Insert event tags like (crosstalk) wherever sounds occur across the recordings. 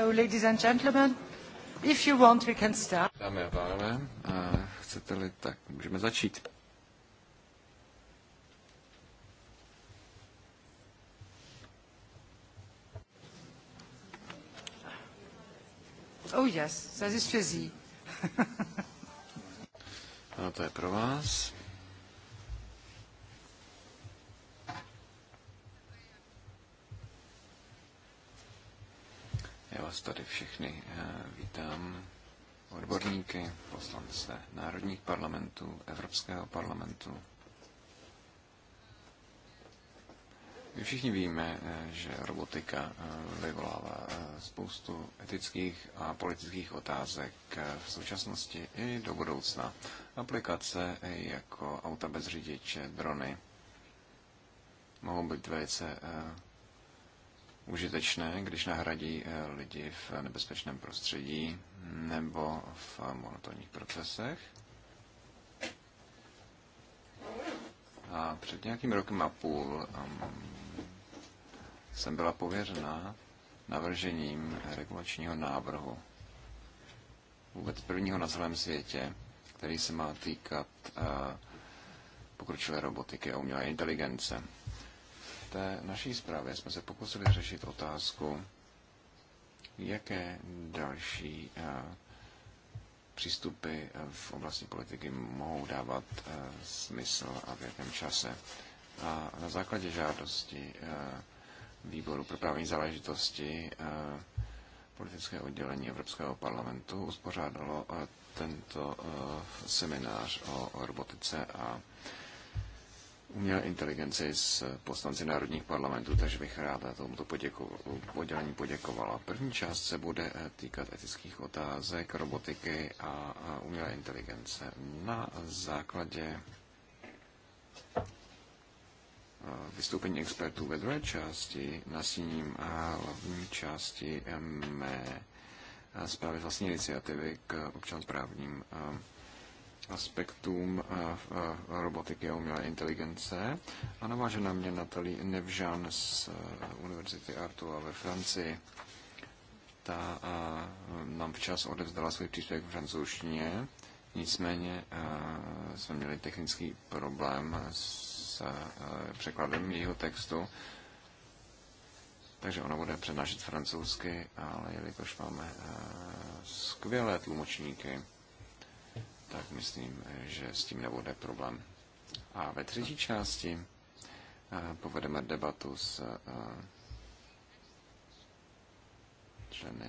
ladies and gentlemen, if you want, we can start. Dámy a pánové, chcete-li, tak můžeme začít. Oh yes, ça is für Sie. ano, to je pro vás. vás tady všechny eh, vítám, odborníky, poslance národních parlamentů, Evropského parlamentu. My všichni víme, eh, že robotika eh, vyvolává spoustu etických a politických otázek v současnosti i do budoucna. Aplikace jako auta bez řidiče, drony mohou být velice užitečné, když nahradí eh, lidi v nebezpečném prostředí nebo v monotónních procesech. A před nějakým rokem a půl um, jsem byla pověřena navržením regulačního návrhu, vůbec prvního na celém světě, který se má týkat eh, pokročilé robotiky a umělé inteligence té naší zprávě jsme se pokusili řešit otázku, jaké další eh, přístupy eh, v oblasti politiky mohou dávat eh, smysl a v jakém čase. A na základě žádosti výboru pro právní záležitosti politické oddělení Evropského parlamentu uspořádalo tento seminář o robotice a umělé inteligenci s poslanci národních parlamentů, takže bych ráda tomuto poděku oddělení poděkovala. První část se bude týkat etických otázek, robotiky a, umělé inteligence na základě vystoupení expertů ve druhé části, nastíním a hlavní části mé zprávy vlastní iniciativy k občansprávním právním aspektům eh, eh, robotiky a umělé inteligence. A naváže na mě Natalie Nevžan z eh, Univerzity Artua ve Francii. Ta nám včas odevzdala svůj příspěvek v francouzštině, nicméně jsme měli technický problém s překladem jejího textu, takže ona bude přednášet francouzsky, ale jelikož máme skvělé tlumočníky, tak myslím, že s tím nebude problém. A ve třetí části eh, povedeme debatu s eh, členy,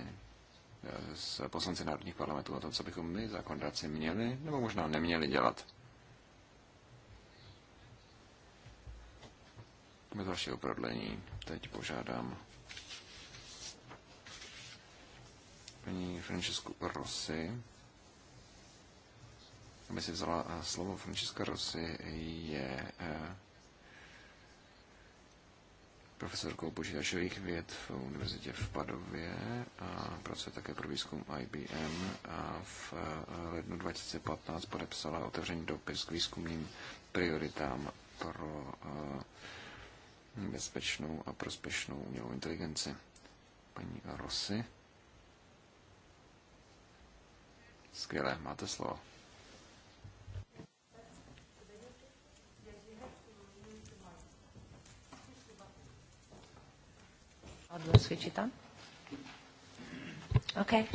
eh, s poslanci národních parlamentů o tom, co bychom my, zákonodáci, měli nebo možná neměli dělat. Bez dalšího prodlení teď požádám paní Francesku Rossi, aby si vzala eh, slovo Francesca Rossi, je eh, profesorkou počítačových věd v univerzitě v Padově a pracuje také pro výzkum IBM a v eh, lednu 2015 podepsala otevřený dopis k výzkumným prioritám pro bezpečnou a prospešnou umělou inteligenci. Paní Rossi. Skvělé, máte slovo. How switch it on? Okay.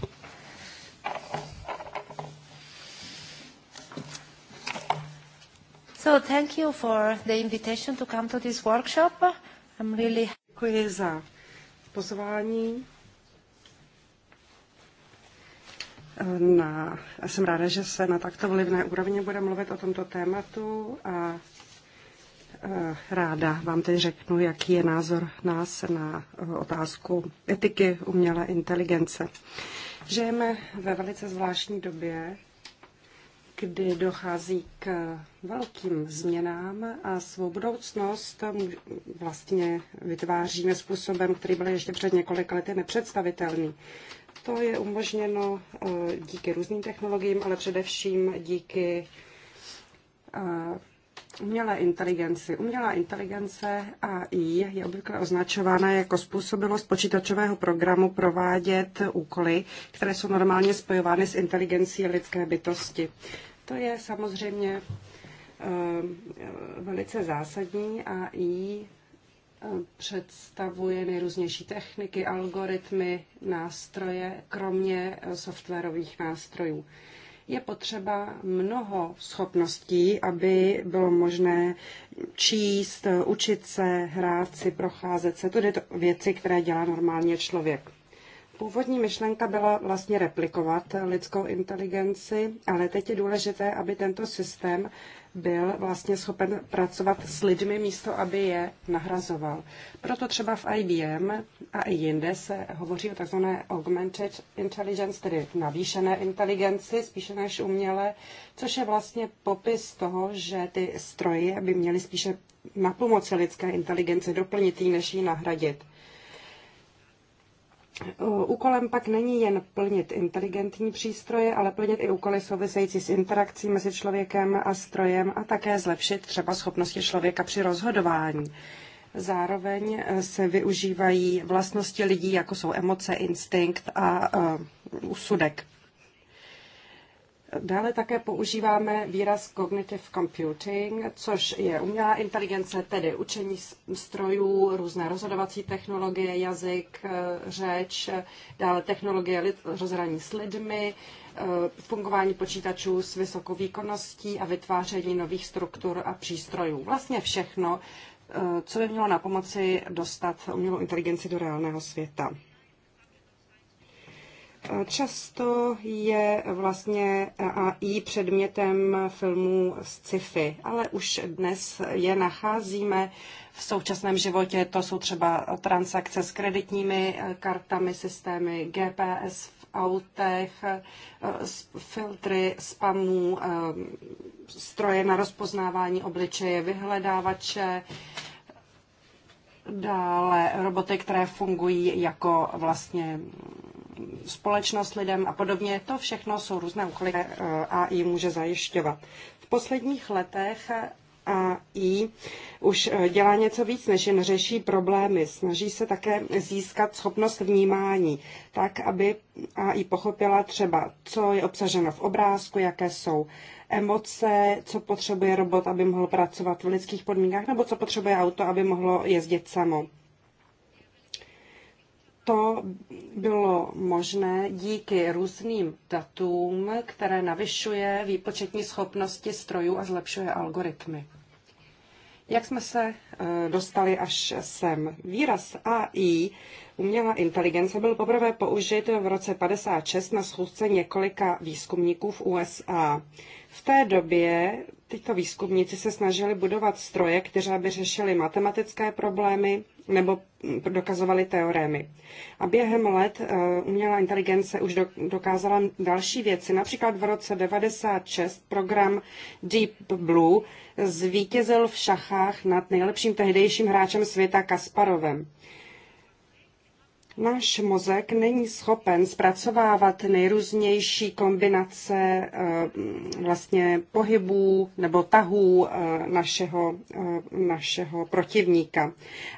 So thank you for the invitation to come to this workshop. I'm really happy. za pozvání. Na, jsem ráda, že se na takto vlivné úrovni bude mluvit o tomto tématu a Eh, ráda vám teď řeknu, jaký je názor nás na eh, otázku etiky umělé inteligence. Žijeme ve velice zvláštní době, kdy dochází k velkým změnám a svou budoucnost vlastně vytváříme způsobem, který byl ještě před několika lety nepředstavitelný. To je umožněno eh, díky různým technologiím, ale především díky umělé inteligenci. Umělá inteligence AI je obvykle označována jako způsobilost počítačového programu provádět úkoly, které jsou normálně spojovány s inteligencí lidské bytosti. To je samozřejmě eh, velice zásadní a i eh, představuje nejrůznější techniky, algoritmy, nástroje, kromě eh, softwarových nástrojů. Je potřeba mnoho schopností, aby bylo možné číst, učit se, hrát si, procházet se. To je to věci, které dělá normálně člověk. Původní myšlenka byla vlastně replikovat lidskou inteligenci, ale teď je důležité, aby tento systém byl vlastně schopen pracovat s lidmi místo, aby je nahrazoval. Proto třeba v IBM a i jinde se hovoří o takzvané augmented intelligence, tedy navýšené inteligenci, spíše než umělé, což je vlastně popis toho, že ty stroje by měly spíše na pomoci lidské inteligence doplnit ji, než ji nahradit. Úkolem pak není jen plnit inteligentní přístroje, ale plnit i úkoly související s interakcí mezi člověkem a strojem a také zlepšit třeba schopnosti člověka při rozhodování. Zároveň eh, se využívají vlastnosti lidí, jako jsou emoce, instinkt a uh, eh, usudek. Dále také používáme výraz cognitive computing, což je umělá inteligence, tedy učení strojů, různé rozhodovací technologie, jazyk, eh, řeč, dále technologie lid, rozhraní s lidmi, eh, fungování počítačů s vysokou výkonností a vytváření nových struktur a přístrojů. Vlastně všechno, eh, co by mělo na pomoci dostat umělou inteligenci do reálného světa. Často je vlastně AI předmětem filmů z sci-fi, ale už dnes je nacházíme v současném životě. To jsou třeba transakce s kreditními kartami, systémy GPS v autech, filtry spamů, stroje na rozpoznávání obličeje, vyhledávače, dále roboty, které fungují jako vlastně společnost lidem a podobně. To všechno jsou různé úkoly, které eh, AI může zajišťovat. V posledních letech eh, AI už eh, dělá něco víc, než jen řeší problémy. Snaží se také získat schopnost vnímání, tak, aby AI pochopila třeba, co je obsaženo v obrázku, jaké jsou emoce, co potřebuje robot, aby mohl pracovat v lidských podmínkách, nebo co potřebuje auto, aby mohlo jezdit samo to bylo možné díky různým datům, které navyšuje výpočetní schopnosti strojů a zlepšuje algoritmy. Jak jsme se e, dostali až sem? Výraz AI, umělá inteligence, byl poprvé použit v roce 56 na schůzce několika výzkumníků v USA. V té době tyto výzkumníci se snažili budovat stroje, které by řešily matematické problémy, nebo dokazovali teorémy. A během let eh, umělá inteligence už dokázala další věci. Například v roce 96 program Deep Blue zvítězil v šachách nad nejlepším tehdejším hráčem světa Kasparovem. Náš mozek není schopen zpracovávat nejrůznější kombinace eh, vlastně pohybů nebo tahů eh, našeho, eh, našeho protivníka.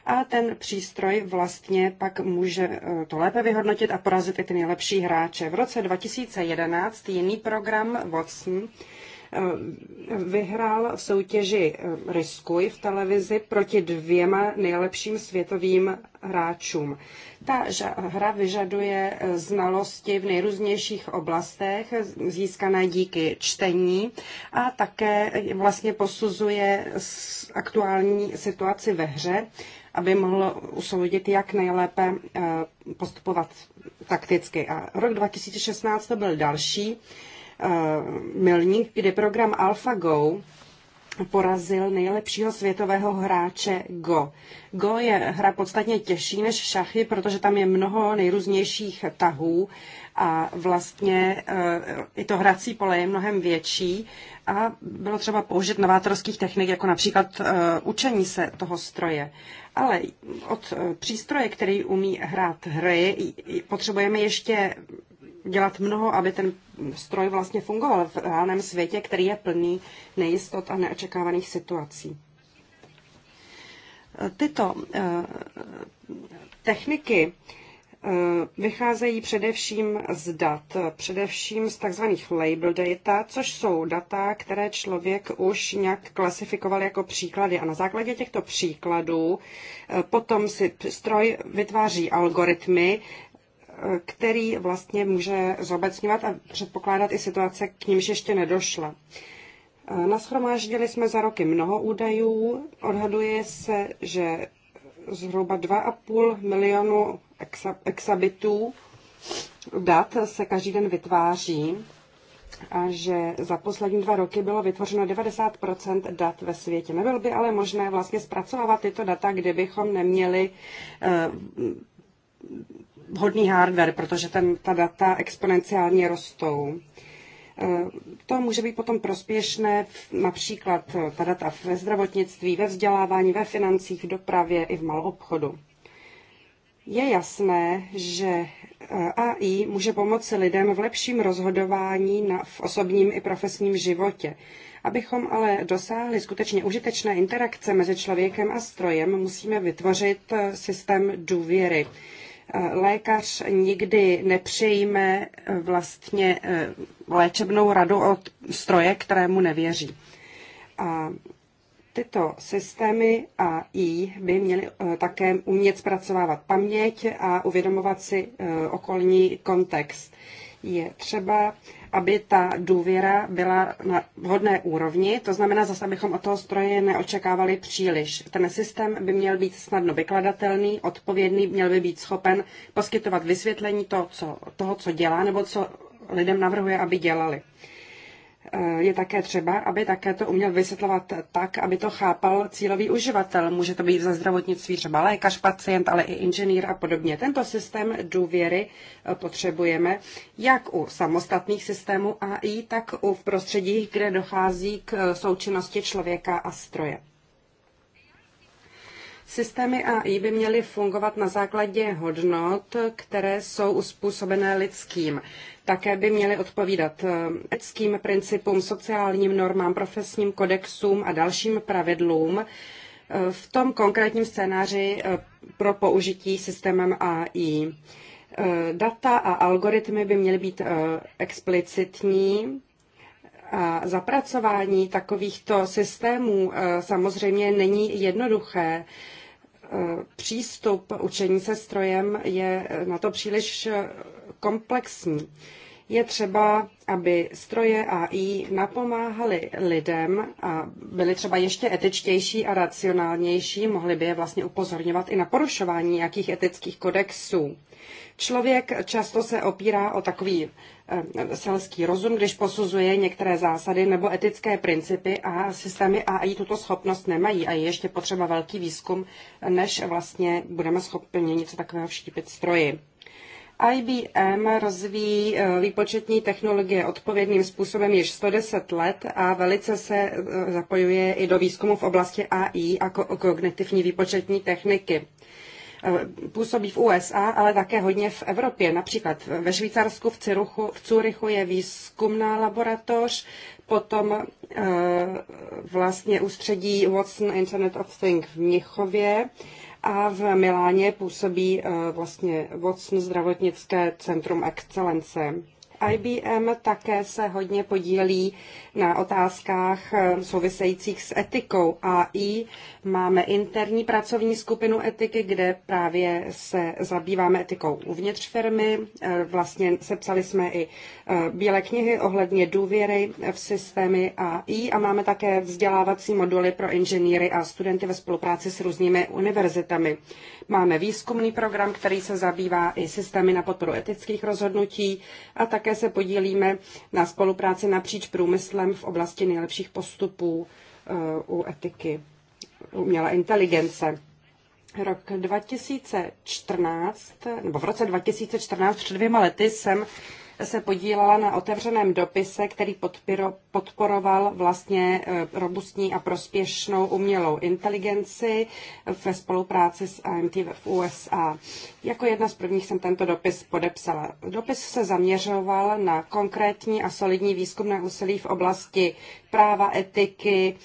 A ten přístroj vlastně pak může to lépe vyhodnotit a porazit i ty nejlepší hráče. V roce 2011 jiný program Watson vyhrál v soutěži eh, Riskuj v televizi proti dvěma nejlepším světovým hráčům. Ta hra vyžaduje eh, znalosti v nejrůznějších oblastech, získané díky čtení a také eh, vlastně posuzuje aktuální situaci ve hře, aby mohl usoudit, jak nejlépe postupovat takticky. A rok 2016 to byl další Eh, milník, kdy program AlphaGo porazil nejlepšího světového hráče Go. Go je hra podstatně těžší než šachy, protože tam je mnoho nejrůznějších tahů a vlastně eh, i to hrací pole je mnohem větší a bylo třeba použít novátorských technik, jako například eh, učení se toho stroje. Ale od přístroje, který umí hrát hry, potřebujeme ještě dělat mnoho, aby ten stroj vlastně fungoval v reálném světě, který je plný nejistot a neočekávaných situací. Tyto eh, techniky eh, vycházejí především z dat, především z tzv. label data, což jsou data, které člověk už nějak klasifikoval jako příklady. A na základě těchto příkladů eh, potom si stroj vytváří algoritmy, který vlastně může zobecňovat a předpokládat i situace, k nímž ještě nedošla. Naschromáždili jsme za roky mnoho údajů. Odhaduje se, že zhruba 2,5 milionu exabitů dat se každý den vytváří a že za poslední dva roky bylo vytvořeno 90 dat ve světě. Nebylo by ale možné vlastně zpracovávat tyto data, kdybychom neměli eh, vhodný hardware, protože ten, ta data exponenciálně rostou. E, to může být potom prospěšné například e, ta data ve zdravotnictví, ve vzdělávání, ve financích, v dopravě i v malobchodu. Je jasné, že e, AI může pomoci lidem v lepším rozhodování na, v osobním i profesním životě. Abychom ale dosáhli skutečně užitečné interakce mezi člověkem a strojem, musíme vytvořit systém důvěry lékař nikdy nepřejme eh, vlastně eh, léčebnou radu od stroje, kterému nevěří. A tyto systémy a i by měly eh, také umět zpracovávat paměť a uvědomovat si okolní kontext. Je třeba aby ta důvěra byla na vhodné úrovni. To znamená zase, abychom od toho stroje neočekávali příliš. Ten systém by měl být snadno vykladatelný, odpovědný, měl by být schopen poskytovat vysvětlení toho, co, toho, co dělá nebo co lidem navrhuje, aby dělali. Eh, je také třeba, aby také to uměl vysvětlovat tak, aby to chápal cílový uživatel. Může to být za zdravotnictví třeba lékař, pacient, ale i inženýr a podobně. Tento systém důvěry eh, potřebujeme jak u samostatných systémů AI, tak u v prostředí, kde dochází k eh, součinnosti člověka a stroje. Systémy AI by měly fungovat na základě hodnot, které jsou uspůsobené lidským také by měly odpovídat eh, etickým principům, sociálním normám, profesním kodexům a dalším pravidlům eh, v tom konkrétním scénáři eh, pro použití systémem AI. Data a algoritmy by měly být explicitní a zapracování takovýchto systémů samozřejmě není jednoduché přístup učení se strojem je na to příliš komplexní. Je třeba, aby stroje AI napomáhaly lidem a byly třeba ještě etičtější a racionálnější, mohly by je vlastně upozorňovat i na porušování nějakých etických kodexů. Člověk často se opírá o takový eh, selský rozum, když posuzuje některé zásady nebo etické principy a systémy AI tuto schopnost nemají a je ještě potřeba velký výzkum, než vlastně budeme schopni něco takového vštípit stroji. IBM rozvíjí eh, výpočetní technologie odpovědným způsobem již 110 let a velice se eh, zapojuje i do výzkumu v oblasti AI a kognitivní výpočetní techniky. Eh, působí v USA, ale také hodně v Evropě. Například ve Švýcarsku v, Ciruchu, v Curychu je výzkumná laboratoř, potom vlastně ústředí Watson Internet of Things v Mnichově a v Miláně působí eh, vlastně Watson zdravotnické centrum excelence. IBM také se hodně podílí na otázkách eh, souvisejících s etikou AI. Máme interní pracovní skupinu etiky, kde právě se zabýváme etikou uvnitř firmy. Eh, vlastně sepsali jsme i eh, bílé knihy ohledně důvěry v systémy AI a máme také vzdělávací moduly pro inženýry a studenty ve spolupráci s různými univerzitami. Máme výzkumný program, který se zabývá i systémy na podporu etických rozhodnutí a také také se podílíme na spolupráci napříč průmyslem v oblasti nejlepších postupů eh, u etiky umělé inteligence. Rok 2014, nebo v roce 2014 před dvěma lety jsem se podílela na otevřeném dopise, který podporoval vlastně e, robustní a prospěšnou umělou inteligenci ve spolupráci s AMT v USA. Jako jedna z prvních jsem tento dopis podepsala. Dopis se zaměřoval na konkrétní a solidní výzkumné úsilí v oblasti práva, etiky,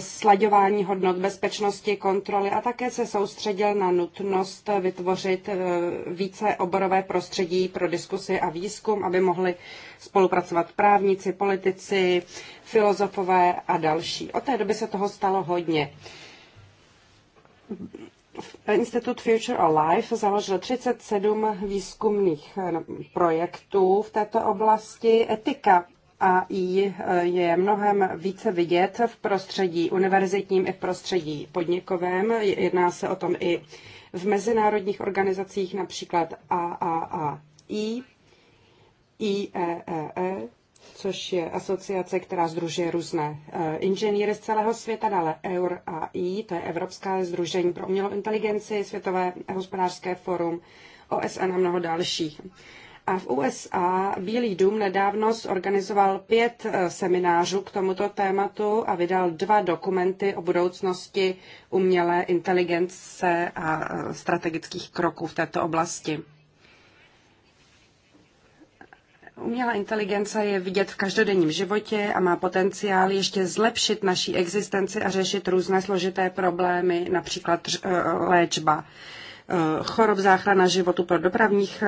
slaďování hodnot bezpečnosti, kontroly a také se soustředil na nutnost vytvořit eh, více oborové prostředí pro diskusy a výzkum, aby mohli spolupracovat právníci, politici, filozofové a další. Od té doby se toho stalo hodně. Institut Future Alive založil 37 výzkumných eh, projektů v této oblasti. Etika AI eh, je mnohem více vidět v prostředí univerzitním i v prostředí podnikovém. Jedná se o tom i v mezinárodních organizacích, například AAAI, IEEE, e e, což je asociace, která združuje různé eh, inženýry z celého světa, dále EURAI, to je Evropské združení pro umělou inteligenci, Světové hospodářské forum, OSN a mnoho dalších. A v USA Bílý dům nedávno zorganizoval pět e, seminářů k tomuto tématu a vydal dva dokumenty o budoucnosti umělé inteligence a e, strategických kroků v této oblasti. Umělá inteligence je vidět v každodenním životě a má potenciál ještě zlepšit naší existenci a řešit různé složité problémy, například e, léčba chorob, záchrana životu pro dopravních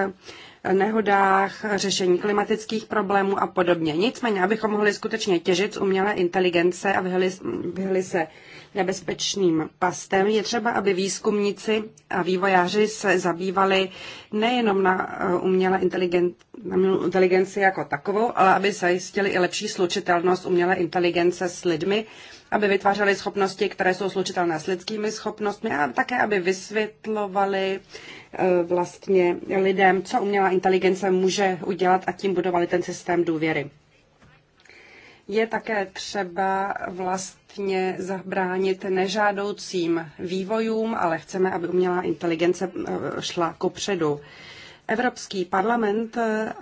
nehodách, řešení klimatických problémů a podobně. Nicméně, abychom mohli skutečně těžit z umělé inteligence a vyhli, vyhli se nebezpečným pastem, je třeba, aby výzkumníci a vývojáři se zabývali nejenom na eh, umělé inteligen, inteligenci jako takovou, ale aby zajistili i lepší slučitelnost umělé inteligence s lidmi, aby vytvářely schopnosti, které jsou slučitelné s lidskými schopnostmi a také, aby vysvětlovali eh, vlastně lidem, co umělá inteligence může udělat a tím budovali ten systém důvěry. Je také třeba vlastně zabránit nežádoucím vývojům, ale chceme, aby umělá inteligence eh, šla kopředu. předu. Evropský parlament eh,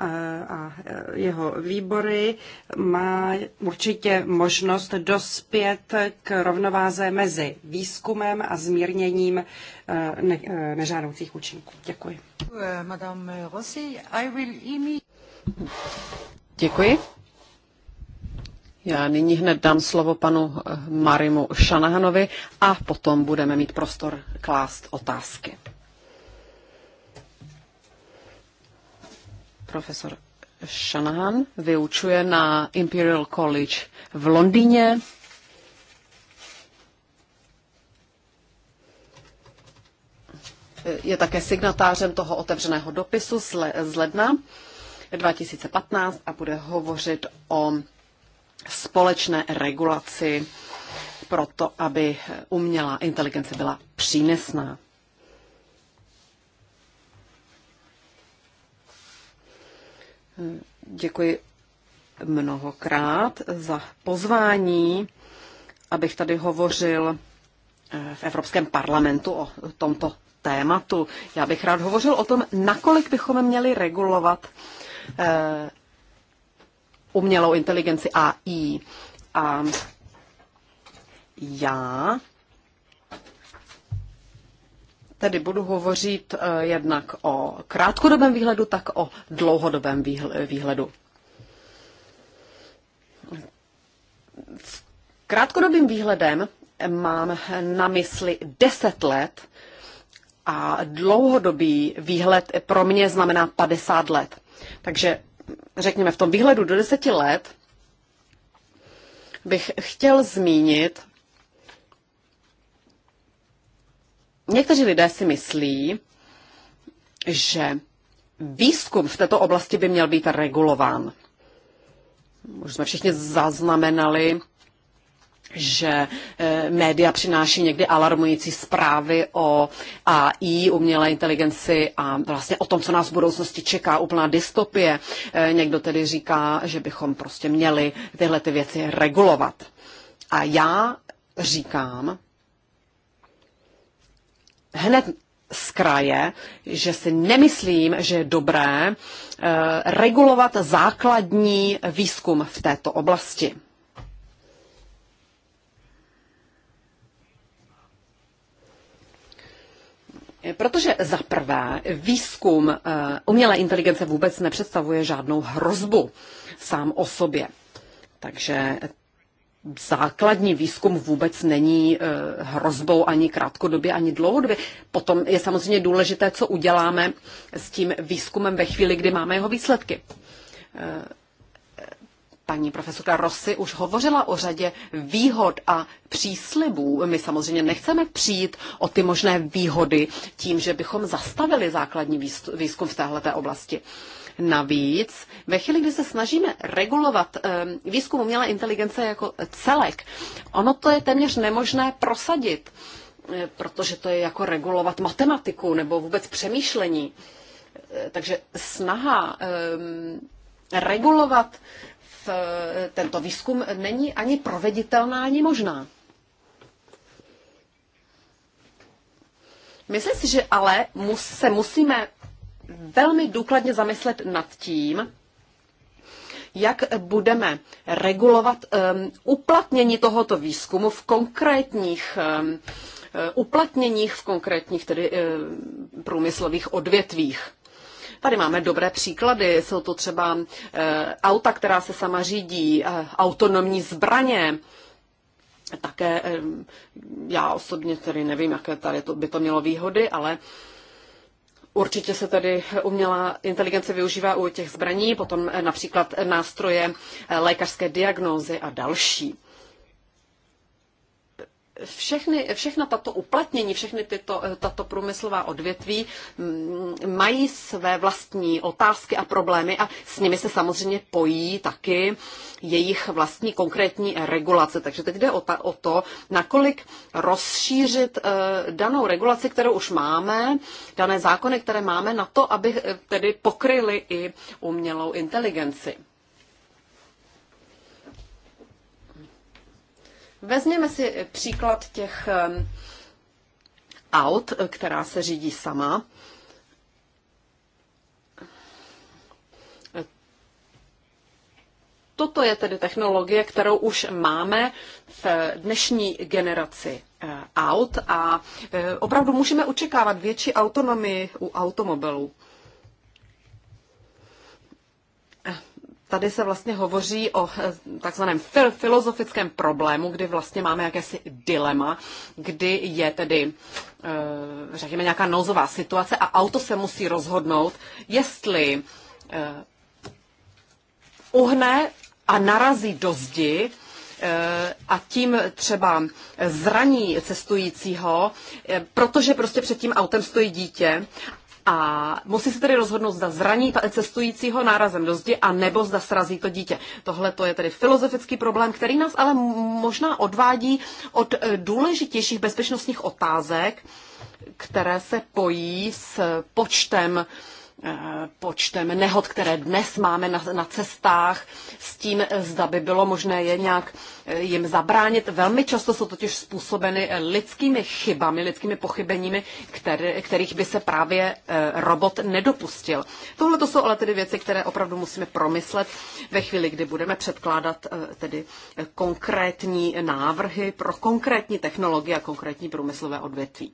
a jeho výbory má určitě možnost dospět k rovnováze mezi výzkumem a zmírněním eh, eh, nežádoucích účinků. Děkuji. Madame I will Děkuji. Já nyní hned dám slovo panu Marimu Šanahanovi a potom budeme mít prostor klást otázky. Profesor Shanahan vyučuje na Imperial College v Londýně. Je také signatářem toho otevřeného dopisu z ledna 2015 a bude hovořit o společné regulaci proto, aby umělá inteligence byla přínesná. Děkuji mnohokrát za pozvání, abych tady hovořil eh, v Evropském parlamentu o tomto tématu. Já bych rád hovořil o tom, nakolik bychom měli regulovat eh, umělou inteligenci AI. A já Tedy budu hovořit eh, jednak o krátkodobém výhledu, tak o dlouhodobém výhledu. V krátkodobým výhledem mám na mysli 10 let a dlouhodobý výhled pro mě znamená 50 let. Takže řekněme, v tom výhledu do 10 let bych chtěl zmínit Někteří lidé si myslí, že výzkum v této oblasti by měl být regulován. Už jsme všichni zaznamenali, že eh, média přináší někdy alarmující zprávy o AI, umělé inteligenci a vlastně o tom, co nás v budoucnosti čeká, úplná dystopie. Eh, někdo tedy říká, že bychom prostě měli tyhle ty věci regulovat. A já říkám, hned z kraje, že si nemyslím, že je dobré eh, regulovat základní výzkum v této oblasti. Protože za prvé, výzkum eh, umělé inteligence vůbec nepředstavuje žádnou hrozbu sám o sobě. Takže základní výzkum vůbec není eh, hrozbou ani krátkodobě, ani dlouhodobě. Potom je samozřejmě důležité, co uděláme s tím výzkumem ve chvíli, kdy máme jeho výsledky. Eh, paní profesorka Rossi už hovořila o řadě výhod a příslibů. My samozřejmě nechceme přijít o ty možné výhody tím, že bychom zastavili základní výzkum v této oblasti. Navíc, ve chvíli, kdy se snažíme regulovat eh, výzkum umělé inteligence jako celek, ono to je téměř nemožné prosadit, eh, protože to je jako regulovat matematiku nebo vůbec přemýšlení. Eh, takže snaha ehm, regulovat tento výzkum není ani proveditelná, ani možná. Myslím si, že ale mus, se musíme velmi důkladně zamyslet nad tím, jak budeme regulovat um, uplatnění tohoto výzkumu v konkrétních um, uh, uplatněních v konkrétních tedy um, průmyslových odvětvích. Tady máme dobré příklady, jsou to třeba uh, auta, která se sama řídí, uh, autonomní zbraně, také um, já osobně tedy nevím, jaké tady to, by to mělo výhody, ale uh, Určitě se tady umělá inteligence využívá u těch zbraní, potom například nástroje lékařské diagnózy a další všechny, všechna tato uplatnění, všechny tyto, eh, tato průmyslová odvětví mm, mají své vlastní otázky a problémy a s nimi se samozřejmě pojí taky jejich vlastní konkrétní regulace. Takže teď jde o, ta, o to, nakolik rozšířit eh, danou regulaci, kterou už máme, dané zákony, které máme, na to, aby eh, tedy pokryly i umělou inteligenci. Vezměme si příklad těch aut, která se řídí sama. Toto je tedy technologie, kterou už máme v dnešní generaci eh, aut a eh, opravdu můžeme očekávat větší autonomii u automobilů. tady se vlastně hovoří o eh, takzvaném fil- filozofickém problému, kdy vlastně máme jakési dilema, kdy je tedy, eh, řekněme, nějaká nouzová situace a auto se musí rozhodnout, jestli eh, uhne a narazí do zdi, a tím třeba zraní cestujícího, protože prostě před tím autem stojí dítě, a musí se tedy rozhodnout, zda zraní cestujícího nárazem do zdi a nebo zda srazí to dítě. Tohle to je tedy filozofický problém, který nás ale možná odvádí od eh, důležitějších bezpečnostních otázek, které se pojí s počtem Eh, počtem nehod, které dnes máme na, na cestách, s tím, eh, zda by bylo možné je nějak eh, jim zabránit. Velmi často jsou totiž způsobeny lidskými chybami, lidskými pochybeními, který, kterých by se právě robot nedopustil. Tohle to jsou ale tedy věci, které opravdu musíme promyslet ve chvíli, kdy budeme předkládat tedy konkrétní návrhy pro konkrétní technologie a konkrétní průmyslové odvětví.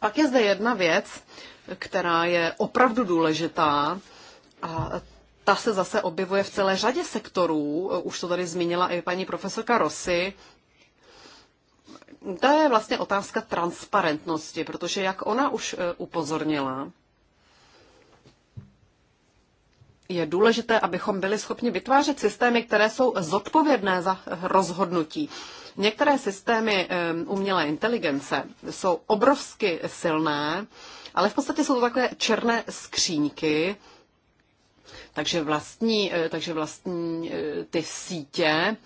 Pak je zde jedna věc, která je opravdu důležitá a ta se zase objevuje v celé řadě sektorů, už to tady zmínila i paní profesorka Rossi, to je vlastně otázka transparentnosti, protože jak ona už eh, upozornila, je důležité, abychom byli schopni vytvářet systémy, které jsou zodpovědné za rozhodnutí. Některé systémy eh, umělé inteligence jsou obrovsky silné, ale v podstatě jsou to takové černé skříňky, takže vlastní, eh, takže vlastní eh, ty sítě,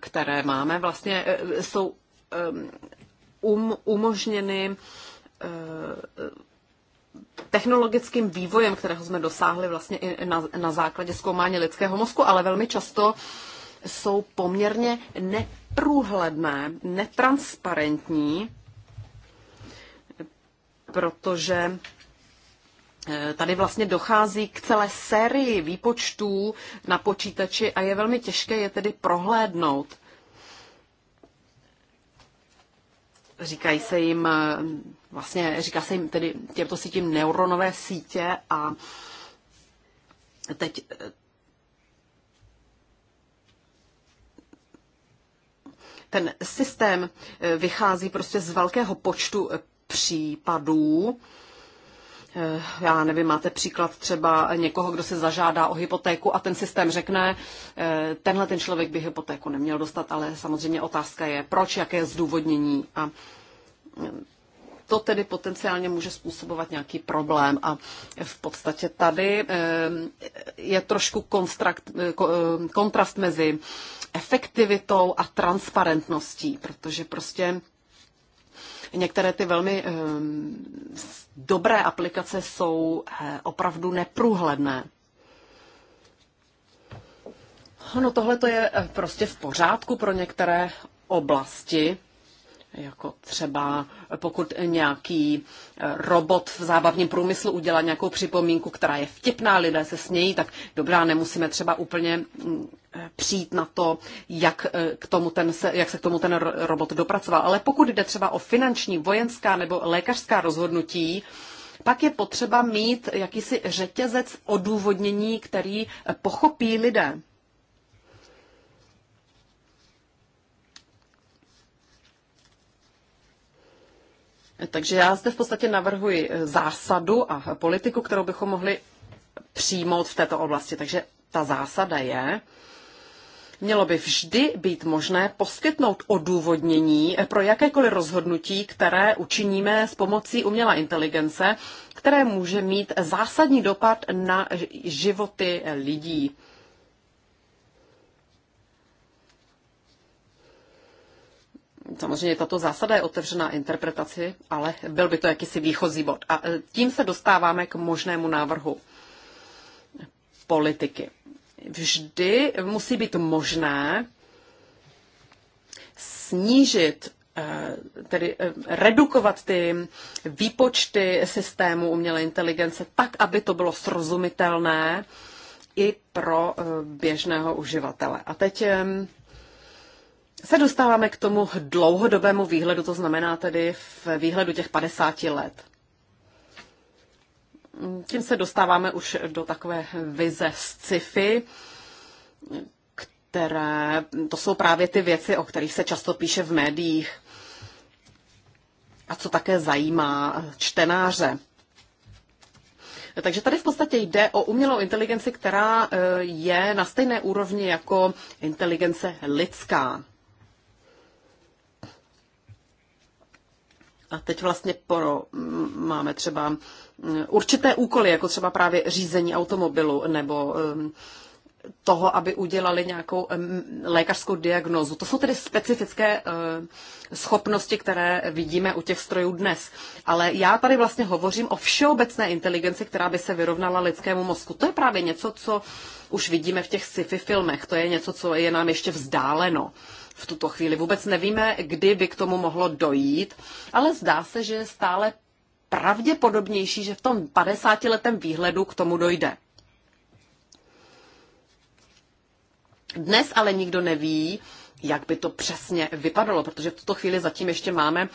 které máme, vlastně jsou um, umožněny technologickým vývojem, kterého jsme dosáhli vlastně i na, na základě zkoumání lidského mozku, ale velmi často jsou poměrně neprůhledné, netransparentní, protože eh, Tady vlastně dochází k celé sérii výpočtů na počítači a je velmi těžké je tedy prohlédnout. říkají se jim, eh, vlastně říká se jim tedy těmto sítím neuronové sítě a teď eh, ten systém eh, vychází prostě z velkého počtu případů, Eh, já nevím, máte příklad třeba někoho, kdo se zažádá o hypotéku a ten systém řekne, eh, tenhle ten člověk by hypotéku neměl dostat, ale samozřejmě otázka je, proč, jaké je zdůvodnění. A eh, to tedy potenciálně může způsobovat nějaký problém. A v podstatě tady je trošku kontrast mezi efektivitou a transparentností, protože prostě některé ty velmi eh, dobré aplikace jsou eh, opravdu neprůhledné. No tohle to je eh, prostě v pořádku pro některé oblasti, jako třeba pokud nějaký eh, robot v zábavním průmyslu udělá nějakou připomínku, která je vtipná, lidé se smějí, tak dobrá, nemusíme třeba úplně mm, eh, přijít na to, jak, eh, k tomu ten se, jak se k tomu ten robot dopracoval. Ale pokud jde třeba o finanční, vojenská nebo lékařská rozhodnutí, pak je potřeba mít jakýsi řetězec odůvodnění, který pochopí lidé. Takže já zde v podstatě navrhuji eh, zásadu a politiku, kterou bychom mohli přijmout v této oblasti. Takže ta zásada je, mělo by vždy být možné poskytnout odůvodnění eh, pro jakékoliv rozhodnutí, které učiníme s pomocí umělé inteligence, které může mít zásadní dopad na životy lidí. samozřejmě tato zásada je otevřená interpretaci, ale byl by to jakýsi výchozí bod. A e, tím se dostáváme k možnému návrhu politiky. Vždy musí být možné snížit e, tedy e, redukovat ty výpočty systému umělé inteligence tak, aby to bylo srozumitelné i pro běžného uživatele. A teď se dostáváme k tomu dlouhodobému výhledu, to znamená tedy v výhledu těch 50 let. Tím se dostáváme už do takové vize sci-fi, které, to jsou právě ty věci, o kterých se často píše v médiích a co také zajímá čtenáře. Takže tady v podstatě jde o umělou inteligenci, která eh, je na stejné úrovni jako inteligence lidská. A teď vlastně pro, mm, máme třeba mm, určité úkoly, jako třeba právě řízení automobilu nebo mm, toho, aby udělali nějakou lékařskou diagnózu. To jsou tedy specifické schopnosti, které vidíme u těch strojů dnes. Ale já tady vlastně hovořím o všeobecné inteligenci, která by se vyrovnala lidskému mozku. To je právě něco, co už vidíme v těch sci-fi filmech. To je něco, co je nám ještě vzdáleno v tuto chvíli. Vůbec nevíme, kdy by k tomu mohlo dojít, ale zdá se, že je stále pravděpodobnější, že v tom 50-letém výhledu k tomu dojde. Dnes ale nikdo neví, jak by to přesně vypadalo, protože v tuto chvíli zatím ještě máme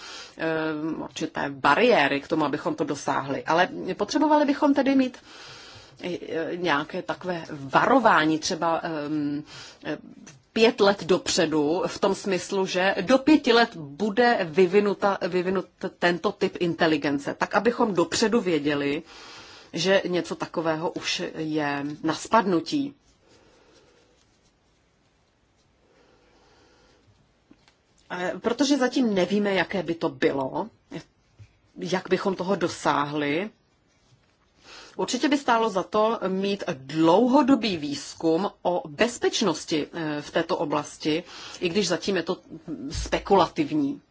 um, určité bariéry k tomu, abychom to dosáhli. Ale potřebovali bychom tedy mít eh, nějaké takové varování třeba um, ehm, v pět let dopředu, v tom smyslu, že do pěti let bude vyvinuta, vyvinut tento typ inteligence, tak abychom dopředu věděli, že něco takového už je na spadnutí. Eh, protože zatím nevíme, jaké by to bylo, jak bychom toho dosáhli, Určitě by stálo za to mít dlouhodobý výzkum o bezpečnosti eh, v této oblasti, i když zatím je to spekulativní.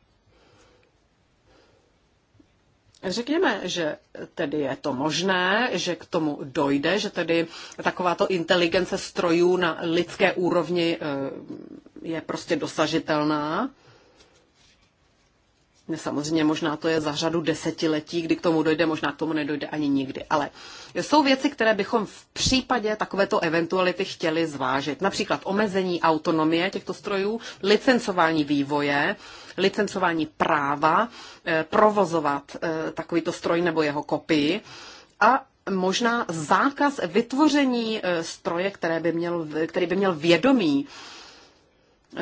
Řekněme, že tedy je to možné, že k tomu dojde, že tedy takováto inteligence strojů na lidské úrovni eh, je prostě dosažitelná. Samozřejmě možná to je za řadu desetiletí, kdy k tomu dojde, možná k tomu nedojde ani nikdy. Ale jsou věci, které bychom v případě takovéto eventuality chtěli zvážit. Například omezení autonomie těchto strojů, licencování vývoje, licencování práva, eh, provozovat eh, takovýto stroj nebo jeho kopii a možná zákaz vytvoření eh, stroje, které by měl, který by měl vědomí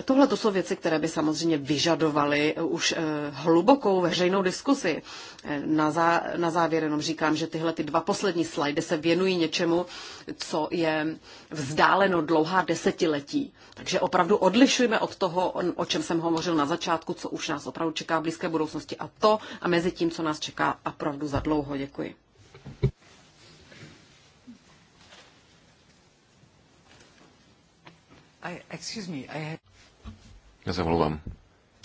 Tohle to jsou věci, které by samozřejmě vyžadovaly eh, už eh, hlubokou veřejnou diskusi. Eh, na, zá, na závěr jenom říkám, že tyhle ty dva poslední slajdy se věnují něčemu, co je vzdáleno dlouhá desetiletí. Takže opravdu odlišujeme od toho, o čem jsem hovořil na začátku, co už nás opravdu čeká v blízké budoucnosti a to a mezi tím, co nás čeká opravdu za dlouho. Děkuji. I, excuse me, I had... Já se omlouvám.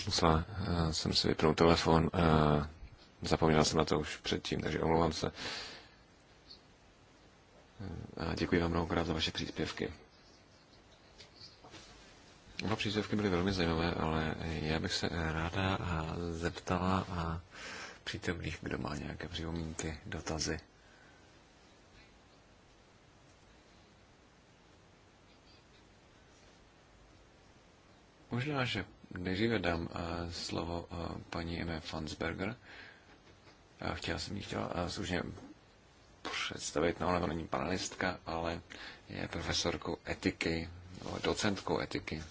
Musela uh, jsem si vypnout telefon. Uh, zapomněla jsem na to už předtím, takže omlouvám se. Eh, a děkuji vám mnohokrát za vaše příspěvky. Oba příspěvky byly velmi zajímavé, ale já bych se ráda zeptala a přítomných, kdo má nějaké připomínky, dotazy. Možná, že nejdříve dám eh, slovo eh, paní Eme Fansberger. Eh, chtěla jsem ji chtěla služně představit, no ona není panelistka, ale je profesorkou etiky, nebo docentkou etiky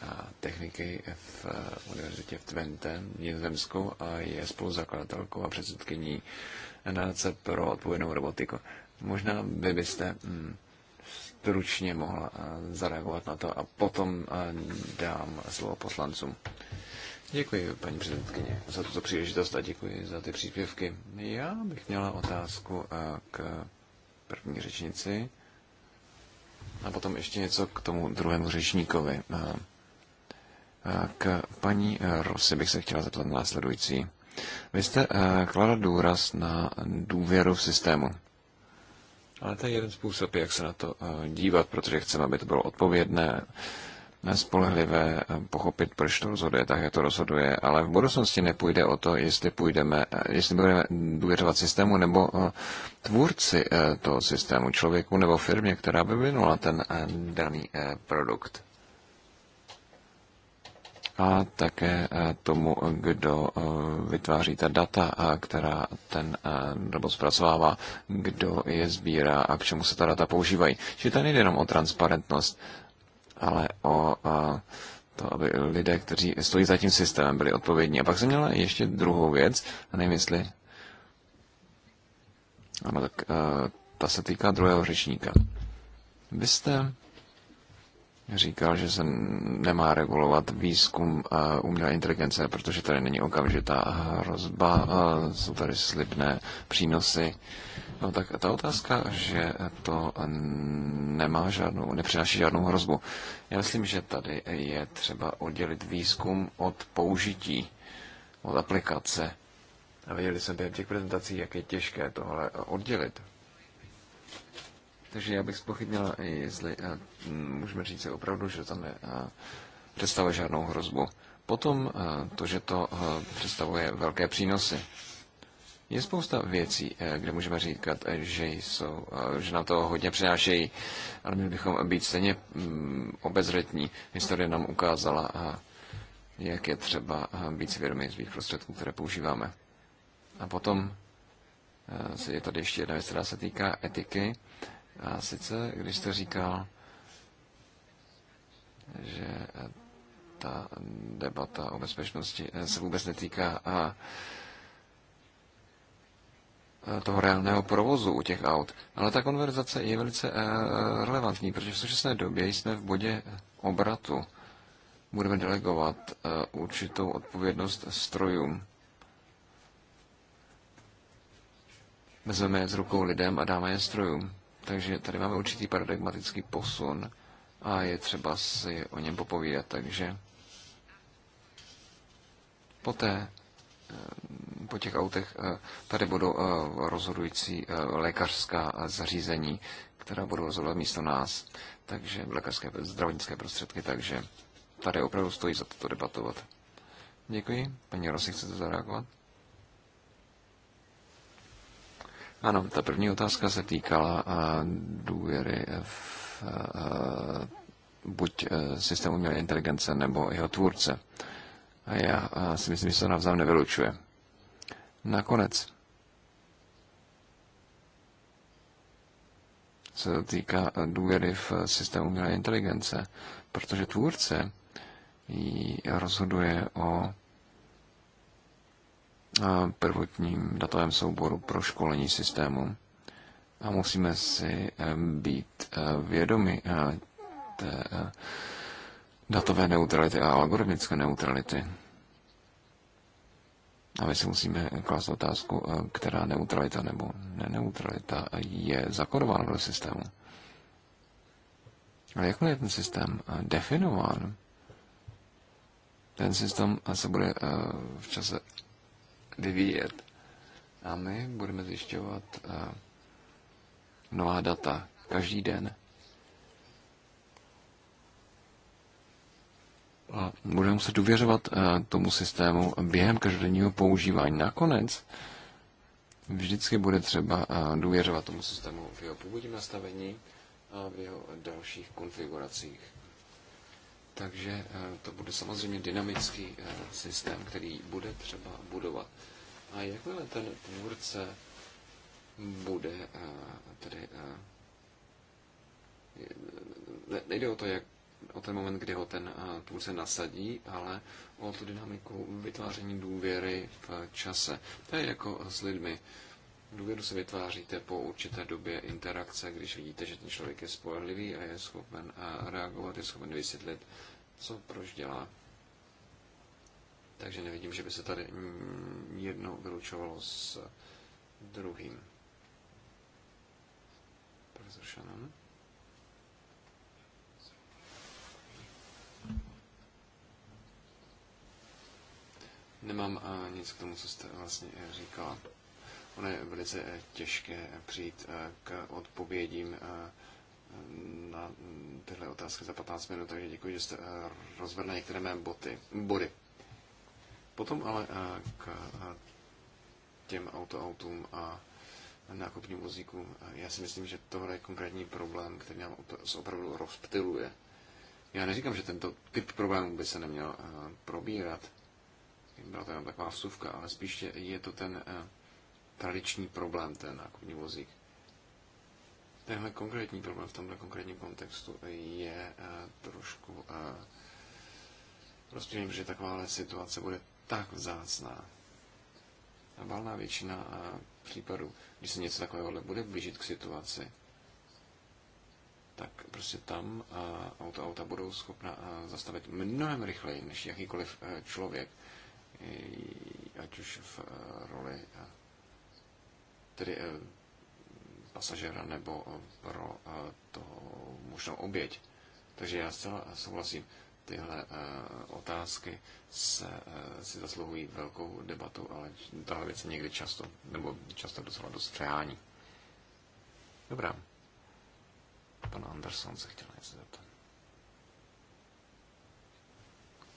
a techniky v univerzitě v Twente, Nizozemsku a je spoluzakladatelkou a předsedkyní nadace pro odpovědnou robotiku. Možná vy byste mm, stručně mohla eh, zareagovat na to a potom eh, dám slovo poslancům. Děkuji, paní předsedkyně, za tuto příležitost a děkuji za ty příspěvky. Já bych měla otázku eh, k první řečnici a potom ještě něco k tomu druhému řečníkovi. K paní Rosy bych se chtěla zeptat následující. Vy jste kladla důraz na důvěru v systému. Ale to je jeden způsob, jak se na to eh, dívat, protože chceme, aby to bylo odpovědné, spolehlivé, pochopit, proč to rozhoduje, tak jak to rozhoduje, ale v budoucnosti nepůjde o to, jestli půjdeme, eh, jestli budeme důvěřovat systému nebo eh, tvůrci toho systému, člověku nebo firmě, která by vyvinula ten daný produkt a také eh, tomu, kdo eh, vytváří ta data, eh, která ten nebo zpracovává, kdo je sbírá a k čemu se ta data používají. Čili tady nejde jenom o transparentnost, ale o to, aby lidé, kteří stojí za tím systémem, byli odpovědní. A pak jsem měla ještě druhou věc, a nevím, jestli... Ano, tak ta se týká druhého řečníka. Vy jste říkal, že se nemá regulovat výzkum eh, umělé inteligence, protože tady není okamžitá hrozba, eh, jsou tady slibné přínosy. No tak ta otázka, že to nemá žádnou, nepřináší žádnou hrozbu. Já myslím, že tady je třeba oddělit výzkum od použití, od aplikace. A viděli jsem během těch prezentací, jak je těžké tohle oddělit. Takže já bych spochybnil, jestli eh, můžeme říct opravdu, že to ne, eh, představuje žádnou hrozbu. Potom eh, to, že to představuje velké přínosy. Je spousta věcí, kde můžeme říkat, že, jsou, že na to hodně přinášejí, ale my bychom být stejně mm, obezřetní. Historie nám ukázala, jak je třeba být svědomí svých prostředků, které používáme. A potom je tady ještě jedna věc, která se týká etiky. A sice, když jste říkal, že ta debata o bezpečnosti eh, se vůbec netýká a eh, eh, toho reálného provozu u těch aut. Ale ta konverzace je velice relevantní, protože v současné době jsme v bodě obratu. Budeme delegovat určitou odpovědnost strojům. Vezmeme je z rukou lidem a dáme je strojům. Takže tady máme určitý paradigmatický posun a je třeba si o něm popovídat. Takže poté eh, po těch autech eh, tady budou eh, rozhodující lékařská zařízení, která budou rozhodovat místo nás, takže lékařské zdravotnické prostředky, takže tady opravdu stojí za to debatovat. Děkuji. Paní Rosy, chcete zareagovat? Ano, ta první otázka se týkala eh, důvěry v eh, buď eh, systém umělé inteligence nebo jeho tvůrce. A já si myslím, že se to navzájem nevylučuje. Nakonec se to týká důvěry v systém umělé inteligence, protože tvůrce ji rozhoduje o prvotním datovém souboru pro školení systému. A musíme si eh, být eh, vědomi eh, té datové neutrality a algoritmické neutrality. A my si musíme klást otázku, která neutralita nebo neneutralita je zakodována do systému. Ale jakmile je ten systém definován, ten systém se bude v čase vyvíjet. A my budeme zjišťovat eh, nová data každý den. A budeme muset důvěřovat eh, tomu systému během každodenního používání. Nakonec vždycky bude třeba eh, důvěřovat tomu systému v jeho původním nastavení a v jeho dalších konfiguracích. Takže to bude samozřejmě dynamický systém, který bude třeba budovat. A jakmile ten tvůrce bude eh, tedy eh, nejde o to, jak o ten moment, kdy ho ten eh, tvůrce nasadí, ale o tu dynamiku vytváření důvěry v čase. To je jako s lidmi. Důvěru se vytváříte po určité době interakce, když vidíte, že ten člověk je spolehlivý a je schopen reagovat, je schopen vysvětlit, co proč dělá. Takže nevidím, že by se tady jedno vylučovalo s druhým. Profesor Shannon. Nemám eh, nic k tomu, co jste vlastně eh, říkala. Ono je velice eh, těžké přijít k odpovědím na tyhle otázky za 15 minut, takže děkuji, že jste rozvedli některé mé boty, body. Potom ale eh, k eh, těm autoautům a nákupním vozíkům. Eh, já si myslím, že tohle je konkrétní problém, který nám se opravdu rozptiluje. Já neříkám, že tento typ problémů by se neměl probírat. Byla to jenom taková vsuvka, ale spíš je to ten tradiční problém, ten nákupní vozík. Tenhle konkrétní problém v tomto konkrétním kontextu je trošku vím, že takováhle situace bude tak vzácná. A valná většina případů, když se něco takového bude blížit k situaci, tak prostě tam auta, auta budou schopna zastavit mnohem rychleji než jakýkoliv e, člověk, ať už v e, roli tedy e, pasažera nebo pro toho možnou oběť. Takže já zcela souhlasím tyhle eh, otázky se, eh, si zasluhují velkou debatu, ale tahle věc je někdy často, nebo často docela dost přehání. Dobrá. Pan Anderson se chtěl něco zeptat.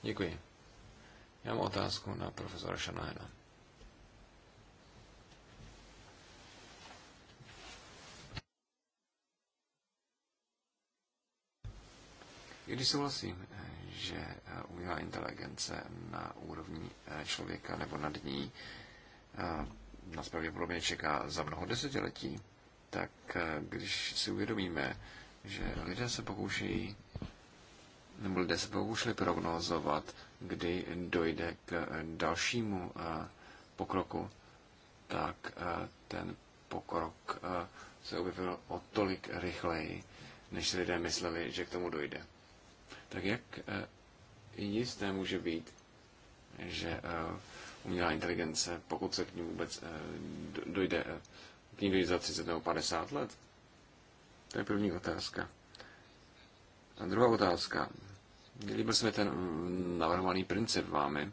Děkuji. Já mám otázku na profesora Šanajna. I když souhlasím eh, že umělá inteligence na úrovni eh, člověka nebo nad ní eh, nás pravděpodobně čeká za mnoho desetiletí, tak eh, když si uvědomíme, že lidé se pokoušejí, nebo lidé se pokoušeli prognozovat, kdy dojde k dalšímu pokroku, tak ten pokrok se objevil o tolik rychleji, než lidé mysleli, že k tomu dojde tak jak eh, jisté může být, že eh, umělá inteligence, pokud se k ní vůbec eh, dojde, k ní dojde za 30 nebo 50 let? To je první otázka. A druhá otázka. Líbil se mi ten mm, navrhovaný princip vámi,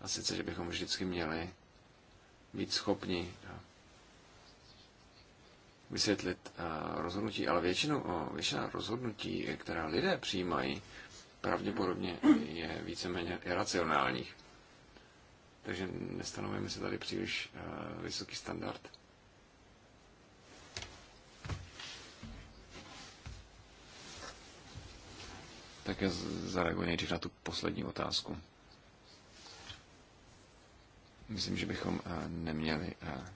a sice, že bychom vždycky měli být schopni vysvětlit rozhodnutí, ale většinou, většina rozhodnutí, která lidé přijímají, pravděpodobně je víceméně iracionálních. Takže nestanovujeme si tady příliš eh, vysoký standard. já zareaguji nejdřív na tu poslední otázku. Myslím, že bychom eh, neměli eh,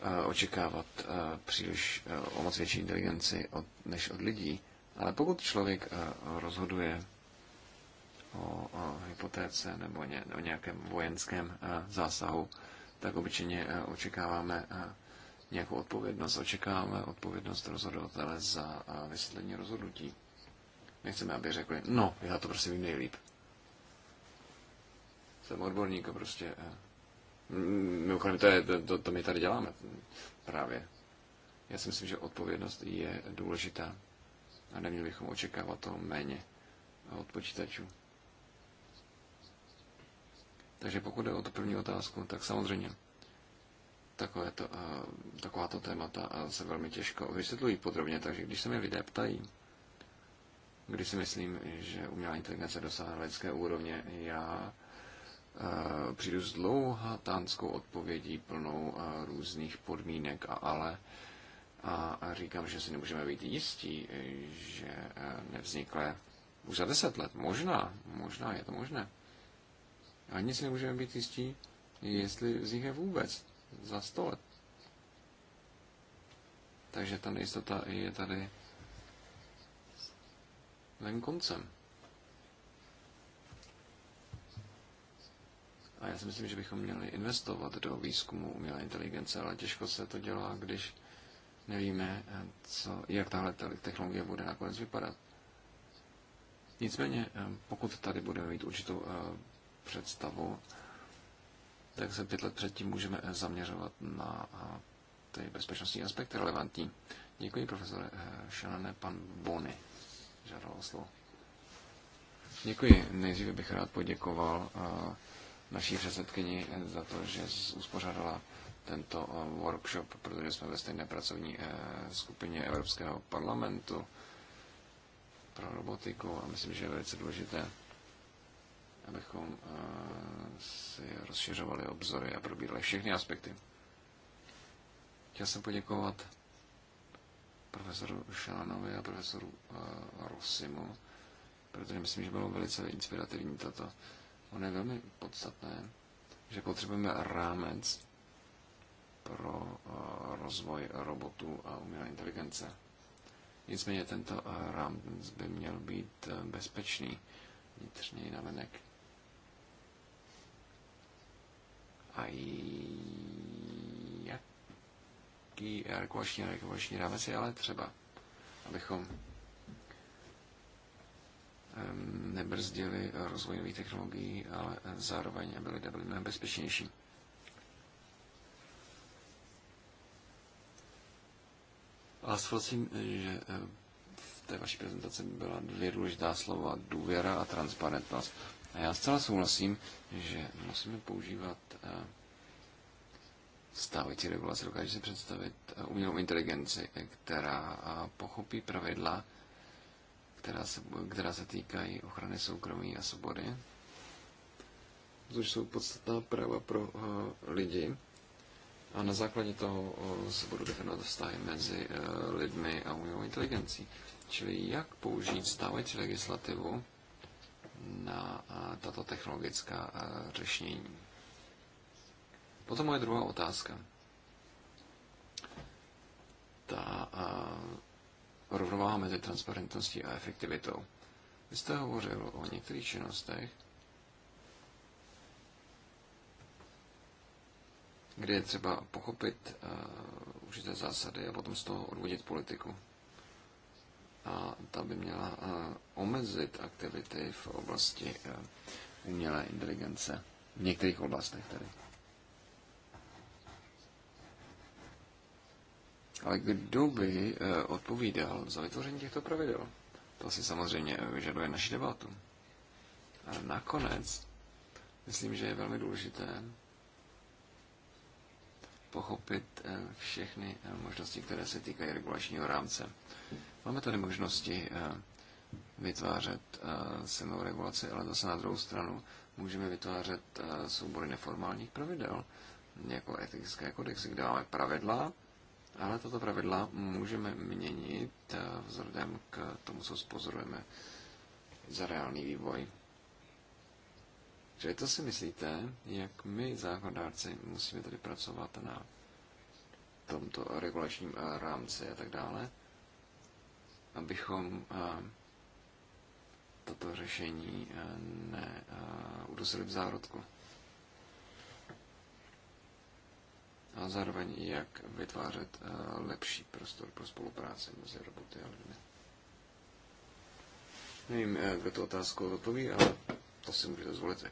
Eh, očekávat eh, příliš eh, o moc větší inteligenci od, než od lidí. Ale pokud člověk rozhoduje o, o hypotéce nebo ně, o nějakém vojenském zásahu, tak obyčejně očekáváme nějakou odpovědnost. Očekáváme odpovědnost rozhodovatele za vysvětlení rozhodnutí. Nechceme, aby řekli, no, já to prostě vím nejlíp. Jsem odborník a prostě Mimochodem, to, je, to, to my tady děláme právě. Já si myslím, že odpovědnost je důležitá a neměli bychom očekávat to méně od počítačů. Takže pokud jde o tu první otázku, tak samozřejmě takové to, eh, takováto témata eh, se velmi těžko vysvětlují podrobně, takže když se mi lidé ptají, když si myslím, že umělá inteligence dosáhne lidské úrovně, já Eh, přijdu s dlouhatánskou odpovědí plnou eh, různých podmínek a ale a říkám, že si nemůžeme být jistí, že eh, nevznikle už za deset let. Možná, možná je to možné. Ani si nemůžeme být jistí, jestli vznikne vůbec za sto let. Takže ta nejistota je tady len koncem. A já si myslím, že bychom měli investovat do výzkumu umělé inteligence, ale těžko se to dělá, když nevíme, co, jak tahle technologie bude nakonec vypadat. Nicméně, eh, pokud tady budeme mít určitou eh, představu, tak se pět let předtím můžeme eh, zaměřovat na ty bezpečnostní aspekty relevantní. Děkuji, profesore Šanane, pan Bony Žádalo slovo. Děkuji. Nejdříve bych rád poděkoval naší předsedkyni za to, že uspořádala tento eh, workshop, protože jsme ve stejné pracovní eh, skupině Evropského parlamentu pro robotiku a myslím, že je velice důležité, abychom eh, si rozšiřovali obzory a probírali všechny aspekty. Chtěl jsem poděkovat profesoru Šánovi a profesoru Rosimu, protože myslím, že bylo velice inspirativní tato ono je velmi podstatné, že potřebujeme rámec pro eh, rozvoj robotů a umělé inteligence. Nicméně tento eh, rámec by měl být eh, bezpečný vnitřně i navenek. A jaký regulační, regulační rámec je ale třeba, abychom Ehm, nebrzdili rozvoj nových technologií, ale zároveň, aby lidé byli mnohem bezpečnější. A souhlasím, že eh, v té vaší prezentaci byla dvě důležitá slova, důvěra a transparentnost. A já zcela souhlasím, že musíme používat eh, stávající regulace. Dokáže si představit eh, umělou inteligenci, která pochopí pravidla, která se, která se týkají ochrany soukromí a svobody, což jsou podstatná práva pro uh, lidi. A na základě toho uh, se budou definovat vztahy mezi uh, lidmi a umělou inteligencí. Čili jak použít stávající legislativu na uh, tato technologická uh, řešení. Potom moje druhá otázka. Ta uh, rovnováha mezi transparentností a efektivitou. Vy jste hovořil o některých činnostech, kde je třeba pochopit uh, určité zásady a potom z toho odvodit politiku. A ta by měla uh, omezit aktivity v oblasti uh, umělé inteligence. V některých oblastech tedy. Ale kdo by eh, odpovídal za vytvoření těchto pravidel? To si samozřejmě eh, vyžaduje naši debatu. A nakonec, myslím, že je velmi důležité pochopit eh, všechny možnosti, které se týkají regulačního rámce. Máme tady možnosti vytvářet silnou regulaci, ale zase na druhou stranu můžeme vytvářet soubory neformálních pravidel, jako etické kodexy, kde máme pravidla, ale toto pravidla můžeme měnit eh, vzhledem k tomu, co spozorujeme za reálný vývoj. Čili to si myslíte, jak my, zákonodárci, musíme tady pracovat na tomto regulačním eh, rámci a tak dále, abychom eh, toto řešení neudusili v zárodku. a zároveň jak vytvářet eh, lepší prostor pro spolupráci mezi roboty a lidmi. Nevím, eh, kdo tu otázku odpoví, ale to si můžete zvolit.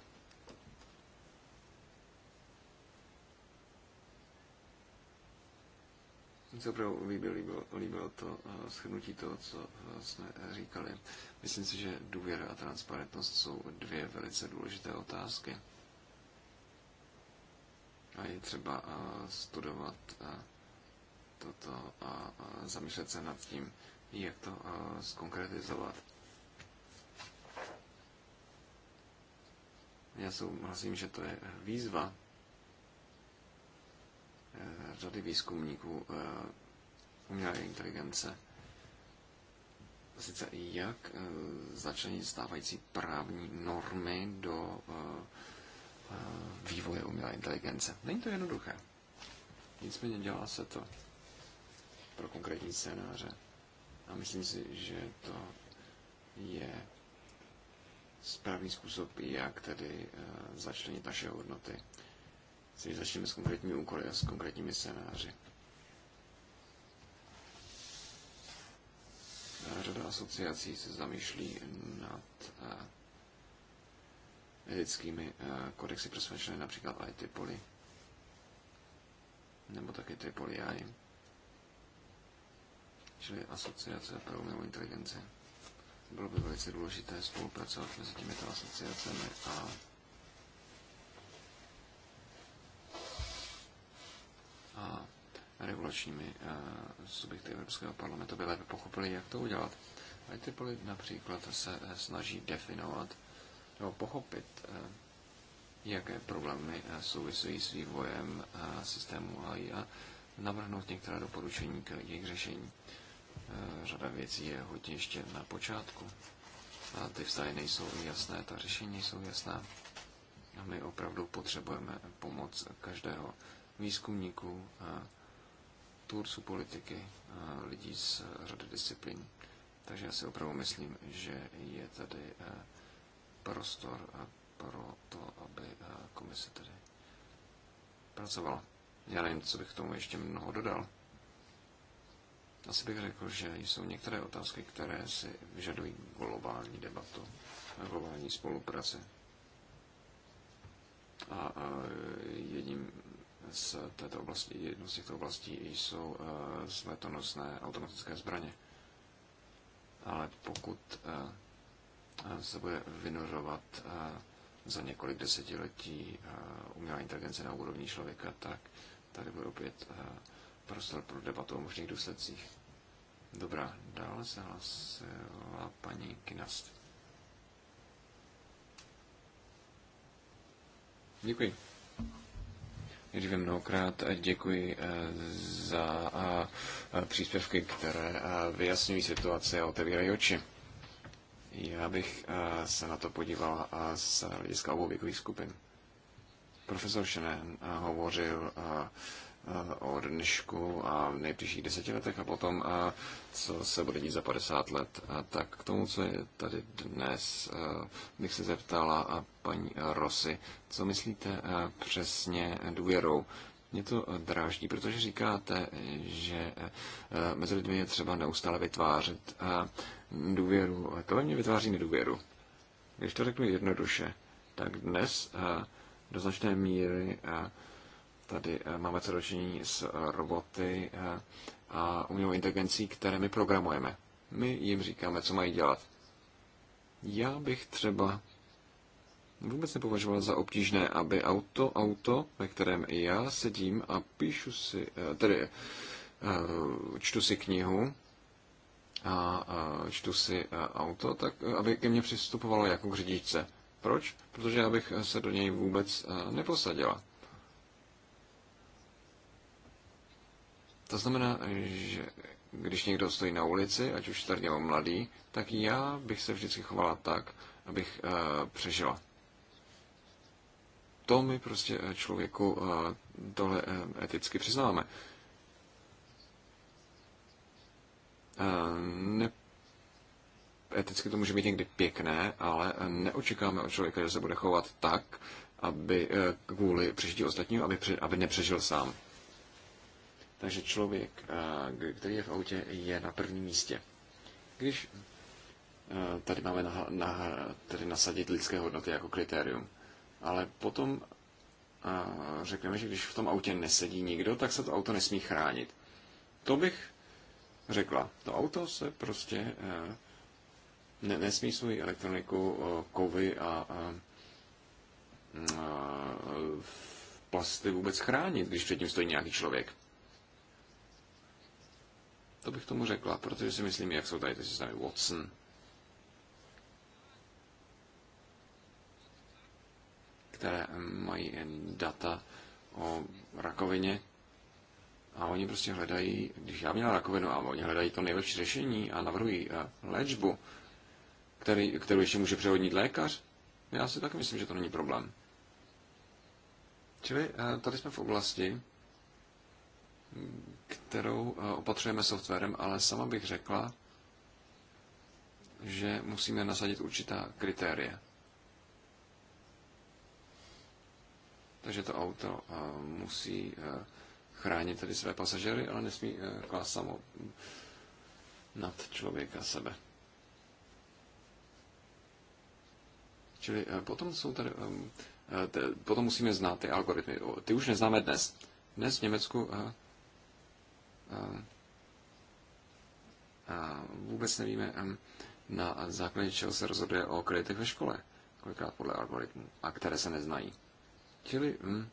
Mně se opravdu líbilo, líbilo, líbilo to eh, shrnutí toho, co jsme říkali. Myslím si, že důvěra a transparentnost jsou dvě velice důležité otázky. A je třeba studovat toto a zamýšlet se nad tím, jak to zkonkretizovat. Já souhlasím, že to je výzva e, řady výzkumníků e, umělé inteligence. Sice jak e, začlenit stávající právní normy do vývoje umělé inteligence. Není to jednoduché. Nicméně dělá se to pro konkrétní scénáře. A myslím si, že to je správný způsob, jak tedy eh, začlenit naše hodnoty. Když začneme s konkrétními úkoly a s konkrétními scénáři. Eh, řada asociací se zamýšlí nad eh, etickými eh, kodexy pro své členy, například i Tripoli, nebo taky Tripoli AI, čili asociace pro umělou inteligenci. Bylo by velice důležité spolupracovat mezi těmito asociacemi a a regulačními eh, subjekty Evropského parlamentu by lépe pochopili, jak to udělat. A poli, například se eh, snaží definovat nebo pochopit, eh, jaké problémy eh, souvisejí s vývojem eh, systému AI a navrhnout některá doporučení k jejich řešení. Řada věcí je hodně ještě na počátku a ty vztahy nejsou jasné, ta řešení jsou jasná. A my opravdu potřebujeme pomoc každého výzkumníku, tvůrců politiky, lidí z řady disciplín. Takže já si opravdu myslím, že je tady prostor eh, pro to, aby eh, komise tedy pracovala. Já nevím, co bych k tomu ještě mnoho dodal. Asi bych řekl, že jsou některé otázky, které si vyžadují globální debatu, eh, globální spolupráce. A, jedním z této oblasti, jednou z těchto oblastí jsou smetonosné automatické zbraně. Ale pokud se bude vynořovat za několik desetiletí umělá inteligence na úrovni člověka, tak tady bude opět prostor pro debatu o možných důsledcích. Dobrá, dále se hlasila paní Kinast. Děkuji. Dříve mnohokrát děkuji e, za příspěvky, které vyjasňují situaci a otevírají oči. Já bych eh, se na to podíval eh, z hlediska obou věkových skupin. Profesor Šenén eh, hovořil o dnešku a v nejbližších deseti letech a potom, co se bude dít za 50 let. tak k tomu, co je tady dnes, bych se zeptala a paní Rosy, co myslíte přesně důvěrou? Mě to dráždí, protože říkáte, že mezi lidmi je třeba neustále vytvářet důvěru, ale to ve mně vytváří nedůvěru. Když to řeknu jednoduše, tak dnes eh, do značné míry eh, tady eh, máme co dočinění s roboty a umělou inteligencí, které my programujeme. My jim říkáme, co mají dělat. Já bych třeba vůbec nepovažoval za obtížné, aby auto, auto, ve kterém já sedím a píšu si, tedy čtu si knihu, a čtu si e, auto, tak e, aby ke mně přistupovalo jako k řidičce. Proč? Protože já bych se do něj vůbec e, neposadila. To znamená, že když někdo stojí na ulici, ať už starý nebo mladý, tak já bych se vždycky chovala tak, abych uh, přežila. To my prostě člověku uh, tohle uh, eticky přiznáme. Eh, ne, eticky to může být někdy pěkné, ale neočekáme od člověka, že se bude chovat tak, aby eh, kvůli přežití ostatního, aby, pře, aby nepřežil sám. Takže člověk, eh, který je v autě, je na prvním místě. Když tady máme na, na, tady nasadit lidské hodnoty jako kritérium, ale potom řekneme, že když v tom autě nesedí nikdo, tak se to auto nesmí chránit. To bych řekla, to auto se prostě eh, ne, nesmí svoji elektroniku, eh, kovy a, a, a plasty vůbec chránit, když před ním stojí nějaký člověk. To bych tomu řekla, protože si myslím, jak jsou tady ty systémy Watson, které mají data o rakovině, a oni prostě hledají, když já měla rakovinu, a oni hledají to nejlepší řešení a navrhují eh, léčbu, který, kterou ještě může přehodnit lékař, já si taky myslím, že to není problém. Čili eh, tady jsme v oblasti, kterou eh, opatřujeme softwarem, ale sama bych řekla, že musíme nasadit určitá kritéria. Takže to auto musí chránit tedy své pasažery, ale nesmí eh, klást samo nad člověka sebe. Čili eh, potom jsou tady, eh, potom musíme znát ty algoritmy. Ty už neznáme dnes. Dnes v Německu a, a, a vůbec nevíme, na základě čeho se rozhoduje o kreditech ve škole, kolikrát podle algoritmů, a které se neznají. Čili hm,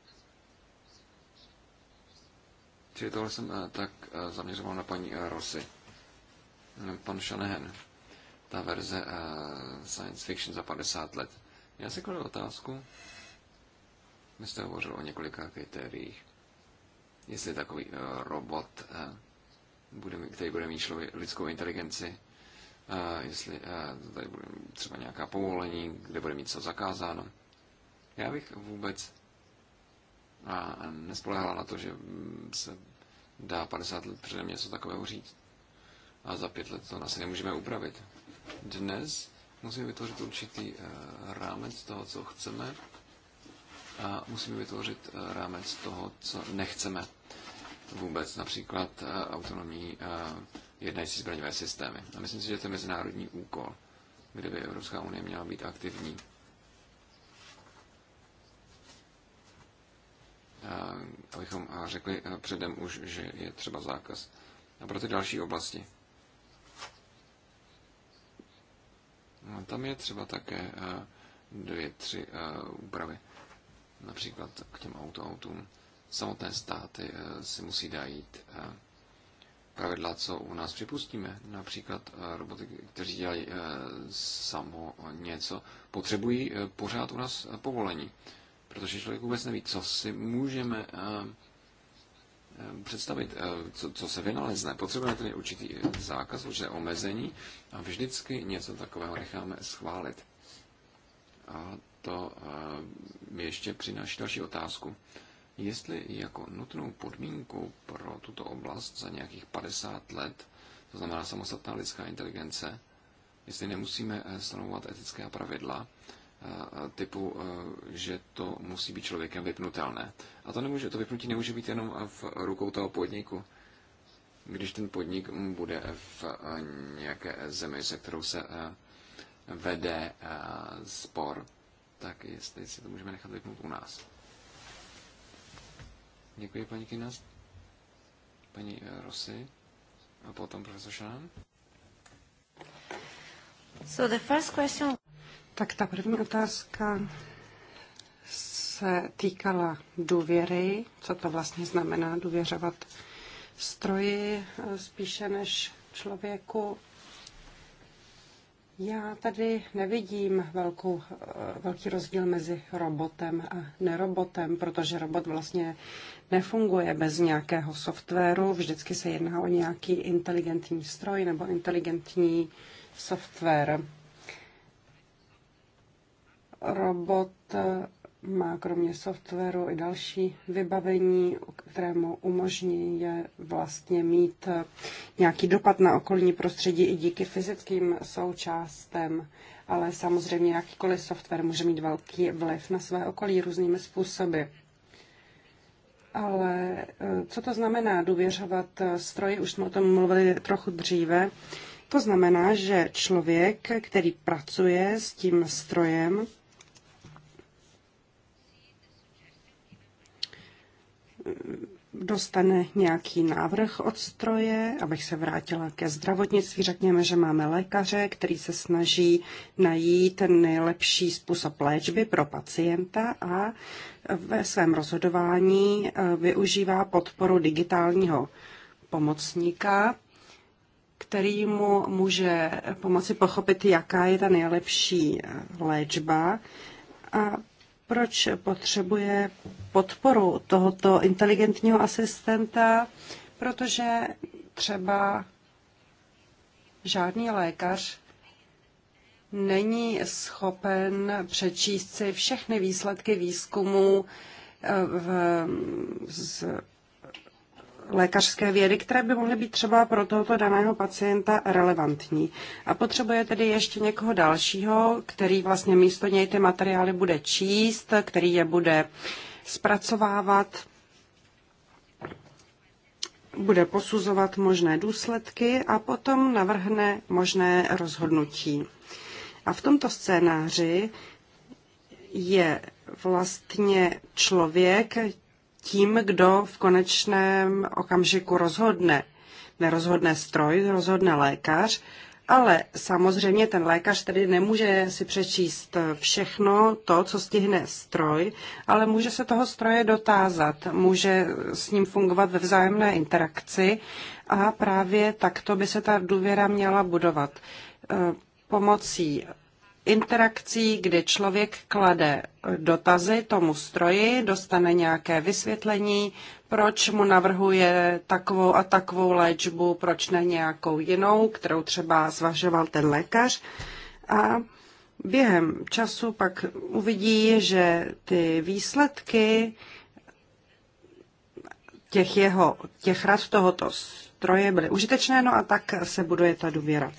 Čili tohle jsem eh, tak eh, zaměřoval na paní eh, Rosy. Pan Shanahan, ta verze science fiction za 50 let. Já si kladu otázku. My jste hovořili o několika kritériích. Jestli takový robot, bude, který bude mít člověk, lidskou inteligenci, jestli tady bude třeba nějaká povolení, kde bude mít co zakázáno. Já bych vůbec a nespolehala na to, že se dá 50 let předem něco takového říct. A za pět let to asi nemůžeme upravit. Dnes musíme vytvořit určitý eh, rámec toho, co chceme a musíme vytvořit eh, rámec toho, co nechceme vůbec, například eh, autonomní jednající zbraňové systémy. A myslím si, že to je mezinárodní úkol, kdyby Evropská unie měla být aktivní Eh, abychom eh, řekli eh, předem už, že je třeba zákaz. A pro ty další oblasti. No, tam je třeba také dvě, tři úpravy. Například k těm autoautům. Samotné státy si musí dajít pravidla, co u nás připustíme. Například roboty, kteří dělají samo něco, potřebují pořád u nás povolení protože člověk vůbec neví, co si můžeme eh, eh, představit, eh, co, co se vynalezne. Potřebujeme tedy určitý zákaz, určité omezení a vždycky něco takového necháme schválit. A to mi ještě přináší další otázku. Jestli jako nutnou podmínku pro tuto oblast za nějakých 50 let, to znamená samostatná lidská inteligence, jestli nemusíme stanovovat etická pravidla, typu, že to musí být člověkem vypnutelné. A to, nemůže, to vypnutí nemůže být jenom v rukou toho podniku. Když ten podnik bude v nějaké zemi, se kterou se vede spor, tak jestli si to můžeme nechat vypnout u nás. Děkuji, paní kynast, Paní eh, Rosy. A potom profesor Šán. So the first question... Tak ta první otázka se týkala důvěry, co to vlastně znamená důvěřovat stroji eh, spíše než člověku. Já tady nevidím velkou, eh, velký rozdíl mezi robotem a nerobotem, protože robot vlastně nefunguje bez nějakého softwaru. Vždycky se jedná o nějaký inteligentní stroj nebo inteligentní software. Robot eh, má kromě softwaru i další vybavení, kterému umožní je vlastně mít eh, nějaký dopad na okolní prostředí i díky fyzickým součástem. Ale samozřejmě jakýkoliv software může mít velký vliv na své okolí různými způsoby. Ale eh, co to znamená důvěřovat stroji? Už jsme o tom mluvili trochu dříve. To znamená, že člověk, který pracuje s tím strojem, dostane nějaký návrh od stroje, abych se vrátila ke zdravotnictví. Řekněme, že máme lékaře, který se snaží najít nejlepší způsob léčby pro pacienta a ve svém rozhodování eh, využívá podporu digitálního pomocníka, který mu může pomoci pochopit, jaká je ta nejlepší eh, léčba a proč potřebuje podporu tohoto inteligentního asistenta, protože třeba žádný lékař není schopen přečíst si všechny výsledky v, eh, v, z lékařské vědy, které by mohly být třeba pro tohoto daného pacienta relevantní. A potřebuje tedy ještě někoho dalšího, který vlastně místo něj ty materiály bude číst, který je bude zpracovávat, bude posuzovat možné důsledky a potom navrhne možné rozhodnutí. A v tomto scénáři je vlastně člověk tím, kdo v konečném okamžiku rozhodne. Nerozhodne stroj, rozhodne lékař, ale samozřejmě ten lékař tedy nemůže si přečíst všechno to, co stihne stroj, ale může se toho stroje dotázat, může s ním fungovat ve vzájemné interakci a právě takto by se ta důvěra měla budovat e, pomocí interakcí, kdy člověk klade dotazy tomu stroji, dostane nějaké vysvětlení, proč mu navrhuje takovou a takovou léčbu, proč ne nějakou jinou, kterou třeba zvažoval ten lékař. A během času pak uvidí, že ty výsledky těch jeho, těch rad tohoto stroje byly užitečné, no a tak se buduje ta důvěra.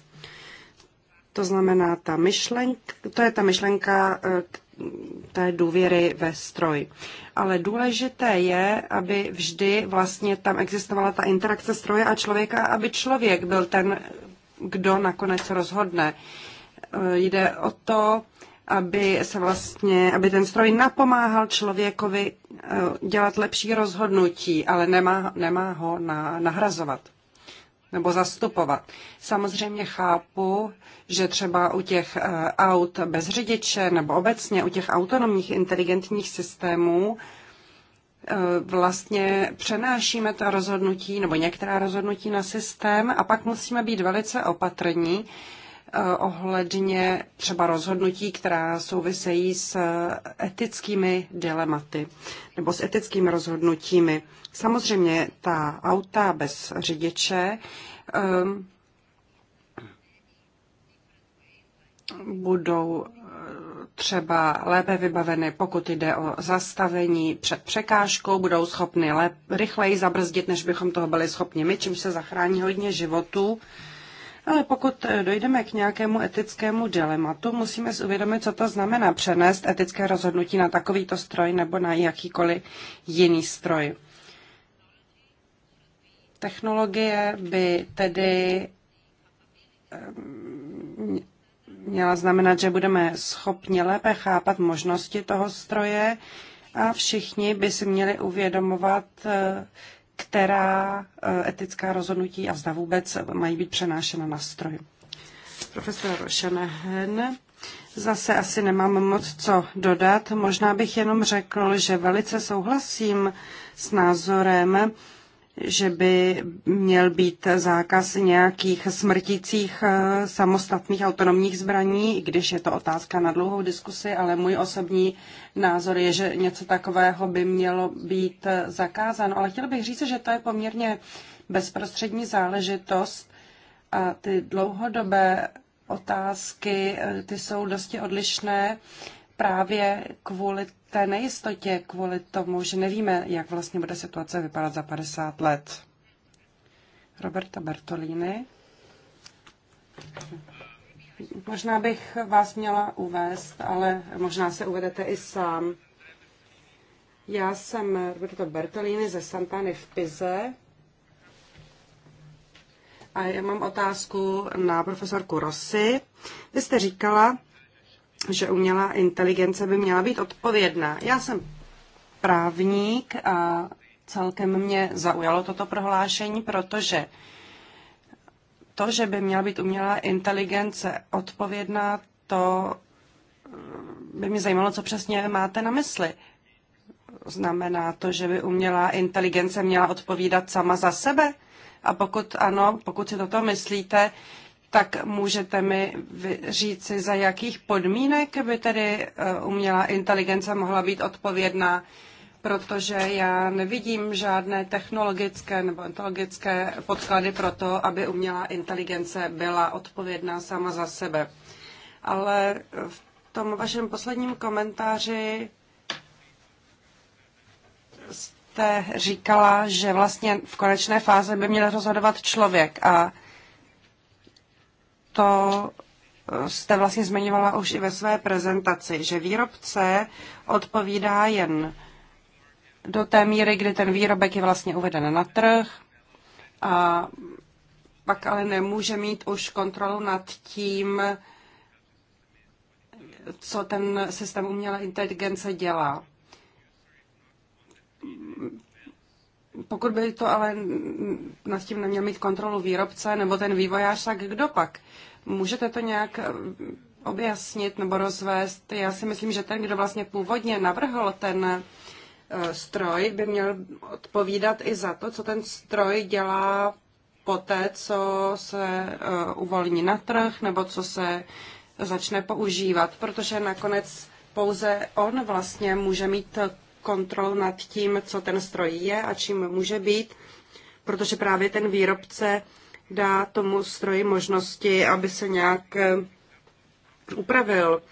To znamená, ta myšlenka, to je ta myšlenka eh, té důvěry ve stroj. Ale důležité je, aby vždy vlastně tam existovala ta interakce stroje a člověka, aby člověk byl ten, kdo nakonec rozhodne. Eh, jde o to, aby se vlastně, aby ten stroj napomáhal člověkovi eh, dělat lepší rozhodnutí, ale nemá, nemá ho na, nahrazovat nebo zastupovat. Samozřejmě chápu, že třeba u těch eh, aut bez řidiče nebo obecně u těch autonomních inteligentních systémů eh, vlastně přenášíme to rozhodnutí nebo některá rozhodnutí na systém a pak musíme být velice opatrní eh, ohledně třeba rozhodnutí, která souvisejí s etickými dilematy nebo s etickými rozhodnutími. Samozřejmě ta auta bez řidiče ehm, budou eh, třeba lépe vybaveny, pokud jde o zastavení před překážkou, budou schopny lép, rychleji zabrzdit, než bychom toho byli schopni my, čím se zachrání hodně životů. Ale pokud eh, dojdeme k nějakému etickému dilematu, musíme si uvědomit, co to znamená přenést etické rozhodnutí na takovýto stroj nebo na jakýkoliv jiný stroj. Technologie by tedy ehm, měla znamenat, že budeme schopni lépe chápat možnosti toho stroje a všichni by si měli uvědomovat, eh, která eh, etická rozhodnutí a zda vůbec mají být přenášena na stroj. Profesor Rošenehen, zase asi nemám moc co dodat. Možná bych jenom řekl, že velice souhlasím s názorem, že by měl být zákaz nějakých smrtících eh, samostatných autonomních zbraní, i když je to otázka na dlouhou diskusi, ale můj osobní názor je, že něco takového by mělo být eh, zakázáno. Ale chtěl bych říct, že to je poměrně bezprostřední záležitost a ty dlouhodobé otázky, eh, ty jsou dosti odlišné právě kvůli té nejistotě kvůli tomu, že nevíme, jak vlastně bude situace vypadat za 50 let. Roberta Bertolini. Možná bych vás měla uvést, ale možná se uvedete i sám. Já jsem Roberto Bertolini ze Santany v Pize a já mám otázku na profesorku Rossi. Vy jste říkala, že umělá inteligence by měla být odpovědná. Já jsem právník a celkem mě zaujalo toto prohlášení, protože to, že by měla být umělá inteligence odpovědná, to eh, by mě zajímalo, co přesně máte na mysli. Znamená to, že by umělá inteligence měla odpovídat sama za sebe? A pokud ano, pokud si toto myslíte, tak můžete mi říci, za jakých podmínek by tedy e, umělá inteligence mohla být odpovědná, protože já nevidím žádné technologické nebo ontologické podklady pro to, aby umělá inteligence byla odpovědná sama za sebe. Ale v tom vašem posledním komentáři jste říkala, že vlastně v konečné fázi by měl rozhodovat člověk a to eh, jste vlastně zmiňovala už i ve své prezentaci, že výrobce odpovídá jen do té míry, kdy ten výrobek je vlastně uveden na trh a pak ale nemůže mít už kontrolu nad tím, co ten systém umělé inteligence dělá pokud by to ale nad tím neměl mít kontrolu výrobce nebo ten vývojář, tak kdo pak? Můžete to nějak eh, objasnit nebo rozvést? Já si myslím, že ten, kdo vlastně původně navrhl ten eh, stroj, by měl odpovídat i za to, co ten stroj dělá poté, co se eh, uvolní na trh nebo co se začne používat, protože nakonec pouze on vlastně může mít kontrol nad tím, co ten stroj je a čím může být, protože právě ten výrobce dá tomu stroji možnosti, aby se nějak eh, upravil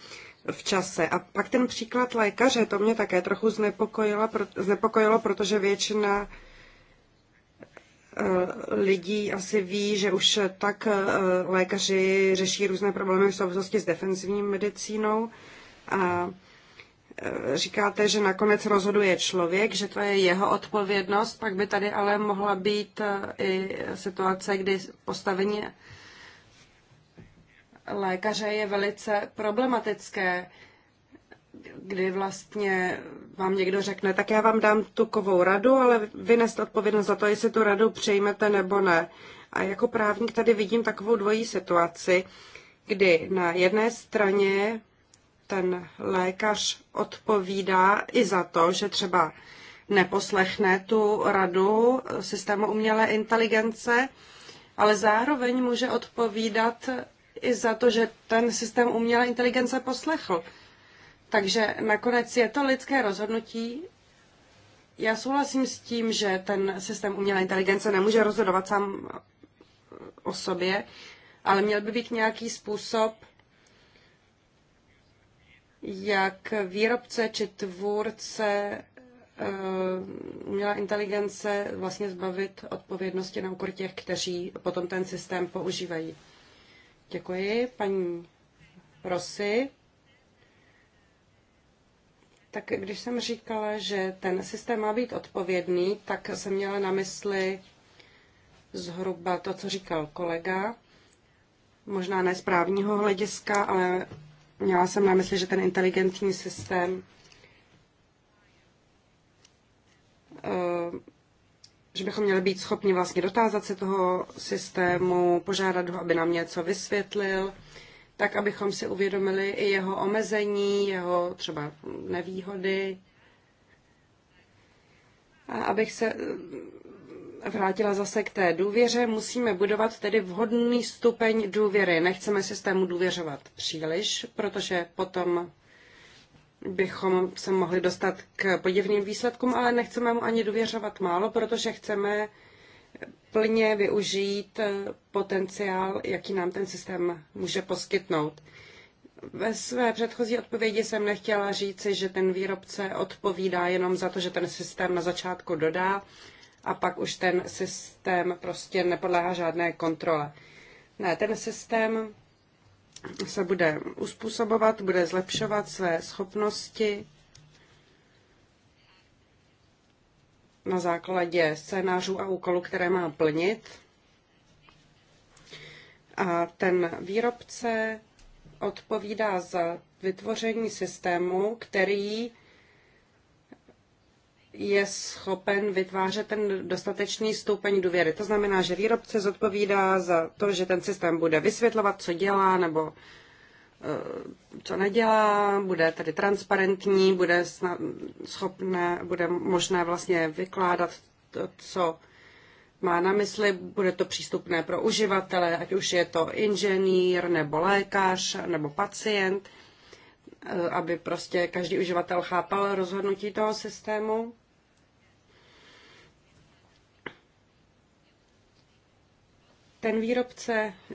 v čase. A pak ten příklad lékaře, to mě také trochu znepokojilo, znepokojilo protože většina eh, lidí asi ví, že už tak eh, lékaři řeší různé problémy v souvislosti s defensivní medicínou a Eh, říkáte, že nakonec rozhoduje člověk, že to je jeho odpovědnost, pak by tady ale mohla být eh, i situace, kdy postavení lékaře je velice problematické, kdy vlastně vám někdo řekne, tak já vám dám tu kovou radu, ale vy neste odpovědnost za to, jestli tu radu přejmete nebo ne. A jako právník tady vidím takovou dvojí situaci, kdy na jedné straně ten lékař odpovídá i za to, že třeba neposlechne tu radu systému umělé inteligence, ale zároveň může odpovídat i za to, že ten systém umělé inteligence poslechl. Takže nakonec je to lidské rozhodnutí. Já souhlasím s tím, že ten systém umělé inteligence nemůže rozhodovat sám o sobě, ale měl by být nějaký způsob, jak výrobce či tvůrce eh, umělá inteligence vlastně zbavit odpovědnosti na úkor těch, kteří potom ten systém používají. Děkuji, paní Rosy. Tak když jsem říkala, že ten systém má být odpovědný, tak jsem měla na mysli zhruba to, co říkal kolega, možná ne z právního hlediska, ale Měla jsem na mysli, že ten inteligentní systém eh, že bychom měli být schopni vlastně dotázat se toho systému, požádat ho, aby nám něco vysvětlil, tak abychom si uvědomili i jeho omezení, jeho třeba nevýhody. A abych se vrátila zase k té důvěře. Musíme budovat tedy vhodný stupeň důvěry. Nechceme systému důvěřovat příliš, protože potom bychom se mohli dostat k podivným výsledkům, ale nechceme mu ani důvěřovat málo, protože chceme plně využít potenciál, jaký nám ten systém může poskytnout. Ve své předchozí odpovědi jsem nechtěla říci, že ten výrobce odpovídá jenom za to, že ten systém na začátku dodá, a pak už ten systém prostě nepodléhá žádné kontrole. Ne, ten systém se bude uspůsobovat, bude zlepšovat své schopnosti na základě scénářů a úkolů, které má plnit. A ten výrobce odpovídá za vytvoření systému, který je schopen vytvářet ten dostatečný stupeň důvěry. To znamená, že výrobce zodpovídá za to, že ten systém bude vysvětlovat, co dělá nebo eh, co nedělá, bude tedy transparentní, bude schopné, bude možné vlastně vykládat to, co má na mysli, bude to přístupné pro uživatele, ať už je to inženýr, nebo lékař, nebo pacient, eh, aby prostě každý uživatel chápal rozhodnutí toho systému. ten výrobce eh,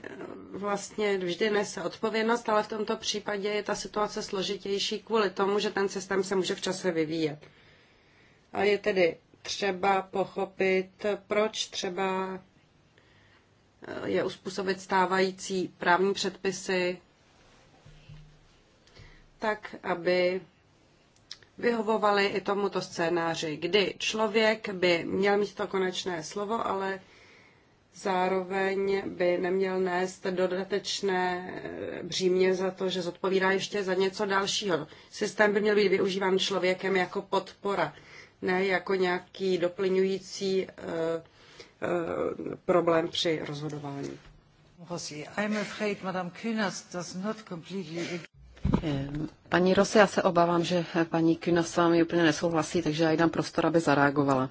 vlastně vždy nese odpovědnost, ale v tomto případě je ta situace složitější kvůli tomu, že ten systém se může v čase vyvíjet. A je tedy třeba pochopit, proč třeba eh, je uspůsobit stávající právní předpisy tak, aby vyhovovaly i tomuto scénáři, kdy člověk by měl mít to konečné slovo, ale zároveň by neměl nést dodatečné eh, břímě za to, že zodpovídá ještě za něco dalšího. Systém by měl být využíván člověkem jako podpora, ne jako nějaký doplňující uh, uh, problém při rozhodování. Paní Rosy, já se obávám, že paní Kynas s vámi úplně nesouhlasí, takže já jí dám prostor, aby zareagovala.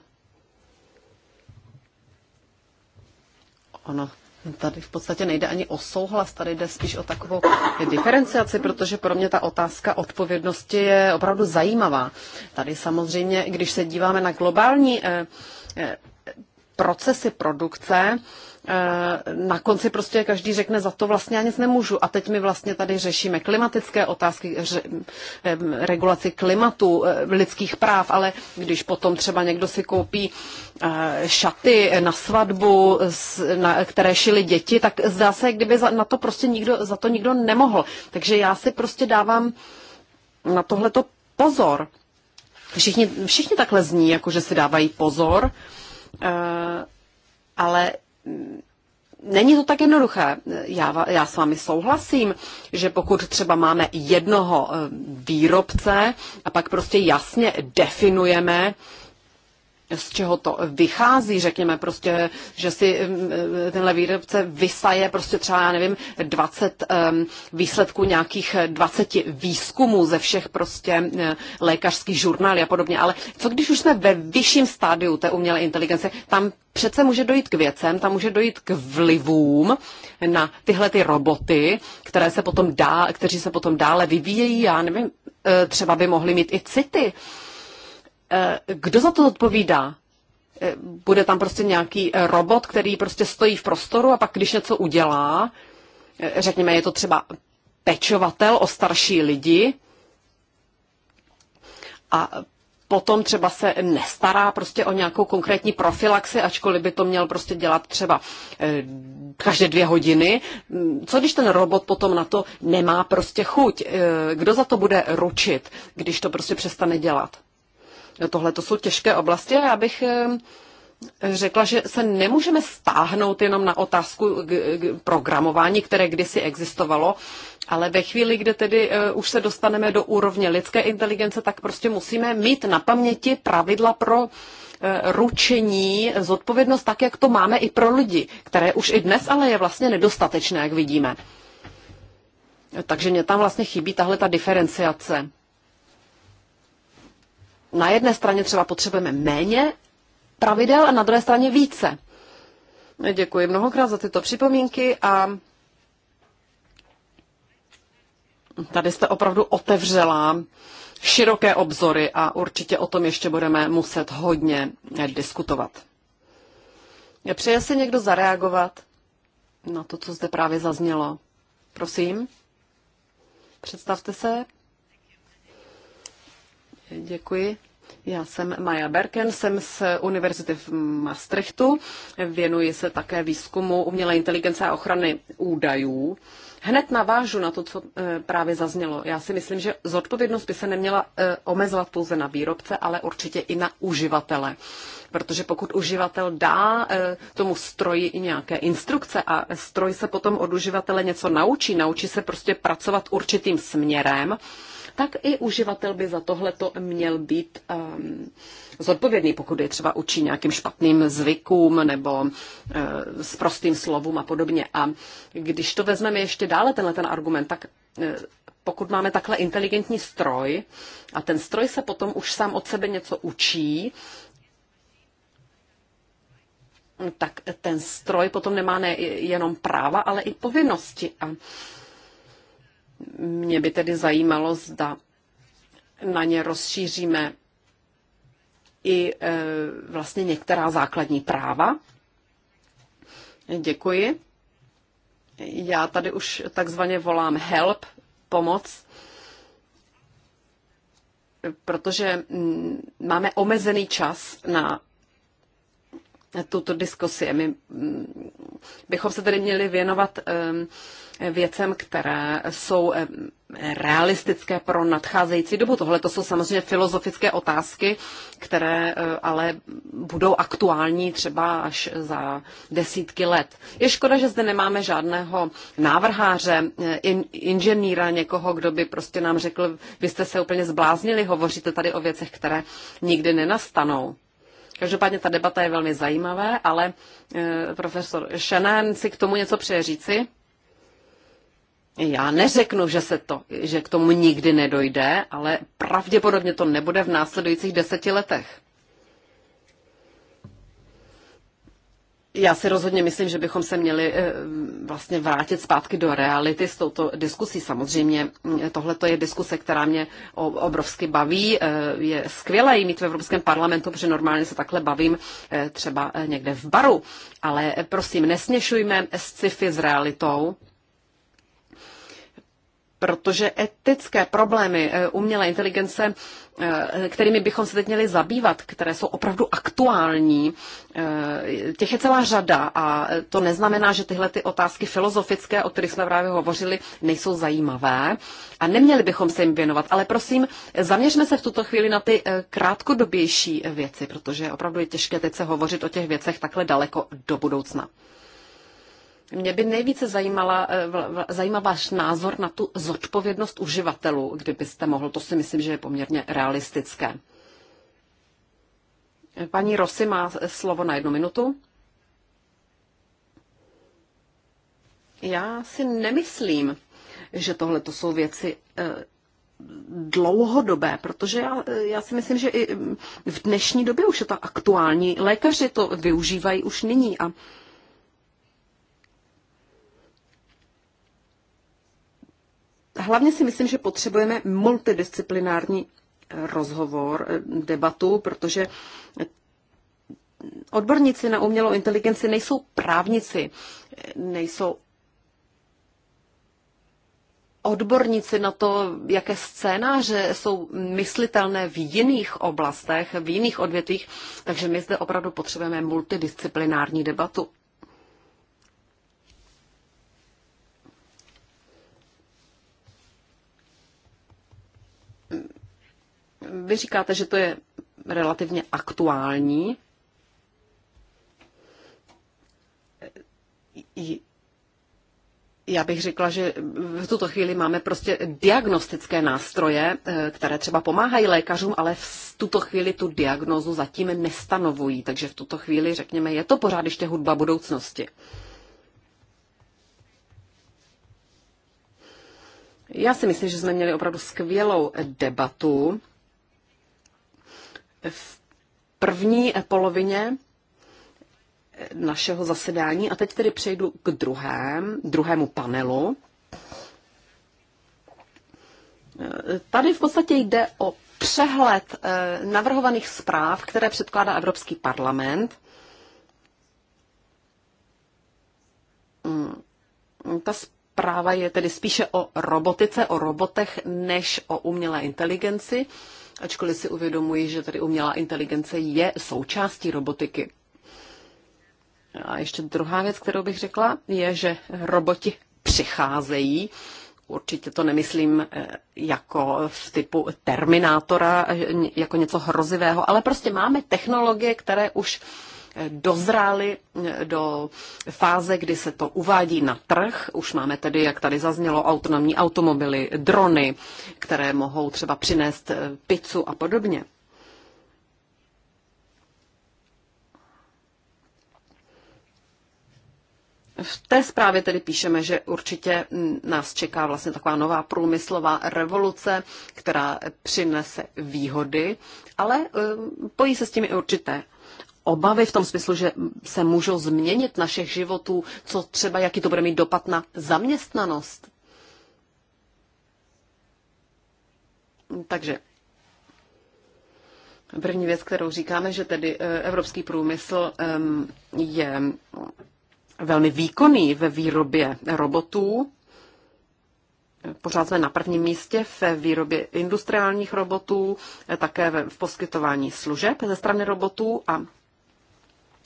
Ono tady v podstatě nejde ani o souhlas, tady jde spíš o takovou diferenciaci, protože pro mě ta otázka odpovědnosti je opravdu zajímavá. Tady samozřejmě, když se díváme na globální eh, eh, procesy produkce, Eh, na konci prostě každý řekne, za to vlastně já nic nemůžu. A teď my vlastně tady řešíme klimatické otázky, ře, eh, regulaci klimatu, eh, lidských práv, ale když potom třeba někdo si koupí šaty na svatbu, na, které šily děti, tak zdá se, kdyby za, na to prostě nikdo, za to nikdo nemohl. Takže já si prostě dávám na tohleto pozor. Všichni, všichni takhle zní, jako že si dávají pozor, ale Není to tak jednoduché. Já, já s vámi souhlasím, že pokud třeba máme jednoho eh, výrobce a pak prostě jasně definujeme, z čeho to vychází, řekněme prostě, že si mm, e, tenhle výrobce vysaje prostě třeba, já nevím, 20 výsledků nějakých 20 výzkumů ze všech prostě e, lékařských žurnálů a podobně, ale co když už jsme ve vyšším stádiu té umělé inteligence, tam přece může dojít k věcem, tam může dojít k vlivům na tyhle ty roboty, které se potom dá, kteří se potom dále vyvíjejí, já nevím, e, třeba by mohli mít i city, Eh, kdo za to odpovídá? Eh, bude tam prostě nějaký eh, robot, který prostě stojí v prostoru a pak, když něco udělá, řekněme, je to třeba pečovatel o starší lidi a potom třeba se nestará prostě o nějakou konkrétní profilaxi, ačkoliv by to měl prostě dělat třeba každé dvě hodiny. Mm, co když ten robot potom na to nemá prostě chuť? Kdo za to bude ručit, když to prostě přestane dělat? Tohle to jsou těžké oblasti a já bych eh, řekla, že se nemůžeme stáhnout jenom na otázku k programování, které kdysi existovalo, ale ve chvíli, kde tedy eh, už se dostaneme do úrovně lidské inteligence, tak prostě musíme mít na paměti pravidla pro eh, ručení, zodpovědnost tak, jak to máme i pro lidi, které už i dnes ale je vlastně nedostatečné, jak vidíme. Takže mě tam vlastně chybí tahle ta diferenciace na jedné straně třeba potřebujeme méně pravidel a na druhé straně více. Děkuji mnohokrát za tyto připomínky a tady jste opravdu otevřela široké obzory a určitě o tom ještě budeme muset hodně diskutovat. Přeje si někdo zareagovat na to, co zde právě zaznělo? Prosím, představte se. Děkuji. Já jsem Maja Berken, jsem z Univerzity v Maastrichtu, věnuji se také výzkumu umělé inteligence a ochrany údajů. Hned navážu na to, co eh, právě zaznělo. Já si myslím, že zodpovědnost by se neměla eh, omezovat pouze na výrobce, ale určitě i na uživatele. Protože pokud uživatel dá eh, tomu stroji i nějaké instrukce a stroj se potom od uživatele něco naučí, naučí se prostě pracovat určitým směrem, tak i uživatel by za tohleto měl být um, zodpovědný, pokud je třeba učí nějakým špatným zvykům nebo uh, s prostým slovům a podobně. A když to vezmeme ještě dále, tenhle ten argument, tak uh, pokud máme takhle inteligentní stroj a ten stroj se potom už sám od sebe něco učí, tak ten stroj potom nemá nejenom práva, ale i povinnosti. A mě by tedy zajímalo, zda na ně rozšíříme i e, vlastně některá základní práva. Děkuji. Já tady už takzvaně volám help, pomoc, protože mm, máme omezený čas na tuto diskusi. My mm, bychom se tedy měli věnovat věcem, které jsou eh, realistické pro nadcházející dobu. Tohle to jsou samozřejmě filozofické otázky, které eh, ale budou aktuální třeba až za desítky let. Je škoda, že zde nemáme žádného návrháře, eh, in, inženýra, někoho, kdo by prostě nám řekl, vy jste se úplně zbláznili, hovoříte tady o věcech, které nikdy nenastanou. Každopádně ta debata je velmi zajímavá, ale profesor Shannon si k tomu něco přeje říci. Já neřeknu, že, se to, že k tomu nikdy nedojde, ale pravděpodobně to nebude v následujících deseti letech. Já si rozhodně myslím, že bychom se měli eh, vlastně vrátit zpátky do reality s touto diskusí. Samozřejmě hm, tohle je diskuse, která mě obrovsky baví. Eh, je skvělé ji mít v Evropském parlamentu, protože normálně se takhle bavím eh, třeba někde v baru. Ale prosím, nesměšujme sci-fi s realitou protože etické problémy eh, umělé inteligence, eh, kterými bychom se teď měli zabývat, které jsou opravdu aktuální, eh, těch je celá řada a to neznamená, že tyhle ty otázky filozofické, o kterých jsme právě hovořili, nejsou zajímavé a neměli bychom se jim věnovat. Ale prosím, zaměřme se v tuto chvíli na ty krátkodobější věci, protože opravdu je těžké teď se hovořit o těch věcech takhle daleko do budoucna. Mě by nejvíce zajímala, eh, zajímá váš názor na tu zodpovědnost uživatelů, kdybyste mohl. To si myslím, že je poměrně realistické. Paní Rosy má slovo na jednu minutu. Já si nemyslím, že tohle to jsou věci eh, dlouhodobé, protože já, eh, já si myslím, že i mm, v dnešní době už je to aktuální. Lékaři to využívají už nyní a Hlavně si myslím, že potřebujeme multidisciplinární eh, rozhovor, eh, debatu, protože eh, odborníci na umělou inteligenci nejsou právnici, nejsou odborníci na to, jaké scénáře jsou myslitelné v jiných oblastech, v jiných odvětvích, takže my zde opravdu potřebujeme multidisciplinární debatu. Vy říkáte, že to je relativně aktuální. Já bych řekla, že v tuto chvíli máme prostě diagnostické nástroje, eh, které třeba pomáhají lékařům, ale v tuto chvíli tu diagnozu zatím nestanovují. Takže v tuto chvíli, řekněme, je to pořád ještě hudba budoucnosti. Já si myslím, že jsme měli opravdu skvělou debatu v první polovině našeho zasedání. A teď tedy přejdu k druhém, druhému panelu. Tady v podstatě jde o přehled eh, navrhovaných zpráv, které předkládá Evropský parlament. Mm, ta zpráva je tedy spíše o robotice, o robotech, než o umělé inteligenci ačkoliv si uvědomuji, že tady umělá inteligence je součástí robotiky. A ještě druhá věc, kterou bych řekla, je, že roboti přicházejí. Určitě to nemyslím eh, jako v typu Terminátora, eh, jako něco hrozivého, ale prostě máme technologie, které už dozráli do fáze, kdy se to uvádí na trh. Už máme tedy, jak tady zaznělo, autonomní automobily, drony, které mohou třeba přinést eh, pizzu a podobně. V té zprávě tedy píšeme, že určitě nás čeká vlastně taková nová průmyslová revoluce, která přinese výhody, ale eh, pojí se s tím i určité obavy v tom smyslu, že se můžou změnit našich životů, co třeba, jaký to bude mít dopad na zaměstnanost. Takže první věc, kterou říkáme, že tedy eh, evropský průmysl je velmi výkonný ve výrobě robotů. Pořád jsme na prvním místě ve výrobě industriálních robotů, eh, také v poskytování služeb ze strany robotů a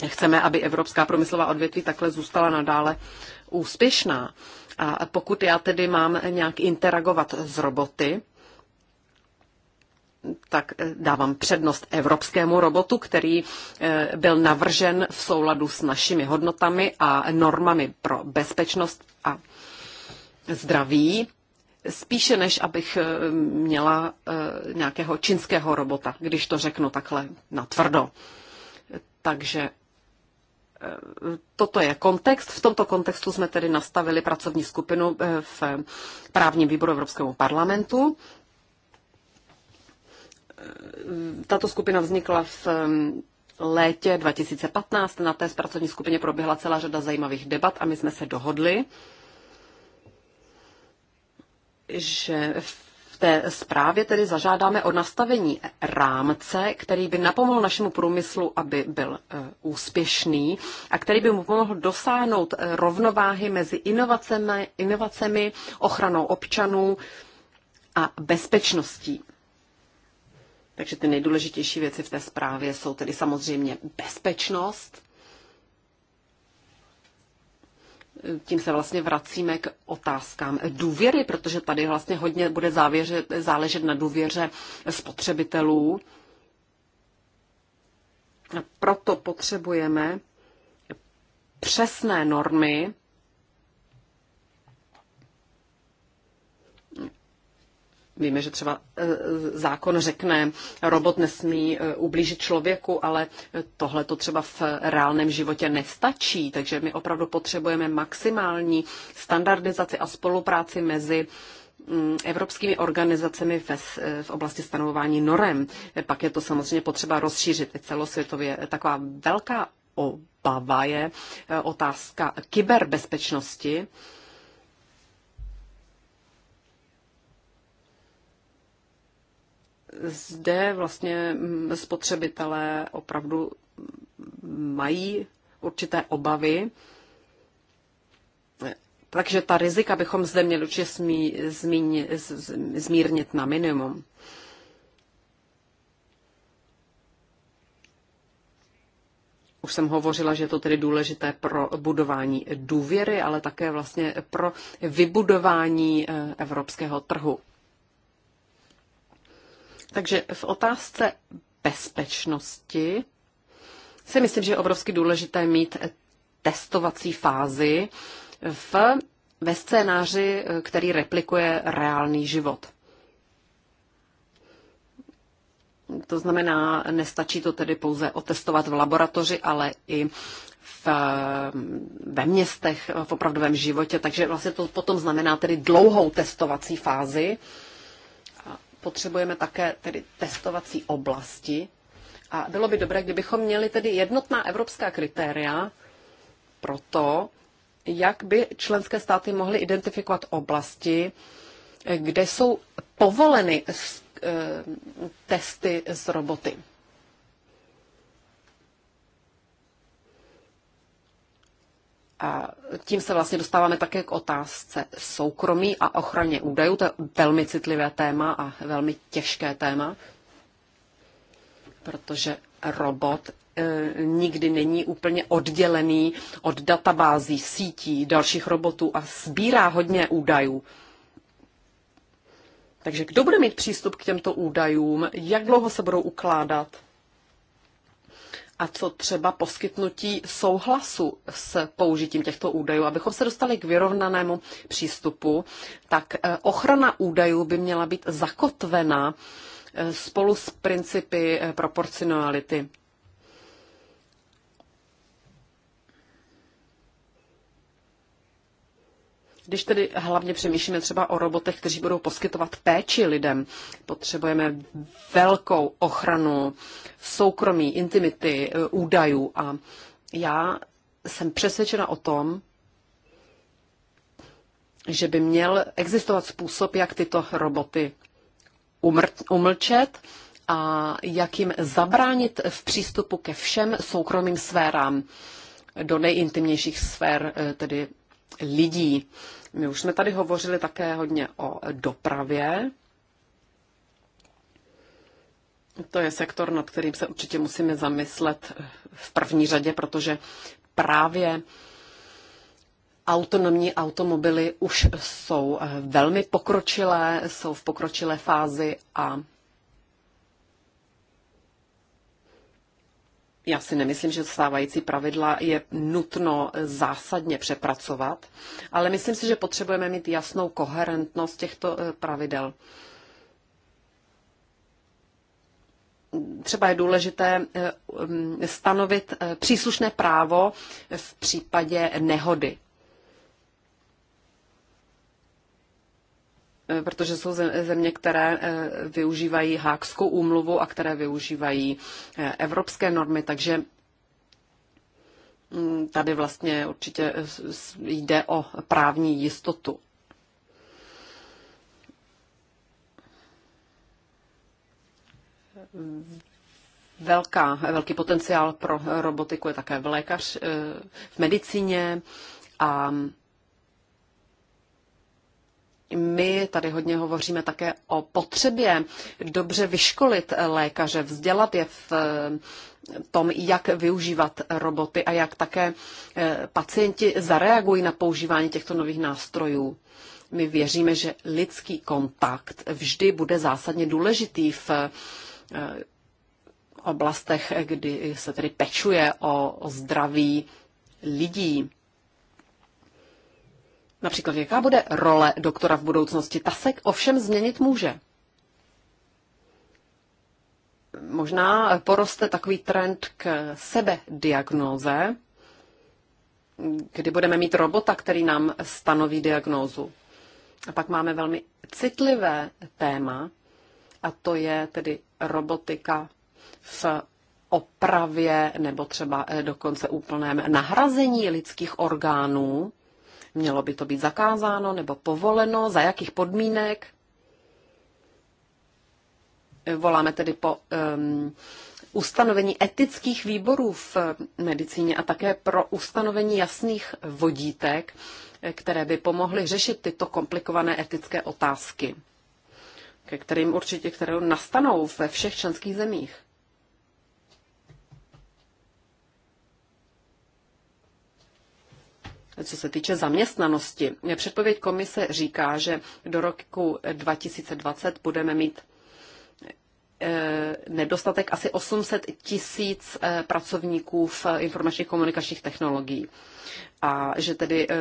Chceme, aby evropská promyslová odvětví takhle zůstala nadále úspěšná. A pokud já tedy mám nějak interagovat s roboty, tak eh, dávám přednost evropskému robotu, který eh, byl navržen v souladu s našimi hodnotami a normami pro bezpečnost a zdraví, spíše než abych eh, měla nějakého čínského robota, když to řeknu takhle natvrdo. Takže toto je kontext. V tomto kontextu jsme tedy nastavili pracovní skupinu eh, v právním výboru Evropského parlamentu. Eh, tato skupina vznikla v eh, létě 2015. Na té pracovní skupině proběhla celá řada zajímavých debat a my jsme se dohodli, že v té zprávě tedy zažádáme o nastavení rámce, který by napomohl našemu průmyslu, aby byl e, úspěšný a který by mu pomohl dosáhnout e, rovnováhy mezi inovacemi, inovacemi ochranou občanů a bezpečností. Takže ty nejdůležitější věci v té zprávě jsou tedy samozřejmě bezpečnost, tím se vlastně vracíme k otázkám důvěry, protože tady vlastně hodně bude závěřet, záležet na důvěře spotřebitelů. A proto potřebujeme přesné normy, Víme, že třeba eh, zákon řekne, robot nesmí eh, ublížit člověku, ale tohle to třeba v reálném životě nestačí, takže my opravdu potřebujeme maximální standardizaci a spolupráci mezi mm, evropskými organizacemi eh, v oblasti stanovování norem. Pak je to samozřejmě potřeba rozšířit i celosvětově. Taková velká obava je otázka kyberbezpečnosti. zde vlastně mm, spotřebitelé opravdu mají určité obavy, takže ta rizika bychom zde měli určitě zmírnit na minimum. Už jsem hovořila, že je to tedy důležité pro budování důvěry, ale také vlastně pro vybudování eh, evropského trhu. Takže v otázce bezpečnosti si myslím, že je obrovsky důležité mít testovací fázi v, ve scénáři, který replikuje reálný život. To znamená, nestačí to tedy pouze otestovat v laboratoři, ale i v, ve městech, v opravdovém životě. Takže vlastně to potom znamená tedy dlouhou testovací fázi, potřebujeme také tedy testovací oblasti. A bylo by dobré, kdybychom měli tedy jednotná evropská kritéria pro to, jak by členské státy mohly identifikovat oblasti, eh, kde jsou povoleny eh, testy s roboty. A tím se vlastně dostáváme také k otázce soukromí a ochraně údajů. To je velmi citlivé téma a velmi těžké téma, protože robot e, nikdy není úplně oddělený od databází, sítí, dalších robotů a sbírá hodně údajů. Takže kdo bude mít přístup k těmto údajům, jak dlouho se budou ukládat, a co třeba poskytnutí souhlasu s použitím těchto údajů. Abychom se dostali k vyrovnanému přístupu, tak eh, ochrana údajů by měla být zakotvena eh, spolu s principy eh, proporcionality. Když tedy hlavně přemýšlíme třeba o robotech, kteří budou poskytovat péči lidem, potřebujeme velkou ochranu soukromí, intimity, e, údajů a já jsem přesvědčena o tom, že by měl existovat způsob, jak tyto roboty umlčet a jak jim zabránit v přístupu ke všem soukromým sférám, do nejintimnějších sfér, e, tedy lidí. My už jsme tady hovořili také hodně o dopravě. To je sektor, nad kterým se určitě musíme zamyslet v první řadě, protože právě autonomní automobily už jsou eh, velmi pokročilé, jsou v pokročilé fázi a Já si nemyslím, že stávající pravidla je nutno zásadně přepracovat, ale myslím si, že potřebujeme mít jasnou koherentnost těchto eh, pravidel. Třeba je důležité eh, um, stanovit eh, příslušné právo v případě nehody. Eh, protože jsou země, které eh, využívají hákskou úmluvu a které využívají eh, evropské normy, takže mm, tady vlastně určitě jde o právní jistotu. Velká, velký potenciál pro robotiku je také v lékař, v medicíně a my tady hodně hovoříme také o potřebě dobře vyškolit lékaře, vzdělat je v eh, tom, jak využívat roboty a jak také eh, pacienti zareagují na používání těchto nových nástrojů. My věříme, že lidský kontakt vždy bude zásadně důležitý v eh, oblastech, kdy se tedy pečuje o, o zdraví lidí. Například, jaká bude role doktora v budoucnosti? Tasek ovšem změnit může. Možná poroste takový trend k sebediagnóze, kdy budeme mít robota, který nám stanoví diagnózu. A pak máme velmi citlivé téma, a to je tedy robotika v opravě nebo třeba eh, dokonce úplném nahrazení lidských orgánů Mělo by to být zakázáno nebo povoleno? Za jakých podmínek? Voláme tedy po um, ustanovení etických výborů v medicíně a také pro ustanovení jasných vodítek, které by pomohly řešit tyto komplikované etické otázky, ke kterým určitě které nastanou ve všech členských zemích. co se týče zaměstnanosti. Předpověď komise říká, že do roku 2020 budeme mít eh, nedostatek asi 800 tisíc eh, pracovníků v informačních komunikačních technologií. A že tedy eh,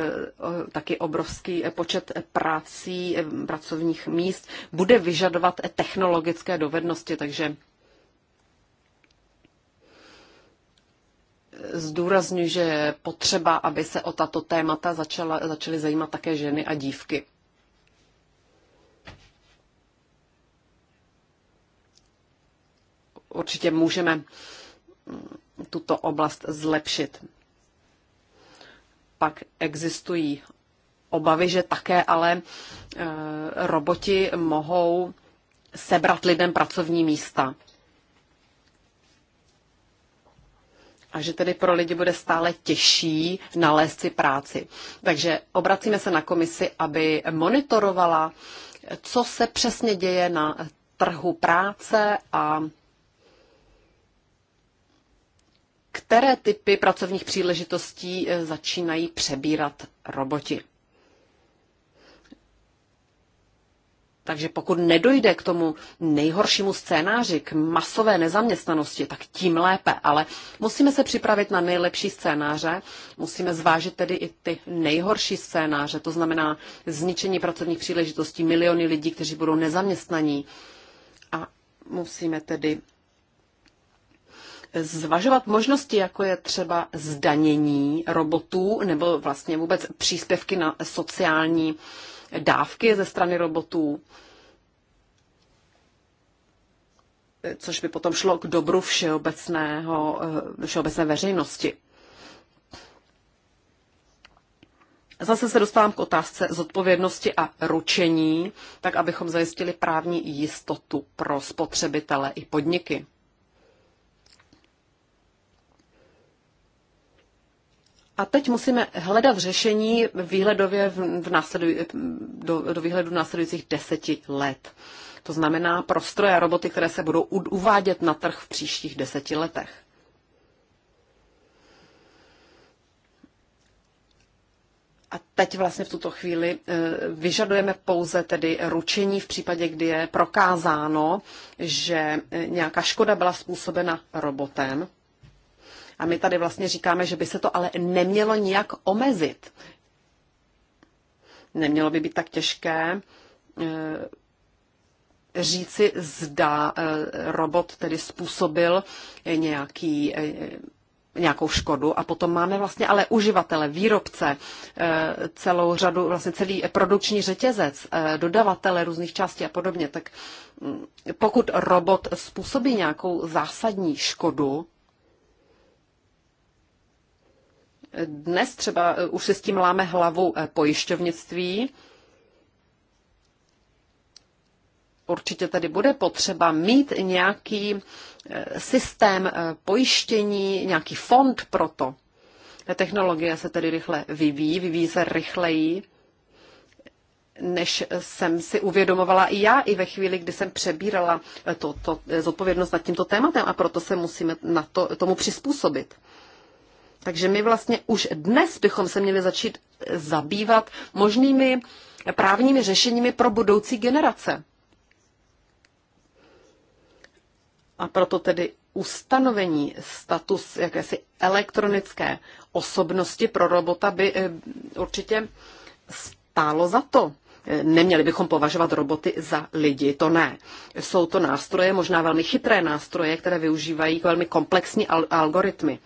taky obrovský počet prací, pracovních míst bude vyžadovat technologické dovednosti, takže zdůrazňuji, že je potřeba, aby se o tato témata začala, začaly zajímat také ženy a dívky. Určitě můžeme mm, tuto oblast zlepšit. Pak existují obavy, že také ale e, roboti mohou sebrat lidem pracovní místa. a že tedy pro lidi bude stále těžší nalézt si práci. Takže obracíme se na komisi, aby monitorovala, co se přesně děje na trhu práce a které typy pracovních příležitostí eh, začínají přebírat roboti. Takže pokud nedojde k tomu nejhoršímu scénáři, k masové nezaměstnanosti, tak tím lépe. Ale musíme se připravit na nejlepší scénáře, musíme zvážit tedy i ty nejhorší scénáře, to znamená zničení pracovních příležitostí, miliony lidí, kteří budou nezaměstnaní. A musíme tedy zvažovat možnosti, jako je třeba zdanění robotů nebo vlastně vůbec příspěvky na sociální uh, dávky ze strany robotů, což by potom šlo k dobru všeobecného, eh, všeobecné veřejnosti. Zase se dostávám k otázce zodpovědnosti a ručení, tak abychom zajistili právní jistotu pro spotřebitele i podniky. A teď musíme hledat řešení výhledově v, v následu, do, do výhledu následujících deseti let. To znamená prostroje a roboty, které se budou uvádět na trh v příštích deseti letech. A teď vlastně v tuto chvíli eh, vyžadujeme pouze tedy ručení v případě, kdy je prokázáno, že eh, nějaká škoda byla způsobena robotem. A my tady vlastně říkáme, že by se to ale nemělo nijak omezit. Nemělo by být tak těžké eh, říci, zda eh, robot tedy způsobil nějaký, eh, nějakou škodu a potom máme vlastně ale uživatele, výrobce, celou řadu, vlastně celý produkční řetězec, dodavatele různých částí a podobně, tak mm, pokud robot způsobí nějakou zásadní škodu, Dnes třeba eh, už se s tím láme hlavu eh, pojišťovnictví. Určitě tady bude potřeba mít nějaký eh, systém pojištění, nějaký fond pro to. Technologie se tedy rychle vyvíjí, vyvíjí se rychleji, než jsem si uvědomovala i já, i ve chvíli, kdy jsem přebírala to, to, zodpovědnost nad tímto tématem a proto se musíme na to, tomu přizpůsobit. Takže my vlastně už dnes bychom se měli začít zabývat možnými právními řešeními pro budoucí generace. A proto tedy ustanovení status jakési elektronické osobnosti pro robota by eh, určitě stálo za to. Neměli bychom považovat roboty za lidi, to ne. Jsou to nástroje, možná velmi chytré nástroje, které využívají velmi komplexní algoritmy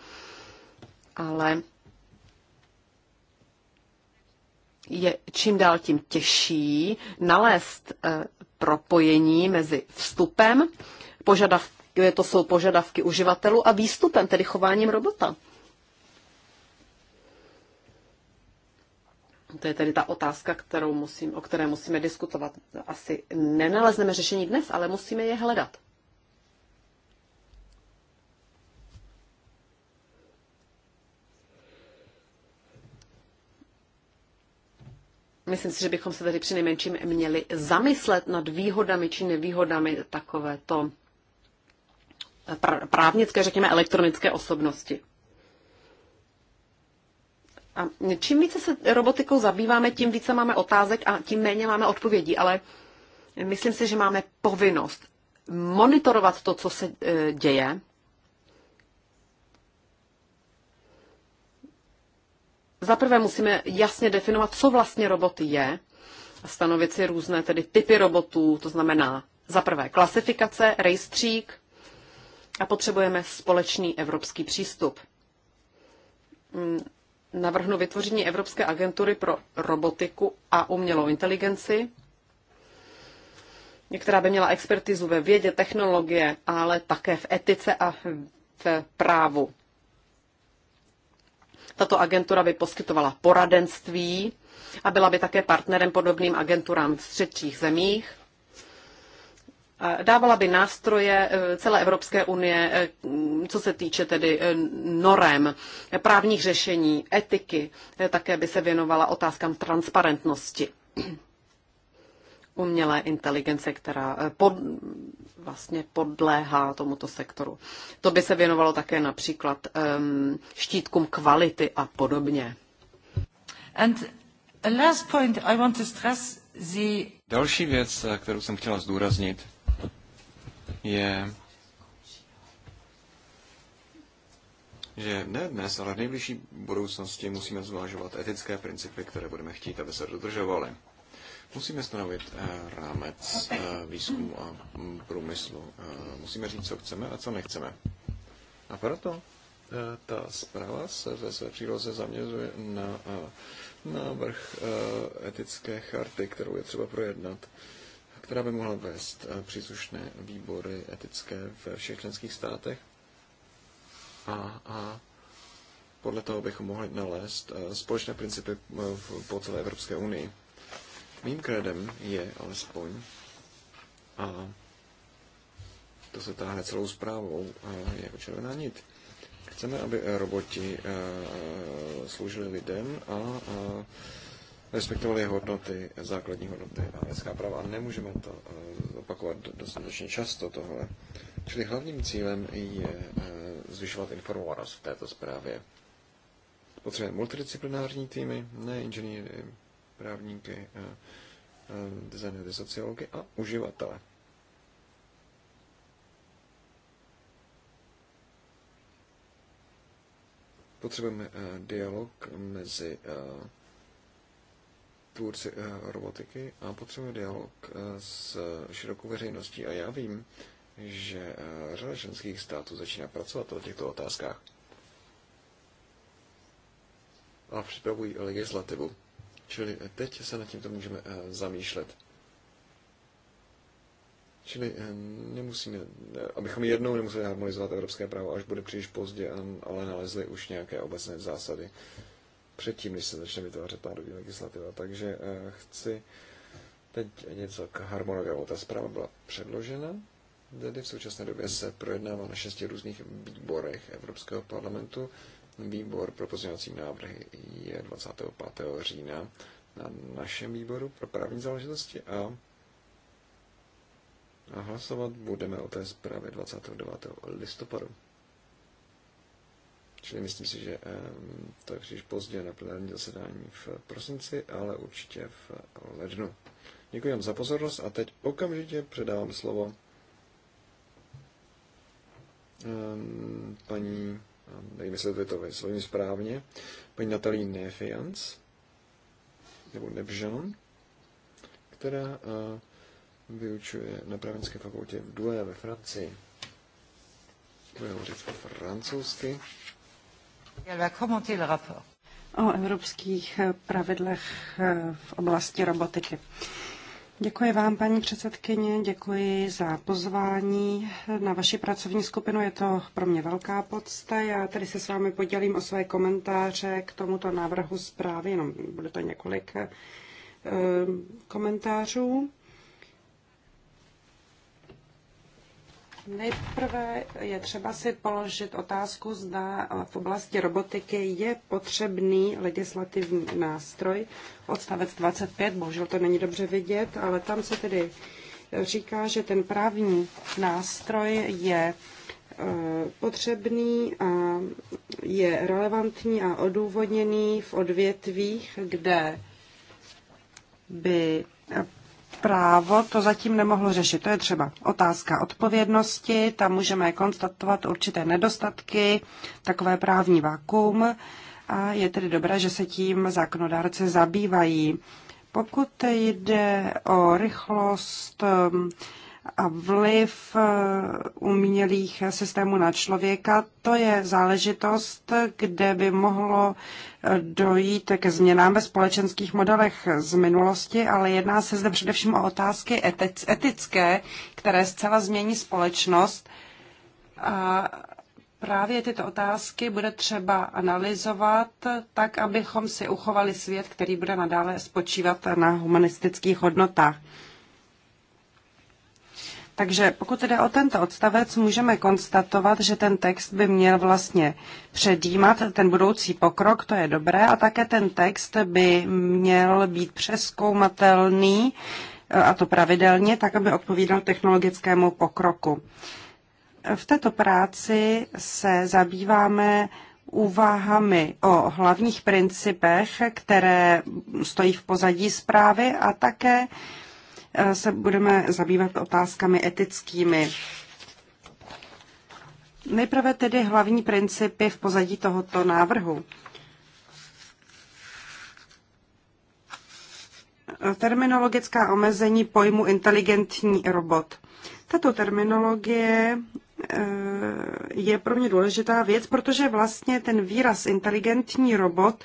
ale je čím dál tím těžší nalézt eh, propojení mezi vstupem, požadavky, to jsou požadavky uživatelů, a výstupem, tedy chováním robota. To je tedy ta otázka, kterou musím, o které musíme diskutovat. Asi nenalezneme řešení dnes, ale musíme je hledat. Myslím si, že bychom se tedy nejmenším měli zamyslet nad výhodami či nevýhodami takovéto právnické, řekněme, elektronické osobnosti. A čím více se robotikou zabýváme, tím více máme otázek a tím méně máme odpovědí, ale myslím si, že máme povinnost monitorovat to, co se e, děje, Zaprvé musíme jasně definovat, co vlastně robot je, a stanovit si různé tedy typy robotů, to znamená za prvé klasifikace, rejstřík a potřebujeme společný evropský přístup. Mm, navrhnu vytvoření Evropské agentury pro robotiku a umělou inteligenci, která by měla expertizu ve vědě, technologie, ale také v etice a v právu. Tato agentura by poskytovala poradenství a byla by také partnerem podobným agenturám v třetích zemích. Dávala by nástroje e, celé Evropské unie, e, co se týče tedy e, norem, právních řešení, etiky, také by se věnovala otázkám transparentnosti umělé inteligence, která eh, pod, vlastně podléhá tomuto sektoru. To by se věnovalo také například um, štítkům kvality a podobně. And a last point I want to stress the... Další věc, eh, kterou jsem chtěla zdůraznit, je, že ne dnes, ale v nejbližší budoucnosti musíme zvážovat etické principy, které budeme chtít, aby se dodržovaly. Musíme stanovit eh, rámec eh, výzkumu a mm, průmyslu. Eh, musíme říct, co chceme a co nechceme. A proto ta zpráva se ve své příloze zaměřuje na návrh etické charty, kterou je třeba projednat, která by mohla vést příslušné výbory etické ve všech členských státech. A, a podle toho bychom mohli nalézt společné principy po celé Evropské unii. Mým kredem je alespoň, a to se táhne celou zprávou jako červená nit, chceme, aby roboti sloužili lidem a respektovali hodnoty, základní hodnoty a lidská práva. A nemůžeme to opakovat dostatečně často tohle. Čili hlavním cílem je zvyšovat informovanost v této zprávě. Potřebujeme multidisciplinární týmy, ne inženýry, právníky, eh, eh, designéry, sociology a uživatele. Potřebujeme eh, dialog mezi tvůrci robotiky a potřebujeme dialog s širokou veřejností. A já vím, že řada členských států začíná pracovat o těchto otázkách a připravují legislativu. Čili teď se nad tímto můžeme eh, zamýšlet. Čili eh, nemusíme, eh, abychom jednou nemuseli harmonizovat evropské právo, až bude příliš pozdě, ale nalezli už nějaké obecné zásady předtím, než se začne vytvářet národní legislativa. Takže chci teď něco k harmonogramu. Ta zpráva byla předložena, tedy v současné době se projednává na šesti různých výborech Evropského parlamentu. Výbor pro pozměňovací návrhy je 25. října na našem výboru pro právní záležitosti a, a hlasovat budeme o té zprávě 29. listopadu. Čili myslím si, že to je příliš pozdě na plenární zasedání v prosinci, ale určitě v lednu. Děkuji vám za pozornost a teď okamžitě předávám slovo paní nevím, jestli to, je to vyslovím správně, paní Natalí Nefians, nebo Nebžan, která eh, vyučuje na právnické fakultě v Douai ve Francii. Bude hovořit francouzsky. O evropských eh, pravidlech eh, v oblasti robotiky. Děkuji vám, paní předsedkyně, děkuji za pozvání na vaši pracovní skupinu. Je to pro mě velká podsta. Já tady se s vámi podělím o své komentáře k tomuto návrhu zprávy, jenom bude to několik eh, komentářů. Nejprve je třeba si položit otázku, zda v oblasti robotiky je potřebný legislativní nástroj. Odstavec 25, bohužel to není dobře vidět, ale tam se tedy říká, že ten právní nástroj je e, potřebný a je relevantní a odůvodněný v odvětvích, kde by právo to zatím nemohlo řešit. To je třeba otázka odpovědnosti, tam můžeme konstatovat určité nedostatky, takové právní vakuum a je tedy dobré, že se tím zákonodárce zabývají. Pokud jde o rychlost, a vliv eh, umělých systémů na člověka, to je záležitost, kde by mohlo eh, dojít ke změnám ve společenských modelech z minulosti, ale jedná se zde především o otázky etické, které zcela změní společnost. A právě tyto otázky bude třeba analyzovat tak, abychom si uchovali svět, který bude nadále spočívat na humanistických hodnotách. Takže pokud jde o tento odstavec, můžeme konstatovat, že ten text by měl vlastně předjímat ten budoucí pokrok, to je dobré, a také ten text by měl být přeskoumatelný, a to pravidelně, tak aby odpovídal technologickému pokroku. V této práci se zabýváme úvahami o hlavních principech, které stojí v pozadí zprávy a také Eh, se budeme zabývat otázkami etickými. Nejprve tedy hlavní principy v pozadí tohoto návrhu. Terminologická omezení pojmu inteligentní robot. Tato terminologie eh, je pro mě důležitá věc, protože vlastně ten výraz inteligentní robot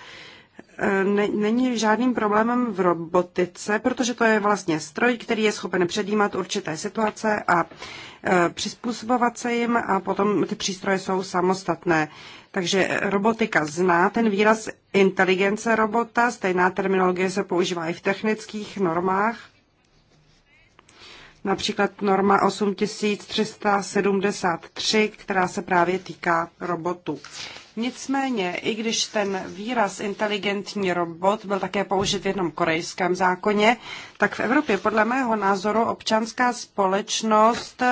E, není žádným problémem v robotice, protože to je vlastně stroj, který je schopen předjímat určité situace a e, přizpůsobovat se jim a potom ty přístroje jsou samostatné. Takže robotika zná ten výraz inteligence robota, stejná terminologie se používá i v technických normách. Například norma 8373, která se právě týká robotu. Nicméně, i když ten výraz inteligentní robot byl také použit v jednom korejském zákoně, tak v Evropě podle mého názoru občanská společnost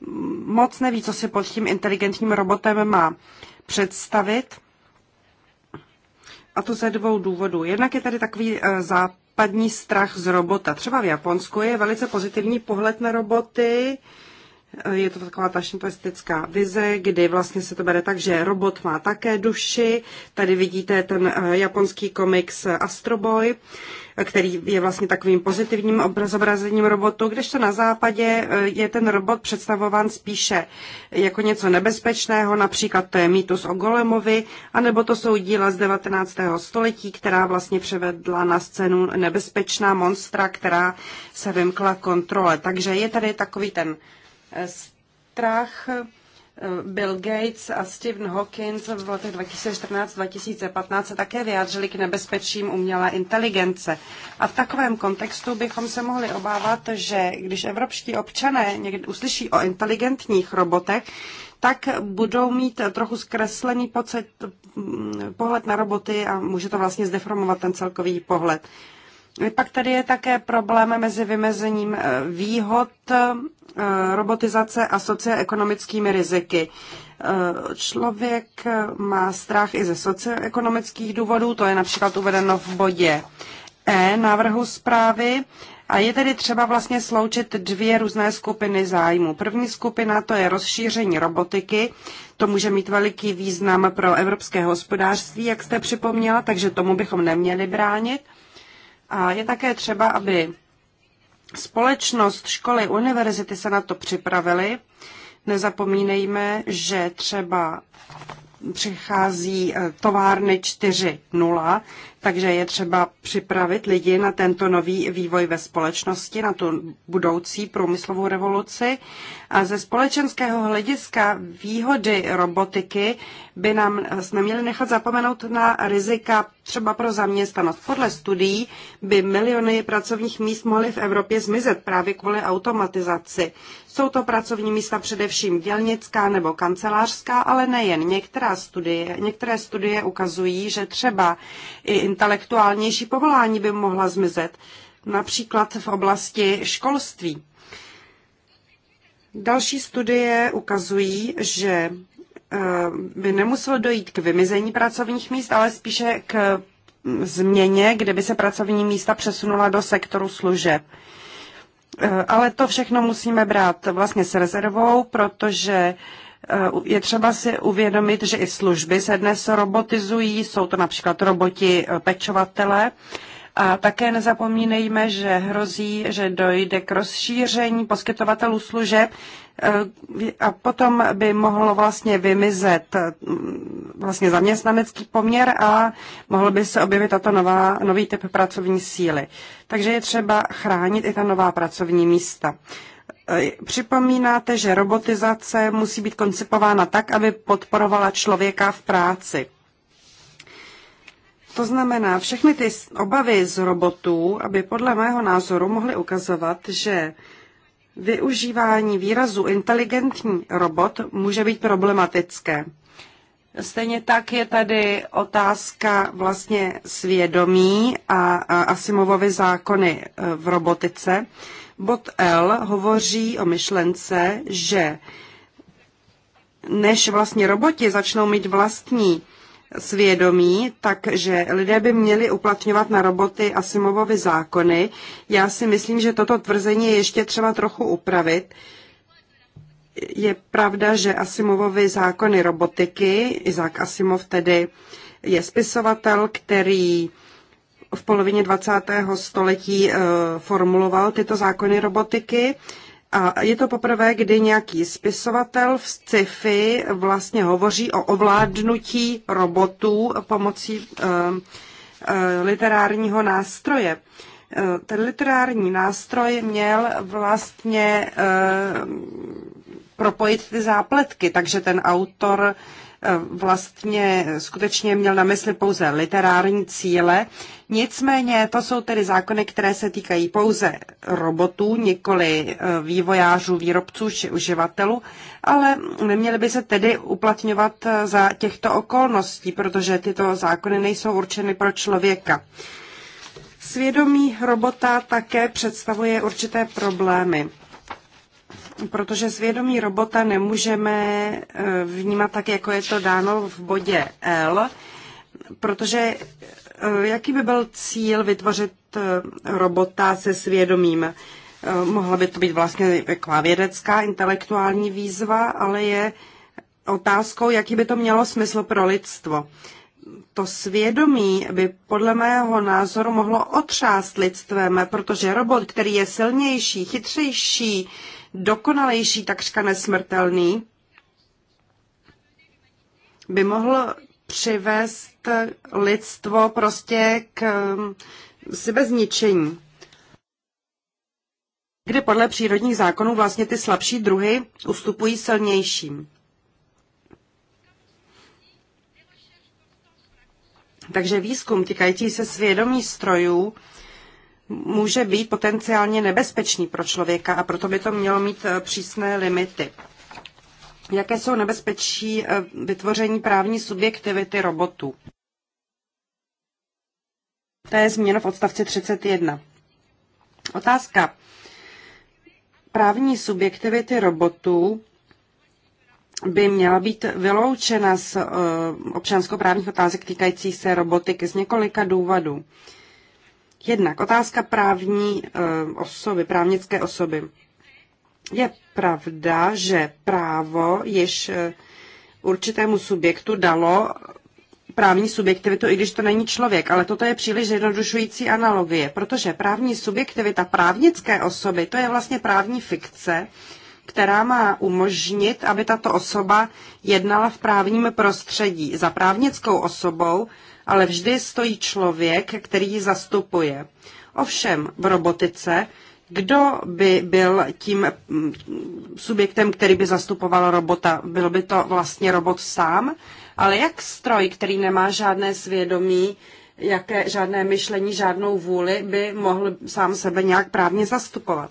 mm, moc neví, co si pod tím inteligentním robotem má představit. A to ze dvou důvodů. Jednak je tady takový eh, západní strach z robota. Třeba v Japonsku je velice pozitivní pohled na roboty, je to taková ta šintoistická vize, kdy vlastně se to bere tak, že robot má také duši. Tady vidíte ten eh, japonský komiks Astroboy, který je vlastně takovým pozitivním zobrazením robotu, kdežto na západě eh, je ten robot představován spíše jako něco nebezpečného, například to je mýtus o Golemovi, anebo to jsou díla z 19. století, která vlastně převedla na scénu nebezpečná monstra, která se vymkla kontrole. Takže je tady takový ten strach eh, Bill Gates a Stephen Hawkins v letech 2014-2015 také vyjádřili k nebezpečím umělé inteligence. A v takovém kontextu bychom se mohli obávat, že když evropští občané někdy uslyší o inteligentních robotech, tak budou mít trochu zkreslený pocit, mm, pohled na roboty a může to vlastně zdeformovat ten celkový pohled. Pak tady je také problém mezi vymezením eh, výhod eh, robotizace a socioekonomickými riziky. Eh, člověk má strach i ze socioekonomických důvodů, to je například uvedeno v bodě E návrhu zprávy. A je tedy třeba vlastně sloučit dvě různé skupiny zájmu. První skupina to je rozšíření robotiky. To může mít veliký význam pro evropské hospodářství, jak jste připomněla, takže tomu bychom neměli bránit. A je také třeba, aby společnost, školy, univerzity se na to připravily. Nezapomínejme, že třeba přichází eh, továrny 4.0, takže je třeba připravit lidi na tento nový vývoj ve společnosti, na tu budoucí průmyslovou revoluci. A ze společenského hlediska výhody robotiky by nám eh, jsme měli nechat zapomenout na rizika třeba pro zaměstnanost. Podle studií by miliony pracovních míst mohly v Evropě zmizet právě kvůli automatizaci. Jsou to pracovní místa především dělnická nebo kancelářská, ale nejen. Některá studie, některé studie ukazují, že třeba i intelektuálnější povolání by mohla zmizet, například v oblasti školství. Další studie ukazují, že eh, by nemuselo dojít k vymizení pracovních míst, ale spíše k mm, změně, kde by se pracovní místa přesunula do sektoru služeb. Eh, ale to všechno musíme brát vlastně s rezervou, protože eh, je třeba si uvědomit, že i služby se dnes robotizují, jsou to například roboti eh, pečovatele a také nezapomínejme, že hrozí, že dojde k rozšíření poskytovatelů služeb eh, a potom by mohlo vlastně vymizet mm, vlastně zaměstnanecký poměr a mohl by se objevit tato nová, nový typ pracovní síly. Takže je třeba chránit i ta nová pracovní místa. Eh, připomínáte, že robotizace musí být koncipována tak, aby podporovala člověka v práci. To znamená, všechny ty obavy z robotů, aby podle mého názoru mohly ukazovat, že využívání výrazu inteligentní robot může být problematické. Stejně tak je tady otázka vlastně svědomí a Asimovovy zákony e, v robotice. Bod L hovoří o myšlence, že než vlastně roboti začnou mít vlastní svědomí, takže lidé by měli uplatňovat na roboty Asimovovy zákony. Já si myslím, že toto tvrzení je ještě třeba trochu upravit. Je pravda, že Asimovovy zákony robotiky, Izák Asimov tedy je spisovatel, který v polovině 20. století eh, formuloval tyto zákony robotiky a je to poprvé, kdy nějaký spisovatel v sci-fi vlastně hovoří o ovládnutí robotů pomocí ehm, eh, literárního nástroje. Eh, ten literární nástroj měl vlastně ehm, propojit ty zápletky, takže ten autor vlastně skutečně měl na mysli pouze literární cíle. Nicméně to jsou tedy zákony, které se týkají pouze robotů, nikoli e, vývojářů, výrobců či uživatelů, ale neměly by se tedy uplatňovat e, za těchto okolností, protože tyto zákony nejsou určeny pro člověka. Svědomí robota také představuje určité problémy protože svědomí robota nemůžeme eh, vnímat tak, jako je to dáno v bodě L, protože eh, jaký by byl cíl vytvořit eh, robota se svědomím? Mohla by to být vlastně taková vědecká, intelektuální výzva, ale je otázkou, jaký by to mělo smysl pro lidstvo. To svědomí by podle mého názoru mohlo otřást lidstvem, protože robot, který je silnější, chytřejší, dokonalejší, takřka nesmrtelný, by mohl přivést lidstvo prostě k mm, sebezničení. Kdy podle přírodních zákonů vlastně ty slabší druhy ustupují silnějším. Takže výzkum týkající se svědomí strojů může být potenciálně nebezpečný pro člověka a proto by to mělo mít e, přísné limity. Jaké jsou nebezpečí e, vytvoření právní subjektivity robotů? To je změna v odstavci 31. Otázka právní subjektivity robotů by měla být vyloučena z e, občanskoprávních otázek týkajících se robotiky z několika důvodů. Jednak otázka právní eh, osoby, právnické osoby. Je pravda, že právo již eh, určitému subjektu dalo právní subjektivitu, i když to není člověk, ale toto je příliš jednodušující analogie, protože právní subjektivita právnické osoby, to je vlastně právní fikce, která má umožnit, aby tato osoba jednala v právním prostředí. Za právnickou osobou ale vždy stojí člověk, který ji zastupuje. Ovšem v robotice, kdo by byl tím mm, subjektem, který by zastupoval robota? Byl by to vlastně robot sám? Ale jak stroj, který nemá žádné svědomí, jaké, žádné myšlení, žádnou vůli, by mohl sám sebe nějak právně zastupovat?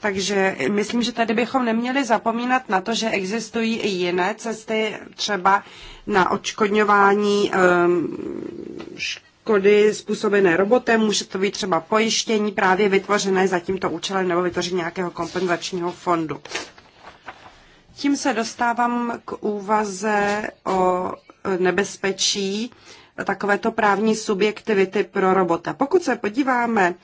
Takže myslím, že tady bychom neměli zapomínat na to, že existují i jiné cesty, třeba na odškodňování ehm, škody způsobené robotem. Může to být třeba pojištění právě vytvořené za tímto účelem nebo vytvoření nějakého kompenzačního fondu. Tím se dostávám k úvaze o nebezpečí takovéto právní subjektivity pro robota. Pokud se podíváme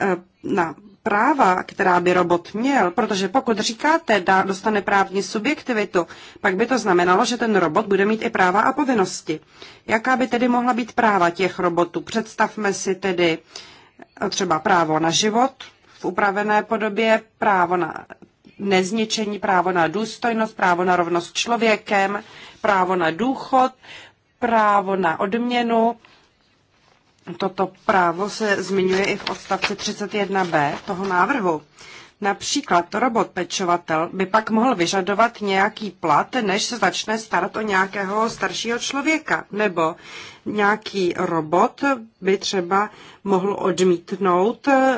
eh, na práva, která by robot měl, protože pokud říkáte, dá, dostane právní subjektivitu, pak by to znamenalo, že ten robot bude mít i práva a povinnosti. Jaká by tedy mohla být práva těch robotů? Představme si tedy eh, třeba právo na život v upravené podobě, právo na nezničení, právo na důstojnost, právo na rovnost s člověkem, právo na důchod, právo na odměnu, toto právo se zmiňuje i v odstavci 31b toho návrhu. Například robot pečovatel by pak mohl vyžadovat nějaký plat, než se začne starat o nějakého staršího člověka, nebo nějaký robot by třeba mohl odmítnout eh,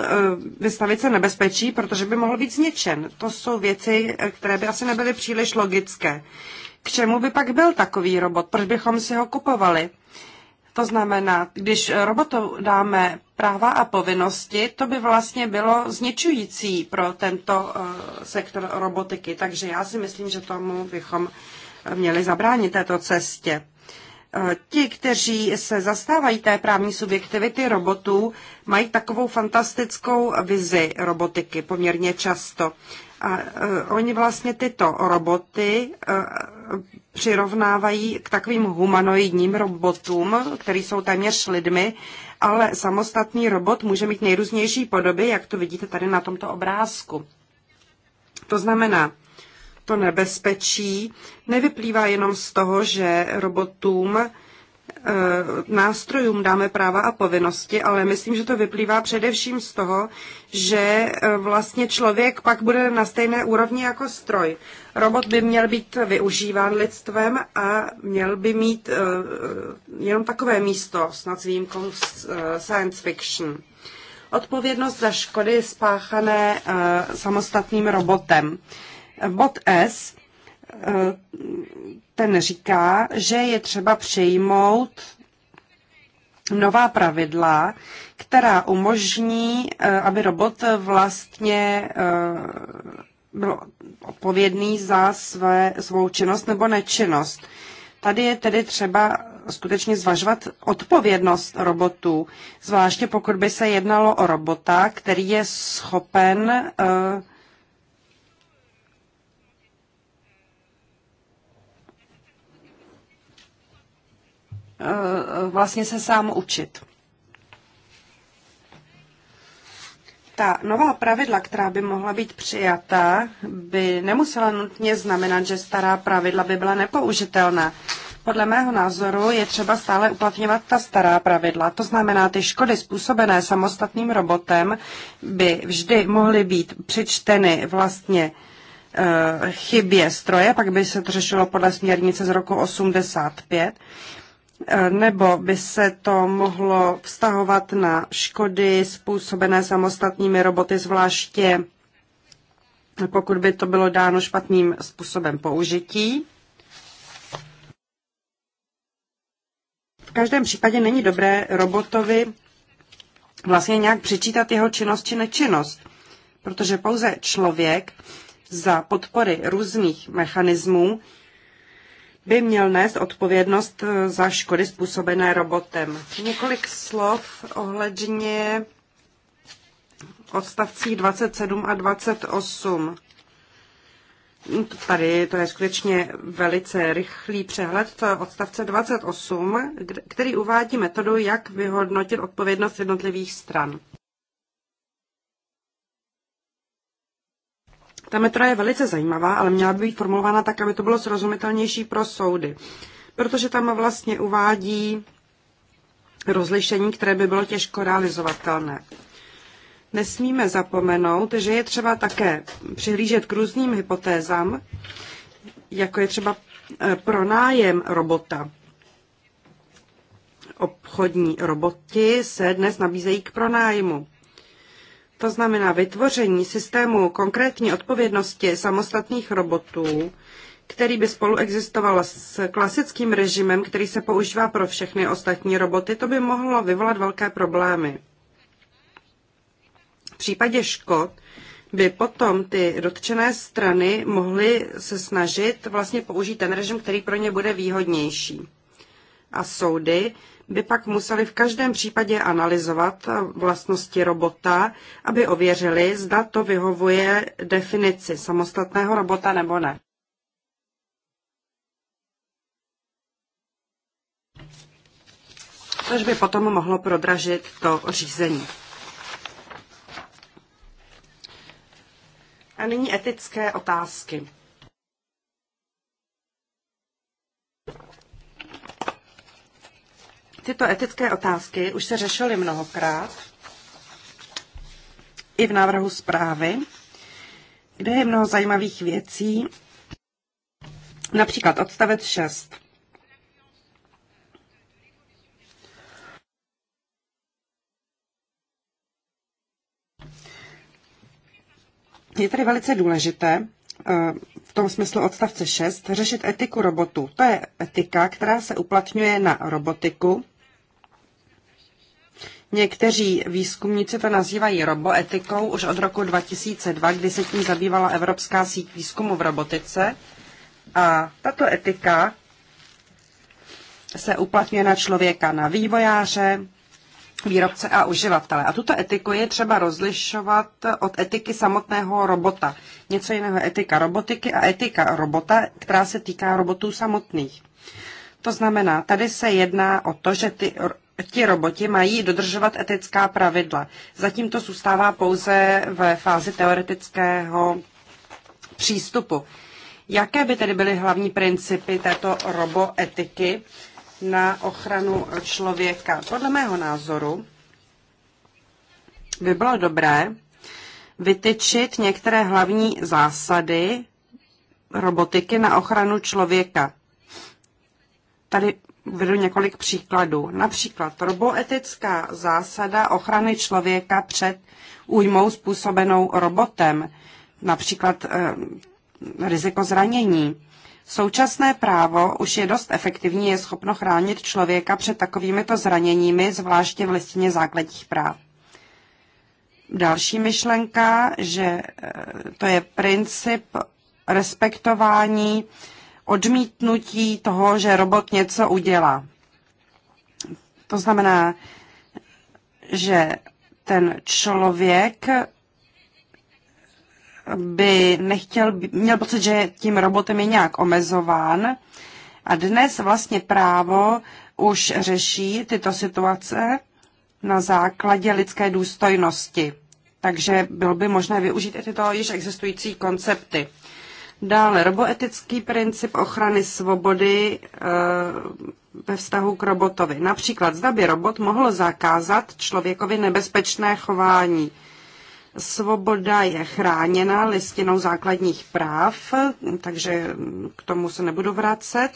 vystavit se nebezpečí, protože by mohl být zničen. To jsou věci, které by asi nebyly příliš logické. K čemu by pak byl takový robot? Proč bychom si ho kupovali? To znamená, když robotu dáme práva a povinnosti, to by vlastně bylo zničující pro tento eh, sektor robotiky. Takže já si myslím, že tomu bychom měli zabránit této cestě. Eh, ti, kteří se zastávají té právní subjektivity robotů, mají takovou fantastickou vizi robotiky poměrně často. A uh, oni vlastně tyto roboty uh, přirovnávají k takovým humanoidním robotům, který jsou téměř lidmi, ale samostatný robot může mít nejrůznější podoby, jak to vidíte tady na tomto obrázku. To znamená, to nebezpečí nevyplývá jenom z toho, že robotům eh, nástrojům dáme práva a povinnosti, ale myslím, že to vyplývá především z toho, že eh, vlastně člověk pak bude na stejné úrovni jako stroj. Robot by měl být využíván lidstvem a měl by mít uh, jenom takové místo s výjimkou uh, science fiction. Odpovědnost za škody spáchané uh, samostatným robotem. bot S uh, ten říká, že je třeba přejmout nová pravidla, která umožní, aby robot vlastně byl odpovědný za své, svou činnost nebo nečinnost. Tady je tedy třeba skutečně zvažovat odpovědnost robotů, zvláště pokud by se jednalo o robota, který je schopen uh, vlastně se sám učit. ta nová pravidla, která by mohla být přijata, by nemusela nutně znamenat, že stará pravidla by byla nepoužitelná. Podle mého názoru je třeba stále uplatňovat ta stará pravidla. To znamená, ty škody způsobené samostatným robotem by vždy mohly být přičteny vlastně eh, chybě stroje, pak by se to řešilo podle směrnice z roku 85. Eh, nebo by se to mohlo vztahovat na škody způsobené samostatnými roboty, zvláště pokud by to bylo dáno špatným způsobem použití. V každém případě není dobré robotovi vlastně nějak přečítat jeho činnost či nečinnost, protože pouze člověk za podpory různých mechanismů by měl nést odpovědnost eh, za škody způsobené robotem. Několik slov ohledně odstavcí 27 a 28. Tady to je skutečně velice rychlý přehled to je odstavce 28, který uvádí metodu, jak vyhodnotit odpovědnost jednotlivých stran. Ta metra je velice zajímavá, ale měla by být formulována tak, aby to bylo srozumitelnější pro soudy. Protože tam vlastně uvádí rozlišení, které by bylo těžko realizovatelné. Nesmíme zapomenout, že je třeba také přihlížet k různým hypotézám, jako je třeba eh, pronájem robota. Obchodní roboty se dnes nabízejí k pronájmu. To znamená vytvoření systému konkrétní odpovědnosti samostatných robotů, který by spoluexistoval s klasickým režimem, který se používá pro všechny ostatní roboty, to by mohlo vyvolat velké problémy. V případě škod by potom ty dotčené strany mohly se snažit vlastně použít ten režim, který pro ně bude výhodnější. A soudy by pak museli v každém případě analyzovat vlastnosti robota, aby ověřili, zda to vyhovuje definici samostatného robota nebo ne. což by potom mohlo prodražit to řízení. A nyní etické otázky. Tyto etické otázky už se řešily mnohokrát i v návrhu zprávy, kde je mnoho zajímavých věcí, například odstavec 6. Je tady velice důležité eh, v tom smyslu odstavce 6 řešit etiku robotu. To je etika, která se uplatňuje na robotiku Někteří výzkumníci to nazývají roboetikou už od roku 2002, kdy se tím zabývala Evropská síť výzkumu v robotice. A tato etika se uplatňuje na člověka, na vývojáře, výrobce a uživatele. A tuto etiku je třeba rozlišovat od etiky samotného robota. Něco jiného etika robotiky a etika robota, která se týká robotů samotných. To znamená, tady se jedná o to, že ty ti roboti mají dodržovat etická pravidla. Zatím to zůstává pouze ve fázi teoretického přístupu. Jaké by tedy byly hlavní principy této roboetiky na ochranu člověka? Podle mého názoru by bylo dobré vytyčit některé hlavní zásady robotiky na ochranu člověka. Tady Uvedu několik příkladů. Například roboetická zásada ochrany člověka před újmou způsobenou robotem, například eh, riziko zranění. Současné právo už je dost efektivní, je schopno chránit člověka před takovýmito zraněními, zvláště v listině základních práv. Další myšlenka, že eh, to je princip respektování odmítnutí toho, že robot něco udělá. To znamená, že ten člověk by nechtěl, měl pocit, že tím robotem je nějak omezován. A dnes vlastně právo už řeší tyto situace na základě lidské důstojnosti. Takže bylo by možné využít i tyto již existující koncepty. Dále roboetický princip ochrany svobody eh, ve vztahu k robotovi. Například, zda by robot mohl zakázat člověkovi nebezpečné chování. Svoboda je chráněna listinou základních práv, takže k tomu se nebudu vracet.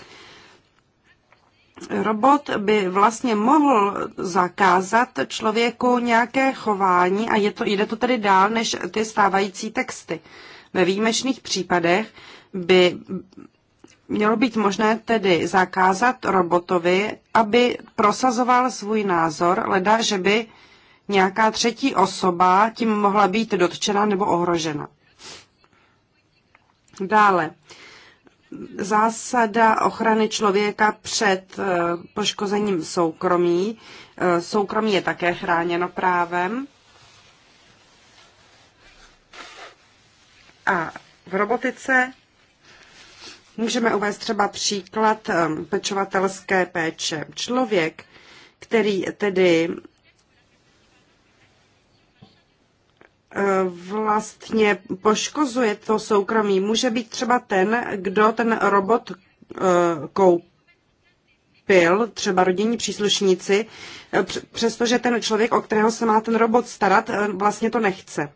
Robot by vlastně mohl zakázat člověku nějaké chování a je to, jde to tedy dál než ty stávající texty. Ve výjimečných případech by mělo být možné tedy zakázat robotovi, aby prosazoval svůj názor, leda, že by nějaká třetí osoba tím mohla být dotčena nebo ohrožena. Dále, zásada ochrany člověka před eh, poškozením soukromí. Eh, soukromí je také chráněno právem A v robotice můžeme uvést třeba příklad um, pečovatelské péče. Člověk, který tedy eh, vlastně poškozuje to soukromí, může být třeba ten, kdo ten robot eh, koupil, třeba rodinní příslušníci, eh, přestože ten člověk, o kterého se má ten robot starat, vlastně to nechce.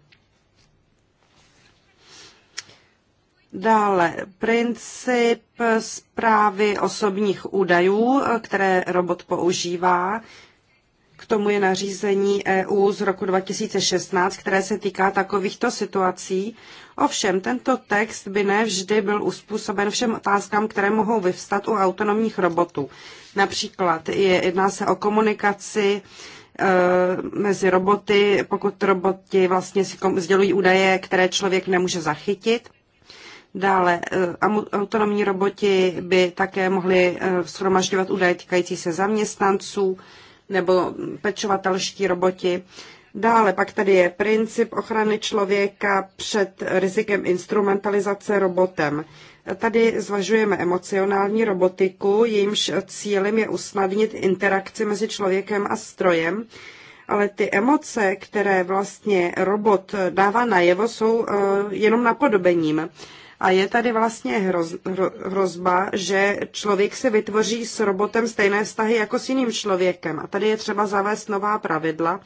Dále princip zprávy osobních údajů, které robot používá. K tomu je nařízení EU z roku 2016, které se týká takovýchto situací. Ovšem, tento text by nevždy byl uspůsoben všem otázkám, které mohou vyvstat u autonomních robotů. Například je, jedná se o komunikaci e, mezi roboty, pokud roboti vlastně si sdělují údaje, které člověk nemůže zachytit Dále eh, autonomní roboti by také mohly eh, shromažďovat údaje týkající se zaměstnanců nebo pečovatelští roboti. Dále pak tady je princip ochrany člověka před rizikem instrumentalizace robotem. Tady zvažujeme emocionální robotiku, jejímž cílem je usnadnit interakci mezi člověkem a strojem, ale ty emoce, které vlastně robot dává najevo, jsou eh, jenom napodobením. A je tady vlastně hroz, hrozba, že člověk se vytvoří s robotem stejné vztahy jako s jiným člověkem. A tady je třeba zavést nová pravidla,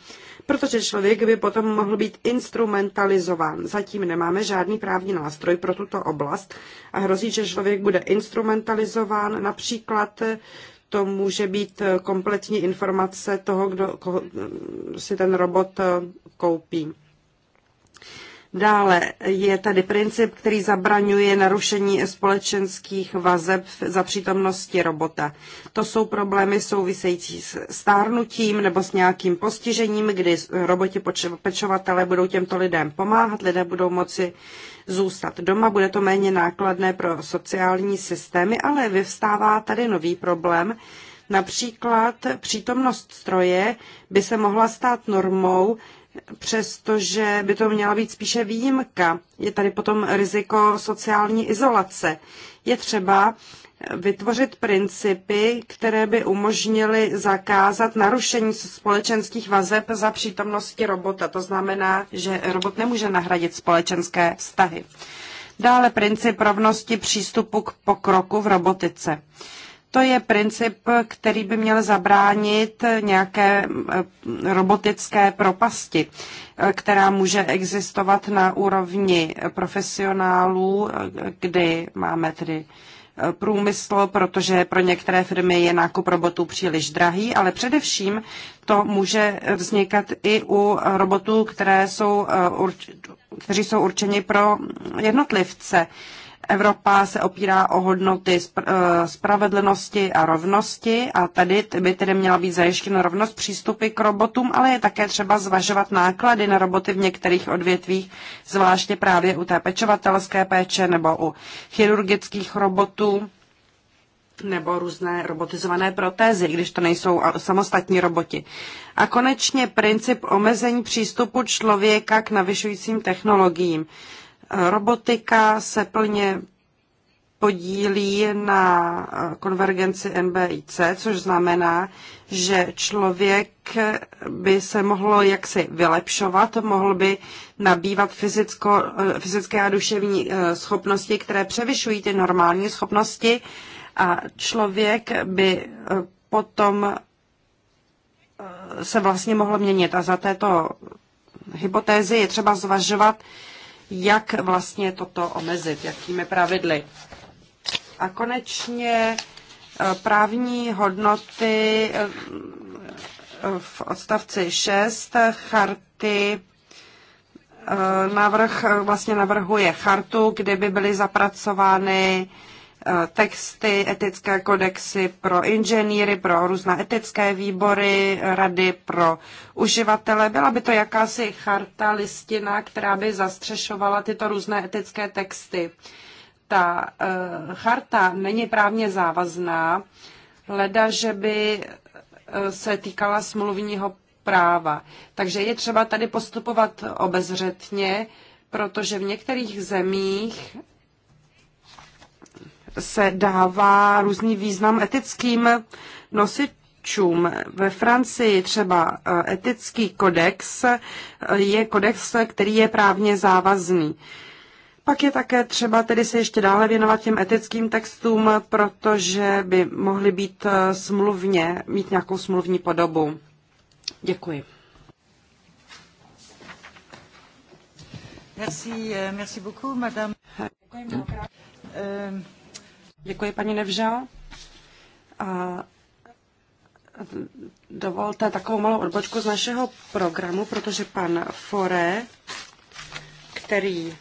protože člověk by potom mohl být instrumentalizován. Zatím nemáme žádný právní nástroj pro tuto oblast a hrozí, že člověk bude instrumentalizován. Například to může být kompletní informace toho, kdo, kdo si ten robot koupí. Dále je tady princip, který zabraňuje narušení společenských vazeb za přítomnosti robota. To jsou problémy související s stárnutím nebo s nějakým postižením, kdy roboti pečovatele budou těmto lidem pomáhat, lidé budou moci zůstat doma, bude to méně nákladné pro sociální systémy, ale vyvstává tady nový problém, Například přítomnost stroje by se mohla stát normou, přestože by to měla být spíše výjimka. Je tady potom riziko sociální izolace. Je třeba vytvořit principy, které by umožnily zakázat narušení společenských vazeb za přítomnosti robota. To znamená, že robot nemůže nahradit společenské vztahy. Dále princip rovnosti přístupu k pokroku v robotice. To je princip, který by měl zabránit nějaké eh, robotické propasti, eh, která může existovat na úrovni profesionálů, eh, kdy máme tedy průmysl, protože pro některé firmy je nákup robotů příliš drahý, ale především to může vznikat i u robotů, které jsou, kteří jsou určeni pro jednotlivce. Evropa se opírá o hodnoty eh, spravedlnosti a rovnosti a tady by tedy měla být zajištěna rovnost přístupy k robotům, ale je také třeba zvažovat náklady na roboty v některých odvětvích, zvláště právě u té pečovatelské péče nebo u chirurgických robotů nebo různé robotizované protézy, když to nejsou samostatní roboti. A konečně princip omezení přístupu člověka k navyšujícím technologiím. Robotika se plně podílí na konvergenci NBIC, což znamená, že člověk by se mohl jaksi vylepšovat, mohl by nabývat fyzicko, fyzické a duševní eh, schopnosti, které převyšují ty normální schopnosti a člověk by eh, potom eh, se vlastně mohl měnit. A za této hypotézy je třeba zvažovat, jak vlastně toto omezit, jakými pravidly. A konečně eh, právní hodnoty eh, v odstavci 6 charty eh, návrh vlastně navrhuje chartu, kde by byly zapracovány Eh, texty, etické kodexy pro inženýry, pro různé etické výbory, rady pro uživatele. Byla by to jakási charta, listina, která by zastřešovala tyto různé etické texty. Ta eh, charta není právně závazná, leda, že by eh, se týkala smluvního práva. Takže je třeba tady postupovat obezřetně, protože v některých zemích se dává různý význam etickým nosičům. Ve Francii třeba eh, etický kodex eh, je kodex, který je právně závazný. Pak je také třeba tedy se ještě dále věnovat těm etickým textům, protože by mohly být eh, smluvně, mít nějakou smluvní podobu. Děkuji. Merci, merci beaucoup, madame. Děkuji mnohokrát. Děkuji, paní Nevžel. A dovolte takovou malou odbočku z našeho programu, protože pan Fore, který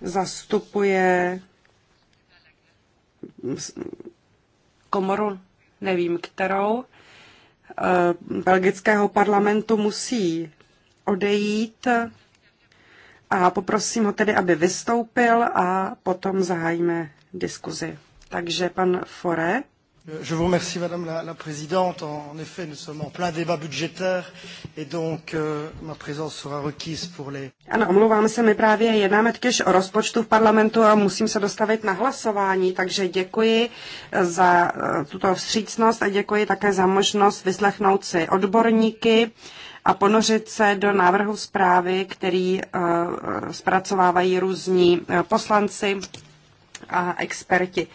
zastupuje komoru, nevím kterou, eh, belgického parlamentu musí odejít a poprosím ho tedy, aby vystoupil a potom zahájíme diskuzi. Takže pan Fore. Je vous remercie, Madame la, la Présidente. En, en effet, nous sommes en plein débat budgétaire et donc euh, ma présence sera requise pour les... Ano, omlouvám se, my právě jednáme totiž o rozpočtu v parlamentu a musím se dostavit na hlasování, takže děkuji eh, za eh, tuto vstřícnost a děkuji také za možnost vyslechnout si odborníky a ponořit se do návrhu zprávy, který uh, zpracovávají různí uh, poslanci a experti.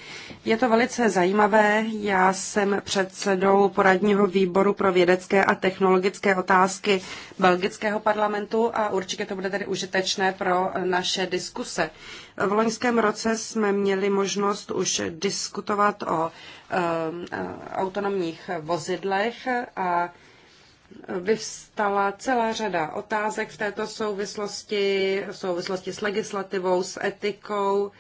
Je to velice zajímavé. Já jsem předsedou poradního výboru pro vědecké a technologické otázky belgického parlamentu a určitě to bude tedy užitečné pro naše diskuse. V loňském roce jsme měli možnost už diskutovat o um, autonomních vozidlech a vyvstala celá řada otázek v této souvislosti, v souvislosti s legislativou, s etikou,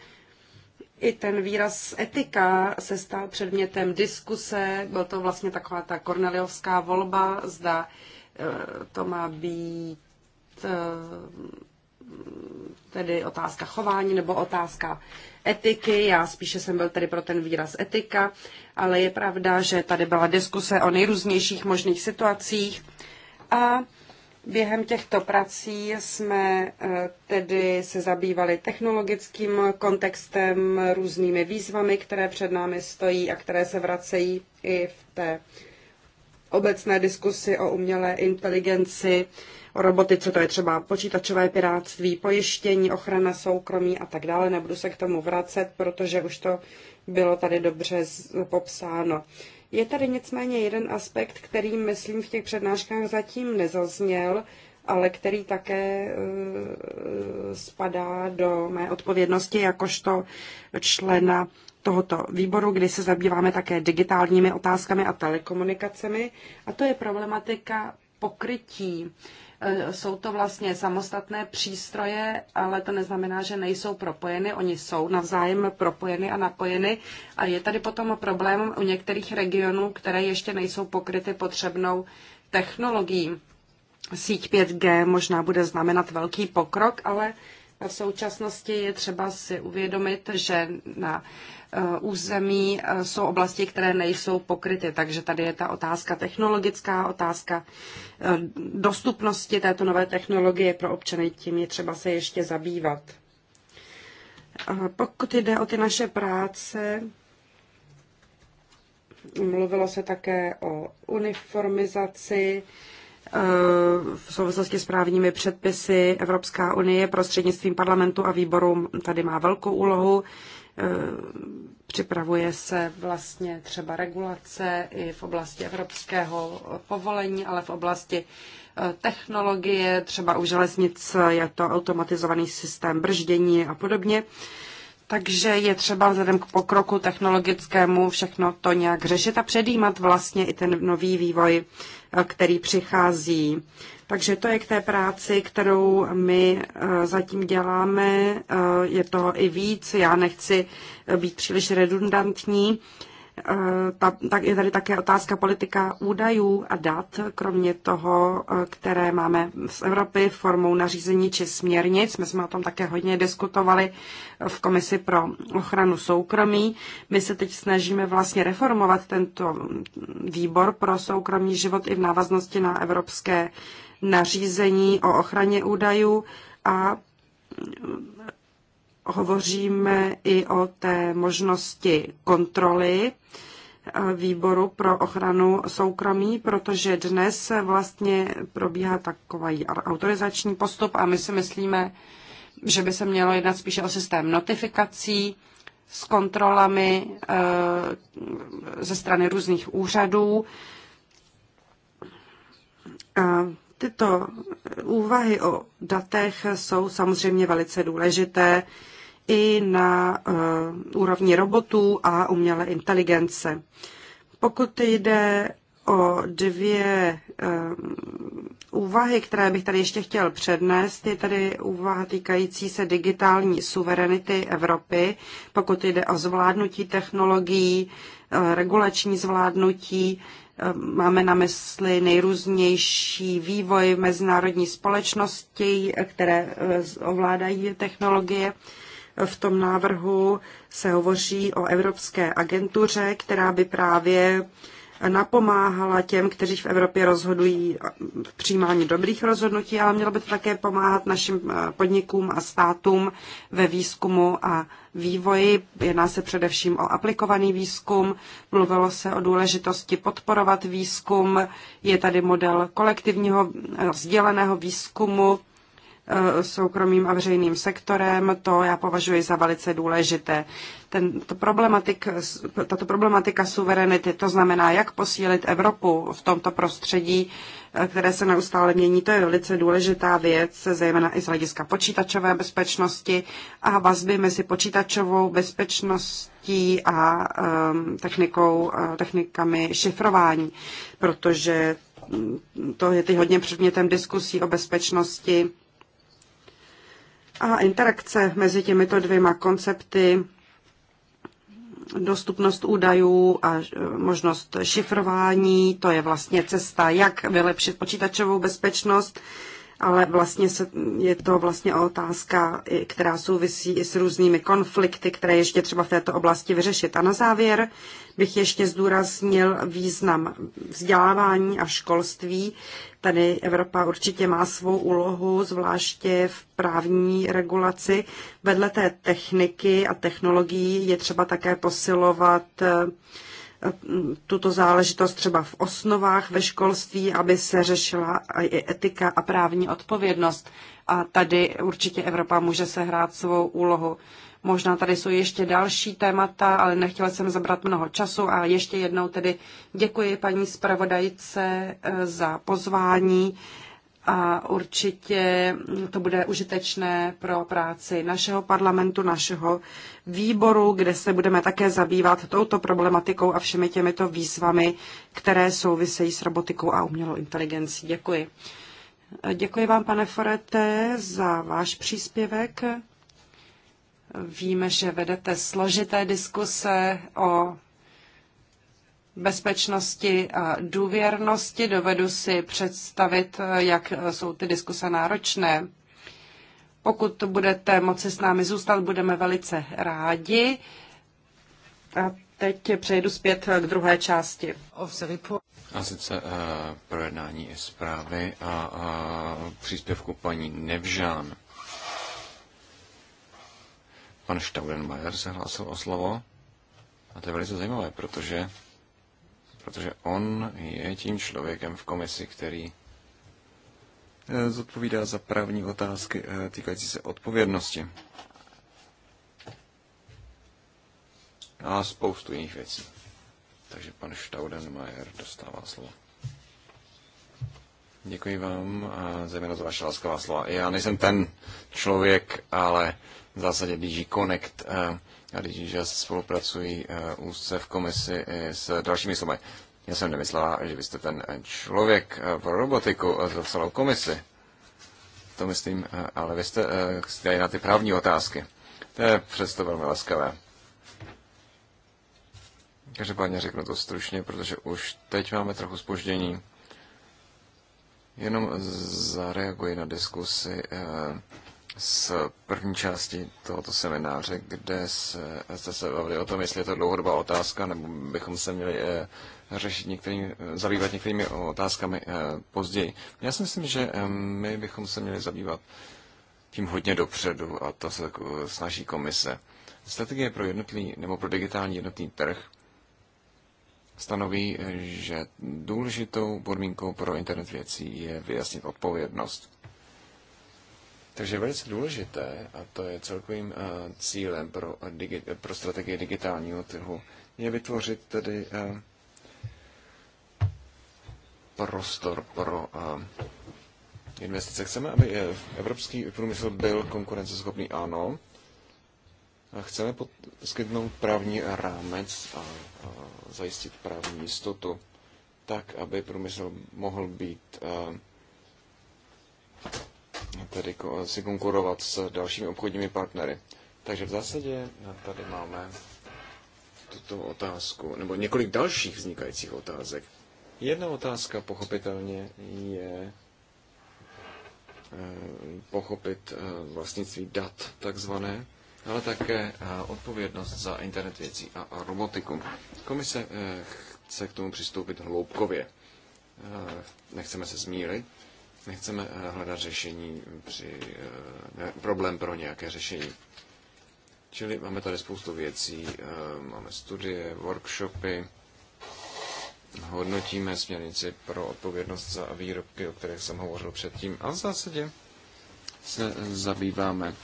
i ten výraz etika se stal předmětem diskuse. Byl to vlastně taková ta korneliovská volba, zda e, to má být e, tedy otázka chování nebo otázka etiky. Já spíše jsem byl tedy pro ten výraz etika, ale je pravda, že tady byla diskuse o nejrůznějších možných situacích a Během těchto prací jsme eh, tedy se zabývali technologickým kontextem, různými výzvami, které před námi stojí a které se vracejí i v té obecné diskusi o umělé inteligenci, o robotice, to je třeba počítačové piráctví, pojištění, ochrana soukromí a tak dále. Nebudu se k tomu vracet, protože už to bylo tady dobře popsáno. Je tady nicméně jeden aspekt, který, myslím, v těch přednáškách zatím nezazněl, ale který také eh, spadá do mé odpovědnosti jakožto člena tohoto výboru, kdy se zabýváme také digitálními otázkami a telekomunikacemi. A to je problematika pokrytí. E, jsou to vlastně samostatné přístroje, ale to neznamená, že nejsou propojeny. Oni jsou navzájem propojeny a napojeny. A je tady potom problém u některých regionů, které ještě nejsou pokryty potřebnou technologií. Síť 5G možná bude znamenat velký pokrok, ale v současnosti je třeba si uvědomit, že na eh, území eh, jsou oblasti, které nejsou pokryty. Takže tady je ta otázka technologická, otázka eh, dostupnosti této nové technologie pro občany, tím je třeba se ještě zabývat. Pokud jde o ty naše práce, mluvilo se také o uniformizaci, Eh, v souvislosti s právními předpisy Evropská unie prostřednictvím parlamentu a výboru tady má velkou úlohu. Eh, připravuje se vlastně třeba regulace i v oblasti evropského povolení, ale v oblasti eh, technologie, třeba u železnic je to automatizovaný systém brždění a podobně. Takže je třeba vzhledem k pokroku technologickému všechno to nějak řešit a předjímat vlastně i ten nový vývoj který přichází. Takže to je k té práci, kterou my eh, zatím děláme. Eh, je to i víc, já nechci eh, být příliš redundantní. Eh, ta, tak je tady také otázka politika údajů a dat, kromě toho, eh, které máme z Evropy formou nařízení či směrnic. My jsme o tom také hodně diskutovali v Komisi pro ochranu soukromí. My se teď snažíme vlastně reformovat tento výbor pro soukromý život i v návaznosti na evropské nařízení o ochraně údajů a hovoříme i o té možnosti kontroly výboru pro ochranu soukromí, protože dnes vlastně probíhá takový autorizační postup a my si myslíme, že by se mělo jednat spíše o systém notifikací s kontrolami eh, ze strany různých úřadů. tyto úvahy o datech jsou samozřejmě velice důležité i na eh, úrovni robotů a umělé inteligence. Pokud jde o dvě eh, úvahy, které bych tady ještě chtěl přednést. Je tady úvaha týkající se digitální suverenity Evropy, pokud jde o zvládnutí technologií, eh, regulační zvládnutí. Máme na mysli nejrůznější vývoj mezinárodní společnosti, které ovládají technologie. V tom návrhu se hovoří o Evropské agentuře, která by právě napomáhala těm, kteří v Evropě rozhodují v přijímání dobrých rozhodnutí, ale mělo by to také pomáhat našim eh, podnikům a státům ve výzkumu a vývoji. Jedná se především o aplikovaný výzkum. Mluvilo se o důležitosti podporovat výzkum. Je tady model kolektivního eh, sděleného výzkumu Eh, soukromým a veřejným sektorem. To já považuji za velice důležité. Tento problematik, tato problematika suverenity, to znamená, jak posílit Evropu v tomto prostředí, eh, které se neustále mění, to je velice důležitá věc, zejména i z hlediska počítačové bezpečnosti a vazby mezi počítačovou bezpečností a ehm, technikou, eh, technikami šifrování, protože mm, to je teď hodně předmětem diskusí o bezpečnosti a interakce mezi těmito dvěma koncepty, dostupnost údajů a e, možnost šifrování, to je vlastně cesta, jak vylepšit počítačovou bezpečnost, ale vlastně se, je to vlastně otázka, která souvisí i s různými konflikty, které ještě třeba v této oblasti vyřešit. A na závěr bych ještě zdůraznil význam vzdělávání a školství, Tady Evropa určitě má svou úlohu, zvláště v právní regulaci. Vedle té techniky a technologií je třeba také posilovat eh, tuto záležitost třeba v osnovách ve školství, aby se řešila i etika a právní odpovědnost. A tady určitě Evropa může sehrát svou úlohu. Možná tady jsou ještě další témata, ale nechtěla jsem zabrat mnoho času a ještě jednou tedy děkuji paní zpravodajce eh, za pozvání a určitě to bude užitečné pro práci našeho parlamentu, našeho výboru, kde se budeme také zabývat touto problematikou a všemi těmito výzvami, které souvisejí s robotikou a umělou inteligencí. Děkuji. Děkuji vám, pane Forete, za váš příspěvek. Víme, že vedete složité diskuse o bezpečnosti a důvěrnosti. Dovedu si představit, jak jsou ty diskuse náročné. Pokud budete moci s námi zůstat, budeme velice rádi. A teď přejdu zpět k druhé části. A sice uh, projednání zprávy a uh, příspěvku paní Nevžán. Pan Staudenmayer se hlásil o slovo. A to je velice zajímavé, protože, protože on je tím člověkem v komisi, který eh, zodpovídá za právní otázky eh, týkající se odpovědnosti. A spoustu jiných věcí. Takže pan Staudenmayer dostává slovo. Děkuji vám, eh, zejména za vaše láskavá slova. Já nejsem ten člověk, ale v zásadě DG Connect eh, a DG Jazz spolupracují eh, úzce v komisi s dalšími slovy. Já jsem nemyslela, že byste jste ten člověk eh, pro robotiku za celou komisi. To myslím, ale vy jste, jste na ty právní otázky. To je přesto velmi laskavé. Každopádně řeknu to stručně, protože už teď máme trochu spoždění. Jenom zareaguji na diskusi z první části tohoto semináře, kde jste se bavili o tom, jestli je to dlouhodobá otázka, nebo bychom se měli eh, řešit některými, eh, zabývat některými otázkami eh, později. Já si myslím, že my bychom se měli zabývat tím hodně dopředu a to se snaží komise. Strategie pro jednotlivý nebo pro digitální jednotný trh stanoví, že důležitou podmínkou pro internet věcí je vyjasnit odpovědnost. Takže je velice důležité, a to je celkovým eh, cílem pro, eh, digi, eh, pro strategii digitálního trhu, je vytvořit tedy prostor pro investice. Chceme, aby evropský průmysl byl konkurenceschopný, ano. A chceme poskytnout právní rámec a zajistit právní jistotu, tak, aby průmysl mohl být tedy si konkurovat s dalšími obchodními partnery. Takže v zásadě tady máme tuto otázku, nebo několik dalších vznikajících otázek. Jedna otázka pochopitelně je eh, pochopit eh, vlastnictví dat takzvané, ale také eh, odpovědnost za internet věcí a robotiku. Komise chce k tomu přistoupit hloubkově. Nechceme se zmílit, Nechceme eh, hledat řešení při, eh, ne, problém pro nějaké řešení. Čili máme tady spoustu věcí, eh, máme studie, workshopy, hodnotíme směrnici pro odpovědnost za výrobky, o kterých jsem hovořil předtím, a v zásadě se zabýváme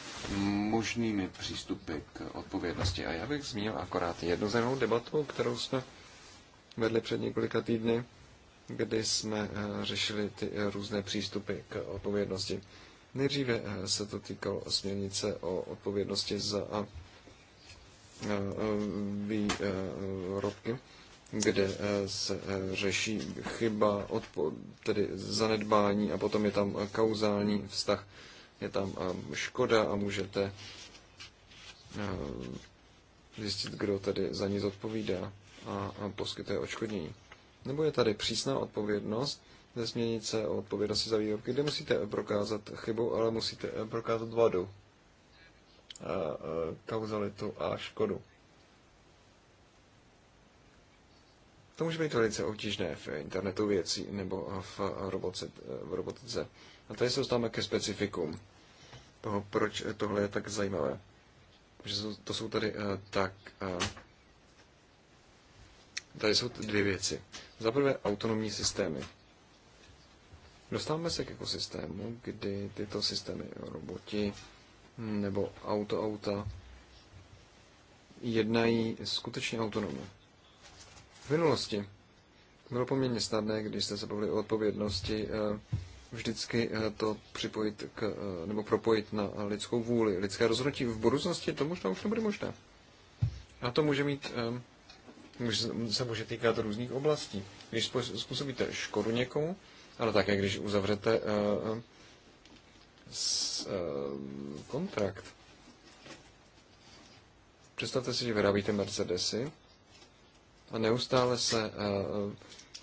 možnými přístupy k odpovědnosti. A já bych zmínil akorát jednu zajímavou debatu, kterou jsme vedli před několika týdny kdy jsme eh, řešili ty eh, různé přístupy k odpovědnosti. Nejdříve eh, se to týkalo směrnice o odpovědnosti za výrobky, kde se řeší chyba, odpo, tedy zanedbání a potom je tam kauzální vztah, je tam škoda a můžete zjistit, kdo tedy za ní zodpovídá a poskytuje očkodnění. Nebo je tady přísná odpovědnost ze směrnice o odpovědnosti za výrobky, kde musíte prokázat chybu, ale musíte eh, prokázat vadu, a, a, eh, kauzalitu a škodu. To může být velice obtížné v internetu věcí nebo v, robotce, eh, v robotice. A tady se dostáváme ke specifikům toho, proč tohle je tak zajímavé. Že to jsou tady tak... Tady jsou dvě věci. Za prvé autonomní systémy. Dostáváme se k ekosystému, kdy tyto systémy, roboti nebo autoauta, jednají skutečně autonomně. V minulosti bylo poměrně snadné, když jste se bavili o odpovědnosti, eh, vždycky eh, to připojit k, eh, nebo propojit na lidskou vůli, lidské rozhodnutí. V budoucnosti to možná už nebude možné. A to může mít um, se může týkat různých oblastí. Když způsobíte škodu někomu, ale také když uzavřete uh, s, uh, kontrakt. Představte si, že vyrábíte Mercedesy a neustále se uh,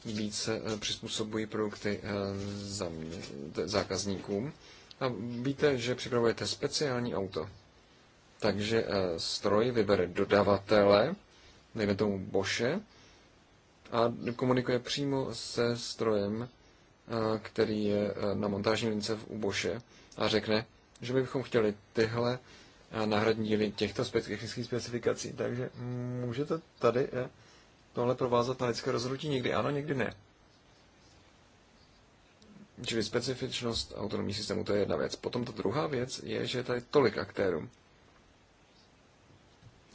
více uh, přizpůsobují produkty uh, mě, t- zákazníkům a víte, že připravujete speciální auto. Takže uh, stroj vybere dodavatele, dejme tomu Boše, a komunikuje přímo se strojem, eh, který je eh, na montážní lince v Boše a řekne, že my bychom chtěli tyhle eh, náhradní díly těchto technických specifikací. Takže můžete tady tohle provázat na lidské rozhodnutí někdy ano, někdy ne. Čili specifičnost autonomní systému, to je jedna věc. Potom ta druhá věc je, že je tady tolik aktérů.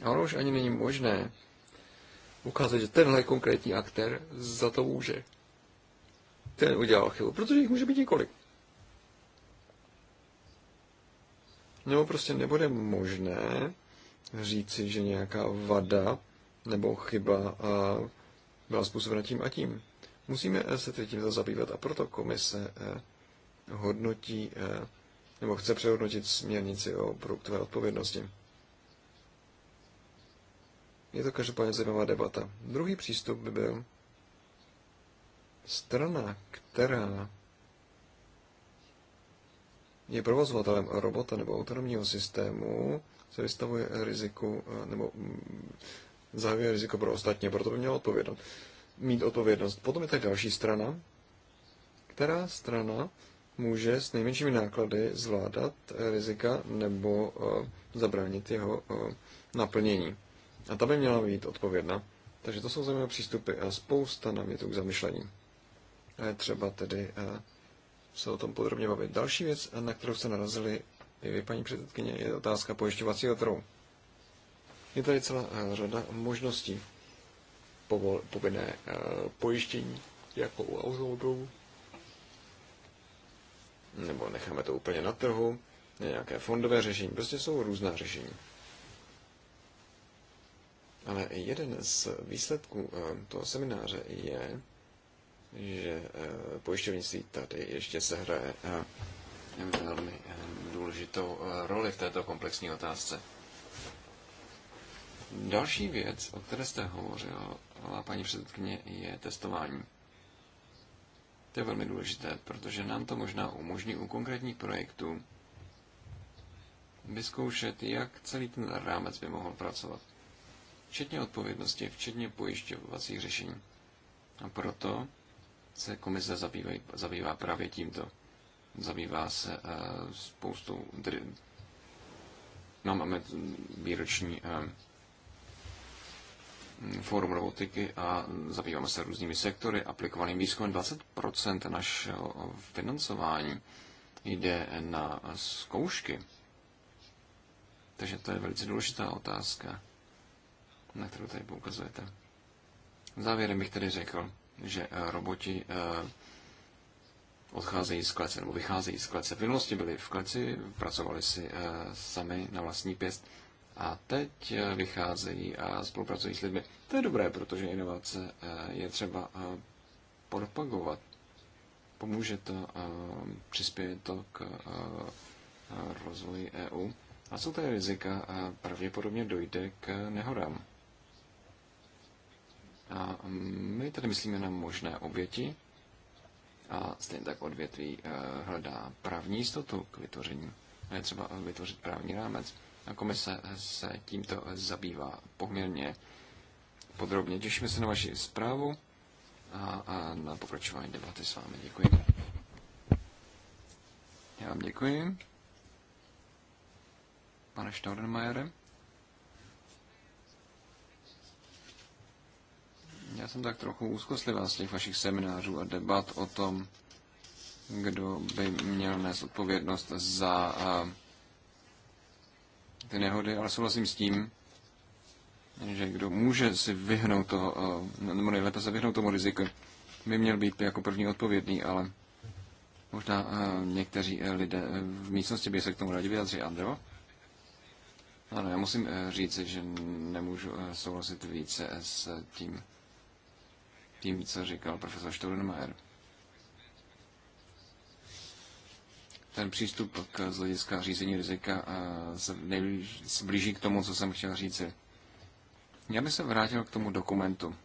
A ono už ani není možné ukázat, že tenhle konkrétní aktér za to může. Ten udělal chybu, protože jich může být několik. Nebo prostě nebude možné říci, že nějaká vada nebo chyba byla způsobena tím a tím. Musíme se teď tím zabývat a proto komise eh, hodnotí eh, nebo chce přehodnotit směrnici o produktové odpovědnosti. Je to každopádně zajímavá debata. Druhý přístup by byl strana, která je provozovatelem robota nebo autonomního systému, se vystavuje riziku nebo mm, zahajuje riziko pro ostatně, proto by měla odpovědnost, mít odpovědnost. Potom je tady další strana, která strana může s nejmenšími náklady zvládat rizika nebo eh, zabránit jeho eh, naplnění. A ta by měla být odpovědná. Takže to jsou zajímavé přístupy a spousta tu k zamyšlení. A je třeba tedy eh, se o tom podrobně bavit. Další věc, eh, na kterou se narazili i vy, paní předsedkyně, je otázka pojišťovacího trhu. Je tady celá eh, řada možností povol, povinné pojištění, jako u automobilů. Nebo necháme to úplně na trhu, nějaké fondové řešení. Prostě jsou různá řešení. Ale jeden z výsledků eh, toho semináře je, že eh, pojišťovnictví tady ještě se hraje eh, velmi důležitou roli v této komplexní otázce. Další věc, o které jste hovořila, paní předsedkyně, je testování. To je velmi důležité, protože nám to možná umožní u konkrétních projektů vyzkoušet, jak celý ten rámec by mohl pracovat včetně odpovědnosti, včetně pojišťovacích řešení. A proto se komise zabývá, zabývá právě tímto. Zabývá se uh, spoustou. Tedy, no, máme výroční uh, fórum robotiky a zabýváme se různými sektory, aplikovaným výzkumem 20% našeho financování jde na zkoušky. Takže to je velice důležitá otázka na kterou tady poukazujete. Závěrem bych tedy řekl, že eh, roboti eh, odcházejí z klece nebo vycházejí z klece. V minulosti byli v kleci, pracovali si eh, sami na vlastní pěst a teď vycházejí a spolupracují s lidmi. To je dobré, protože inovace je třeba propagovat. Pomůže to, přispěje to k rozvoji EU. A jsou tady rizika, pravděpodobně dojde k nehodám. A my tady myslíme na možné oběti a stejně tak odvětví eh, hledá právní jistotu k vytvoření. A je třeba vytvořit právní rámec. A komise se tímto zabývá poměrně podrobně. Těšíme se na vaši zprávu a, na pokračování debaty s vámi. Děkuji. Já vám děkuji. Pane Staudenmayere. Já jsem tak trochu úzkostlivá z těch vašich seminářů a debat o tom, kdo by měl nést odpovědnost za ty nehody, ale souhlasím s tím, že kdo může si vyhnout to, nebo nejlépe se vyhnout tomu riziku, by měl být jako první odpovědný, ale možná někteří e, lidé e, v místnosti by se k tomu rádi vyjadřili. Andro? Ano, já musím e, říct, že nemůžu souhlasit více s tím, tím, co říkal profesor Stollenmayer. Ten přístup k z hlediska řízení rizika eh, se nejblíž, blíží k tomu, co jsem chtěl říci. Já bych se vrátil k tomu dokumentu.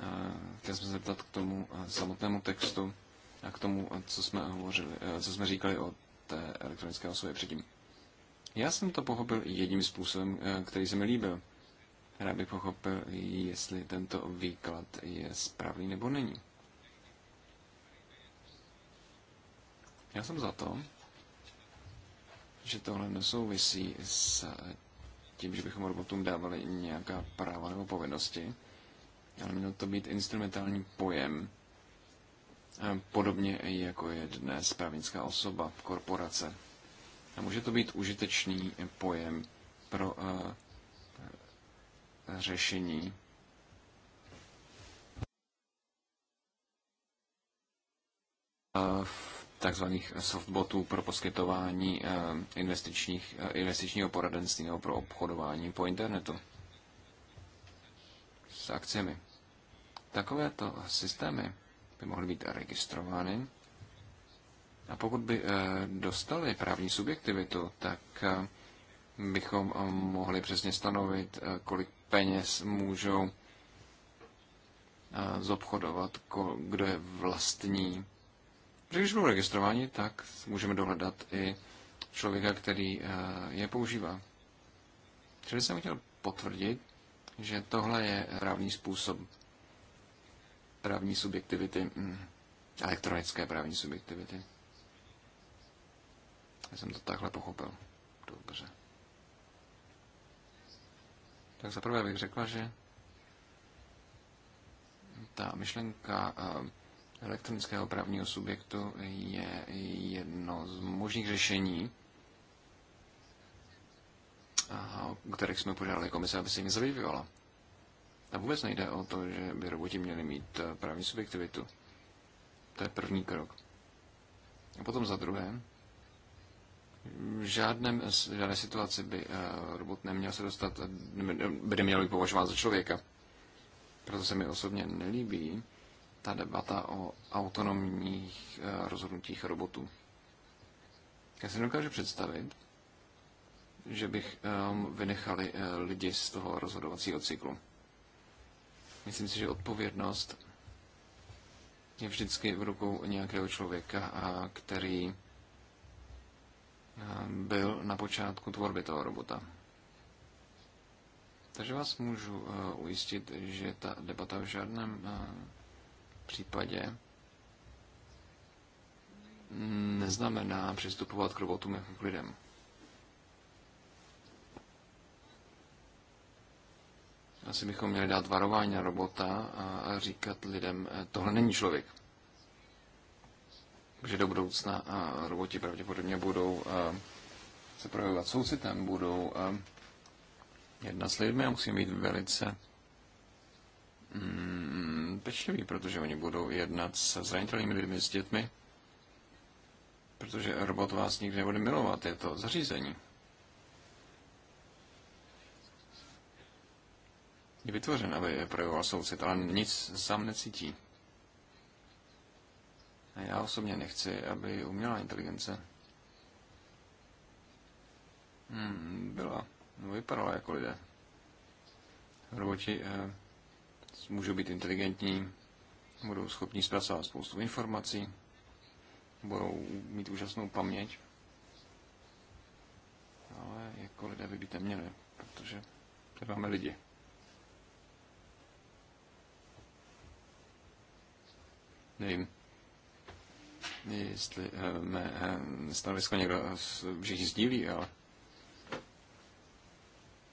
Eh, chtěl jsem se zeptat k tomu eh, samotnému textu a k tomu, co jsme, hovořili, co jsme říkali o té elektronické osobě předtím. Já jsem to pochopil jedním způsobem, který se mi líbil. Rád bych pochopil, jestli tento výklad je správný nebo není. Já jsem za to, že tohle nesouvisí s tím, že bychom robotům dávali nějaká práva nebo povinnosti, ale měl to být instrumentální pojem, podobně jako je dnes právnická osoba, korporace. A může to být užitečný pojem pro řešení. v takzvaných softbotů pro poskytování eh, investičních, eh, investičního poradenství nebo pro obchodování po internetu s akcemi. Takovéto systémy by mohly být registrovány a pokud by eh, dostali právní subjektivitu, tak bychom mohli přesně stanovit, kolik peněz můžou zobchodovat, kdo je vlastní. Protože když budou registrováni, tak můžeme dohledat i člověka, který je používá. Čili jsem chtěl potvrdit, že tohle je právní způsob právní subjektivity, mm, elektronické právní subjektivity. Já jsem to takhle pochopil. Dobře. Tak zaprvé bych řekla, že ta myšlenka eh, elektronického právního subjektu je jedno z možných řešení, o eh, kterých jsme požádali komise, aby se jim zabývala. A vůbec nejde o to, že by roboti měli mít eh, právní subjektivitu. To je první krok. A potom za druhé, v žádném, žádné situaci by eh, robot neměl se dostat, by neměl být považován za člověka. Proto se mi osobně nelíbí ta debata o autonomních eh, rozhodnutích robotů. Já si dokážu představit, že bych ehm, vynechali eh, lidi z toho rozhodovacího cyklu. Myslím si, že odpovědnost je vždycky v rukou nějakého člověka, který byl na počátku tvorby toho robota. Takže vás můžu eh, ujistit, že ta debata v žádném eh, případě neznamená přistupovat k robotům jako k lidem. Asi bychom měli dát varování na robota a říkat lidem, eh, tohle není člověk že do budoucna a roboti pravděpodobně budou se projevovat soucitem, budou jedna s lidmi a musíme být velice mm, pečlivý, protože oni budou jednat se zranitelnými lidmi, s dětmi, protože robot vás nikdy nebude milovat, je to zařízení. Je vytvořen, aby projevoval soucit, ale nic sám necítí. Já osobně nechci, aby umělá inteligence hmm, byla, no, vypadala jako lidé. Roboti eh, můžou být inteligentní, budou schopni zpracovat spoustu informací, budou mít úžasnou paměť, ale jako lidé by být neměli, protože tady máme lidi. Nevím jestli eh, mé eh, stanovisko někdo všichni sdílí, ale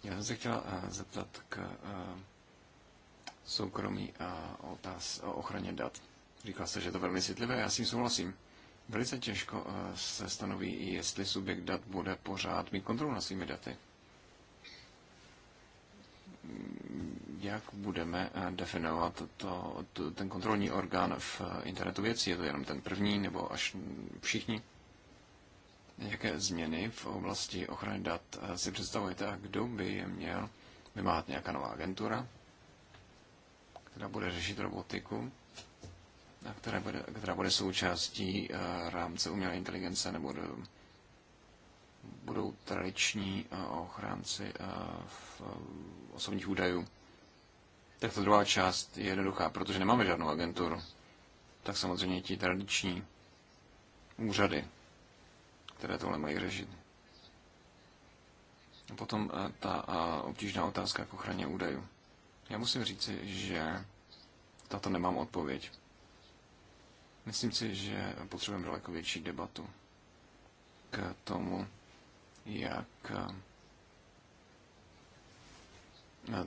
já jsem se chtěla eh, zeptat k soukromí a otáz o ochraně dat. Říkal jste, že je to velmi citlivé, já s tím souhlasím. Velice těžko se stanoví, jestli subjekt dat bude pořád mít kontrolu nad svými daty jak budeme eh, definovat to, to, ten kontrolní orgán v eh, internetu věcí? Je to jenom ten první nebo až všichni? Jaké změny v oblasti ochrany dat eh, si představujete a kdo by je měl vymáhat nějaká nová agentura, která bude řešit robotiku, a která bude, která bude součástí rámce umělé inteligence nebo do, budou tradiční ochránci v osobních údajů. Tak ta druhá část je jednoduchá, protože nemáme žádnou agenturu. Tak samozřejmě ti tradiční úřady, které tohle mají řešit. A potom eh, ta eh, obtížná otázka k ochraně údajů. Já musím říci, že tato nemám odpověď. Myslím si, že potřebujeme daleko větší debatu k tomu, jak eh,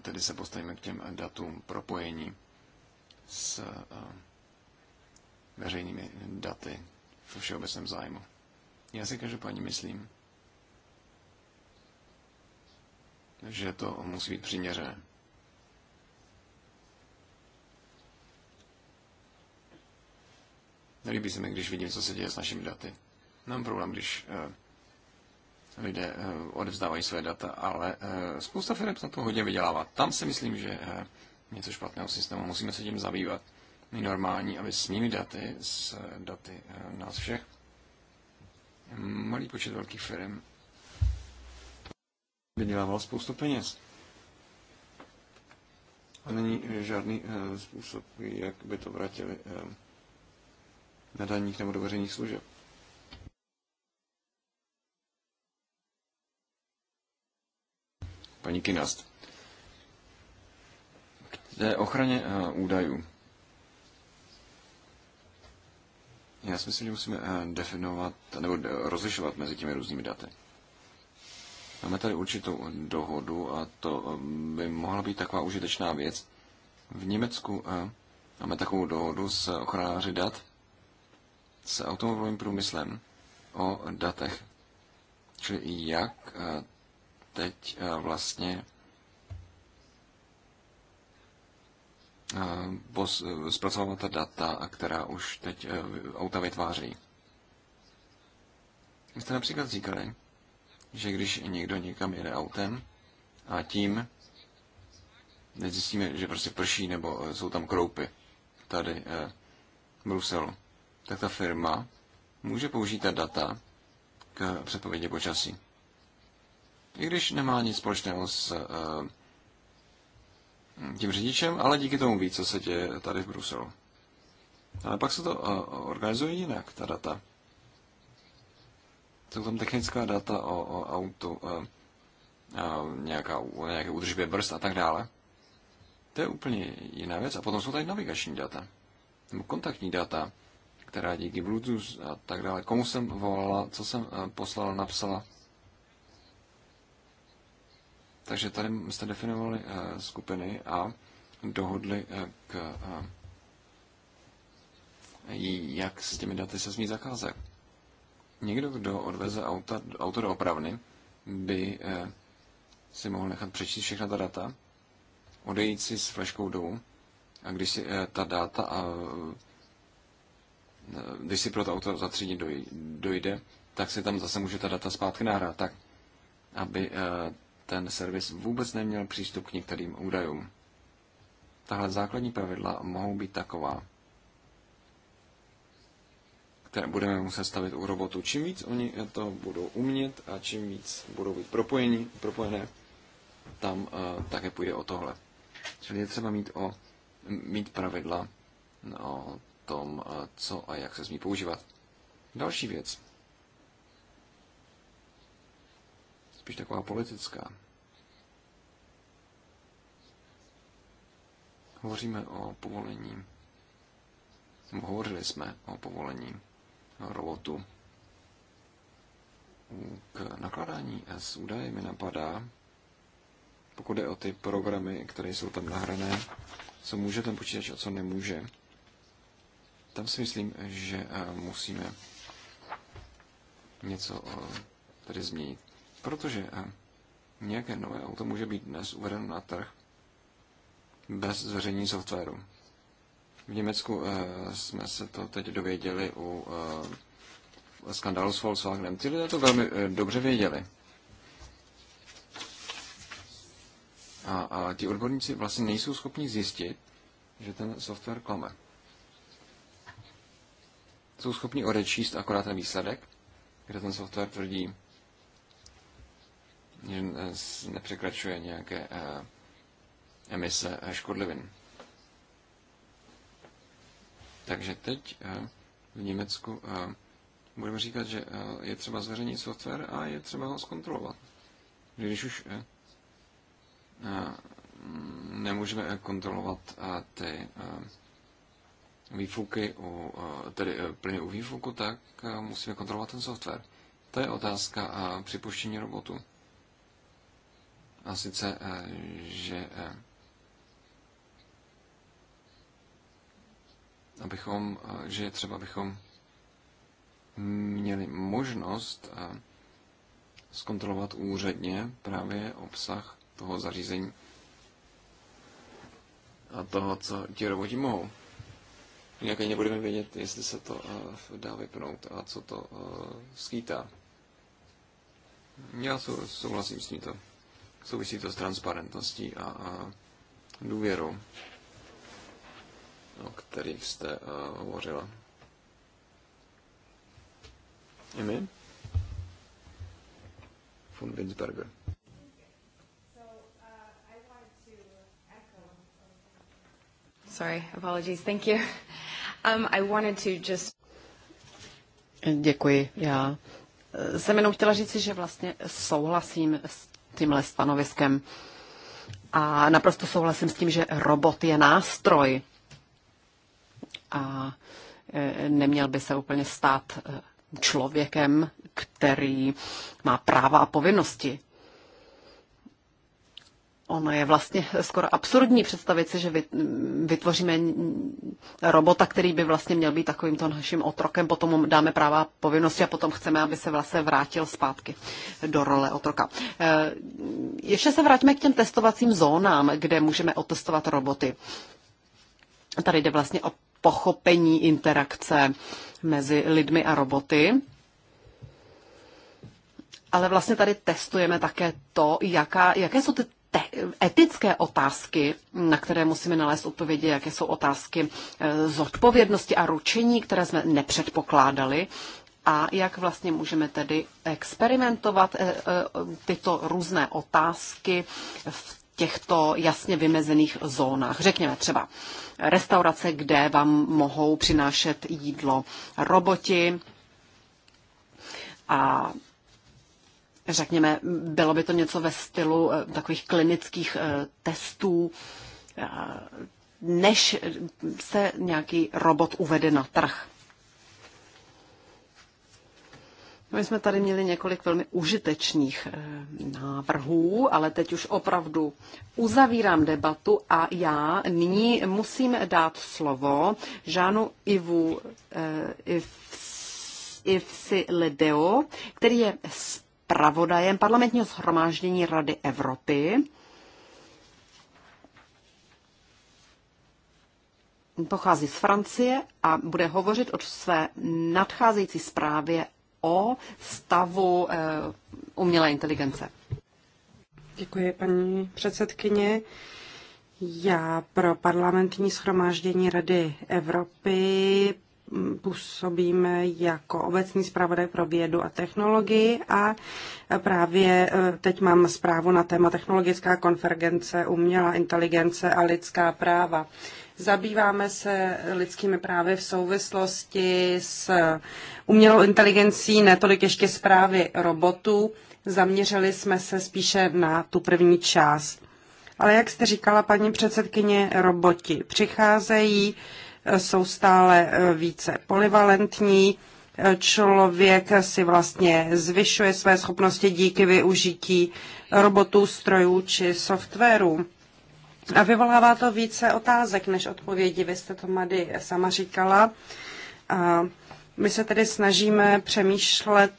tedy se postavíme k těm datům propojení s eh, veřejnými daty v všeobecném zájmu. Já si každopádně myslím, že to musí být přiměřené. Nelíbí se mi, když vidím, co se děje s našimi daty. Mám problém, když eh, lidé eh, odevzdávají své data, ale eh, spousta firm na to hodně vydělává. Tam si myslím, že eh, něco špatného systému, musíme se tím zabývat. My normální, aby s nimi daty, s daty nás všech, malý počet velkých firm vydělával spoustu peněz. A není žádný způsob, jak by to vrátili na daních nebo do veřejných služeb. paní Kinast. K té ochraně eh, údajů. Já si myslím, že musíme eh, definovat nebo eh, rozlišovat mezi těmi různými daty. Máme tady určitou dohodu a to by mohla být taková užitečná věc. V Německu máme takovou dohodu s ochranáři dat, s automobilovým průmyslem o datech. Čili jak teď eh, vlastně eh, eh, zpracovávat ta data, která už teď auta vytváří. Vy jste například říkali, že když někdo někam jede autem a tím zjistíme, že prostě prší nebo jsou tam kroupy tady v Bruselu, tak ta firma může použít ta data k předpovědi počasí. I když nemá nic společného s eh, tím řidičem, ale díky tomu ví, co se děje tady v Bruselu. Ale pak se to eh, organizuje jinak, ta data. Jsou tam technická data o, o autu, eh, a nějaká, o nějaké údržbě brzd a tak dále. To je úplně jiná věc. A potom jsou tady navigační data, nebo kontaktní data, která díky Bluetooth a tak dále, komu jsem volala, co jsem poslala, napsala, takže tady jste definovali eh, skupiny a dohodli eh, k eh, jak s těmi daty se smí zakázek. Někdo, kdo odveze auta, auto do opravny, by si mohl nechat přečíst všechna ta data, odejít si s fleškou dolů a když si ta data a když si pro to auto za tři dojde, tak si tam zase může ta data zpátky nahrát tak, aby ten servis vůbec neměl přístup k některým údajům. Tahle základní pravidla mohou být taková, které budeme muset stavit u robotu. Čím víc oni to budou umět a čím víc budou být propojeni, propojené, tam uh, také půjde o tohle. Čili je třeba mít, o, mít pravidla o tom, eh, co a jak se smí používat. Další věc. spíš taková politická. Hovoříme o povolení, nebo hovořili jsme o povolení robotu k nakladání s údaje mi napadá, pokud jde o ty programy, které jsou tam nahrané, co může ten počítač a co nemůže, tam si myslím, že eh, musíme něco eh, tady změnit. Protože eh, nějaké nové auto může být dnes uvedeno na trh bez zveřejnění softwaru. V Německu eh, jsme se to teď dověděli u eh, skandálu s Volkswagenem. Ty lidé to velmi dobře věděli. A, a ti odborníci vlastně nejsou schopni zjistit, že ten software klame. Jsou schopni odečíst akorát ten výsledek, kde ten software tvrdí, Eh, nepřekračuje nějaké eh, emise eh, škodlivin. Takže teď v Německu budeme říkat, že je třeba zveřejnit software a je třeba ho zkontrolovat. Když už nemůžeme kontrolovat ty výfuky, u, tedy plyny u výfuku, tak musíme kontrolovat ten software. To je otázka a připuštění robotu. A sice, eh, že eh, abychom, eh, že je třeba, abychom měli možnost zkontrolovat úředně právě obsah toho zařízení a toho, co ti roboti mohou. Jinak ani nebudeme vědět, jestli se to dá vypnout a co to skýtá. Já souhlasím s tímto. Souvisí to s transparentností a, a důvěrou, o kterých jste uh, hovořila. I my? Von Winsberger. Sorry, apologies. Thank you. Um, I wanted to just... Děkuji. Já eh, jsem jenom chtěla říci, že vlastně souhlasím s tímhle stanoviskem. A naprosto souhlasím s tím, že robot je nástroj a e, neměl by se úplně stát e, člověkem, který má práva a povinnosti ono je vlastně skoro absurdní představit si, že vytvoříme robota, který by vlastně měl být takovým to naším otrokem, potom mu dáme práva povinnosti a potom chceme, aby se vlastně vrátil zpátky do role otroka. E, ještě se vrátíme k těm testovacím zónám, kde můžeme otestovat roboty. Tady jde vlastně o pochopení interakce mezi lidmi a roboty. Ale vlastně tady testujeme také to, jaká, jaké jsou ty etické otázky, na které musíme nalézt odpovědi, jaké jsou otázky eh, zodpovědnosti a ručení, které jsme nepředpokládali, a jak vlastně můžeme tedy experimentovat eh, eh, tyto různé otázky v těchto jasně vymezených zónách. Řekněme třeba restaurace, kde vám mohou přinášet jídlo roboti a řekněme, bylo by to něco ve stylu eh, takových klinických eh, testů, eh, než se nějaký robot uvede na trh. My jsme tady měli několik velmi užitečných návrhů, ale teď už opravdu uzavírám debatu a já nyní musím dát slovo Žánu Ivu Ivsi Ledeo, který je zpravodajem parlamentního shromáždění Rady Evropy. Pochází z Francie a bude hovořit o své nadcházející zprávě o stavu eh, umělé inteligence. Děkuji, paní předsedkyně. Já pro parlamentní schromáždění Rady Evropy působíme jako obecný zpravodaj pro vědu a technologii a právě e, teď mám zprávu na téma technologická konvergence, umělá inteligence a lidská práva. Zabýváme se lidskými právy v souvislosti s umělou inteligencí, netolik ještě zprávy robotů. Zaměřili jsme se spíše na tu první část. Ale jak jste říkala, paní předsedkyně, roboti přicházejí, jsou stále eh, více polivalentní. Eh, člověk si vlastně zvyšuje své schopnosti díky využití robotů, strojů či softwaru. A vyvolává to více otázek než odpovědi. Vy jste to, Mady, sama říkala. A my se tedy snažíme přemýšlet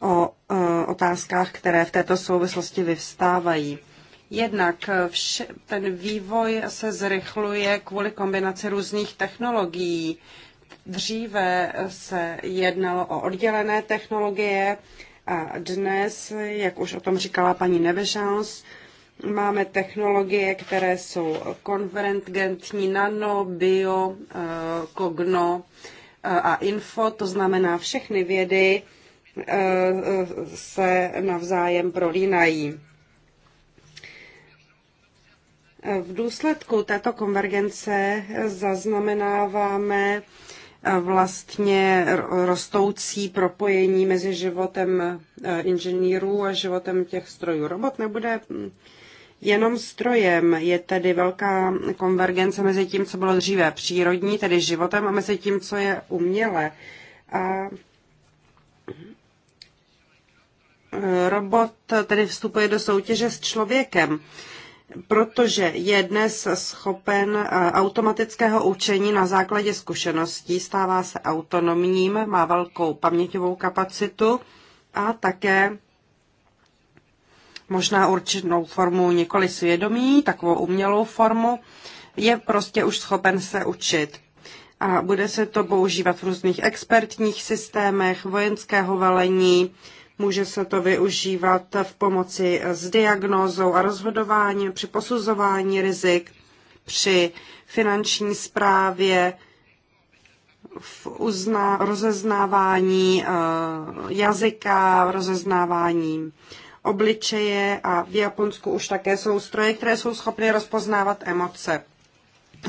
o eh, otázkách, které v této souvislosti vyvstávají. Jednak eh, vše, ten vývoj se zrychluje kvůli kombinaci různých technologií. Dříve eh, se jednalo o oddělené technologie a dnes, eh, jak už o tom říkala paní Nevežans, máme technologie, které jsou konvergentní, nano, bio, kogno a info, to znamená všechny vědy se navzájem prolínají. V důsledku této konvergence zaznamenáváme eh, vlastně rostoucí propojení mezi životem eh, inženýrů a životem těch strojů. Robot nebude hm, jenom strojem. Je tedy velká konvergence mezi tím, co bylo dříve přírodní, tedy životem, a mezi tím, co je umělé. A eh, robot tedy vstupuje do soutěže s člověkem protože je dnes schopen eh, automatického učení na základě zkušeností, stává se autonomním, má velkou paměťovou kapacitu a také možná určitou formu nikoli svědomí, takovou umělou formu, je prostě už schopen se učit. A bude se to používat v různých expertních systémech, vojenského velení, Může se to využívat v pomoci s diagnózou a rozhodováním, při posuzování rizik, při finanční správě, v uzna, rozeznávání eh, jazyka, rozeznávání obličeje a v Japonsku už také jsou stroje, které jsou schopny rozpoznávat emoce.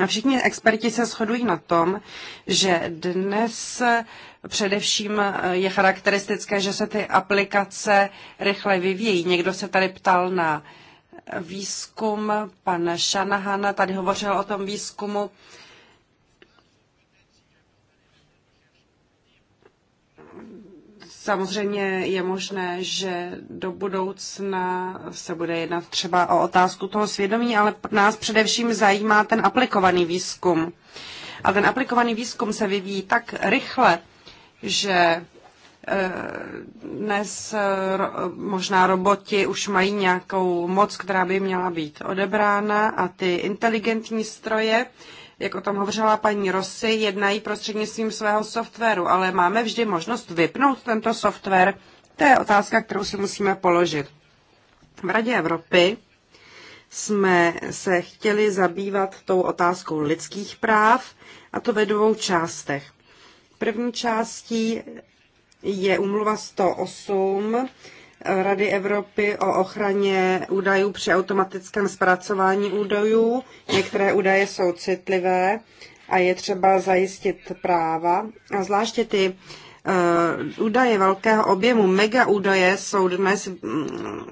A všichni experti se shodují na tom, že dnes Především eh, je charakteristické, že se ty aplikace rychle vyvíjí. Někdo se tady ptal na výzkum, pan Shanahan tady hovořil o tom výzkumu. Samozřejmě je možné, že do budoucna se bude jednat třeba o otázku toho svědomí, ale nás především zajímá ten aplikovaný výzkum. A ten aplikovaný výzkum se vyvíjí tak rychle, že eh, dnes eh, možná roboti už mají nějakou moc, která by měla být odebrána a ty inteligentní stroje, jak o tom hovořila paní Rosy, jednají prostřednictvím svého softwaru, ale máme vždy možnost vypnout tento software. To je otázka, kterou si musíme položit. V Radě Evropy jsme se chtěli zabývat tou otázkou lidských práv, a to ve dvou částech. První částí je umluva 108 Rady Evropy o ochraně údajů při automatickém zpracování údajů. Některé údaje jsou citlivé a je třeba zajistit práva. A zvláště ty uh, údaje velkého objemu, mega údaje, jsou dnes mm,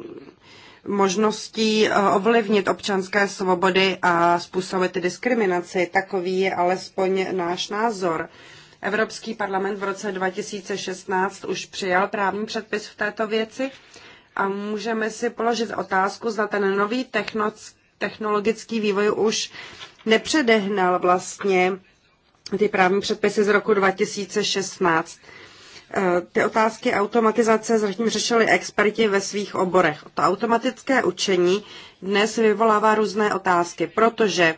možností eh, ovlivnit občanské svobody a způsobit diskriminaci. Takový je alespoň náš názor. Uh, Evropský parlament v roce 2016 už přijal právní předpis v této věci a můžeme si položit otázku, zda ten nový technologický vývoj už nepředehnal vlastně ty právní předpisy z roku 2016. Eh, ty otázky automatizace zatím řešili experti ve svých oborech. To automatické učení dnes vyvolává různé otázky, protože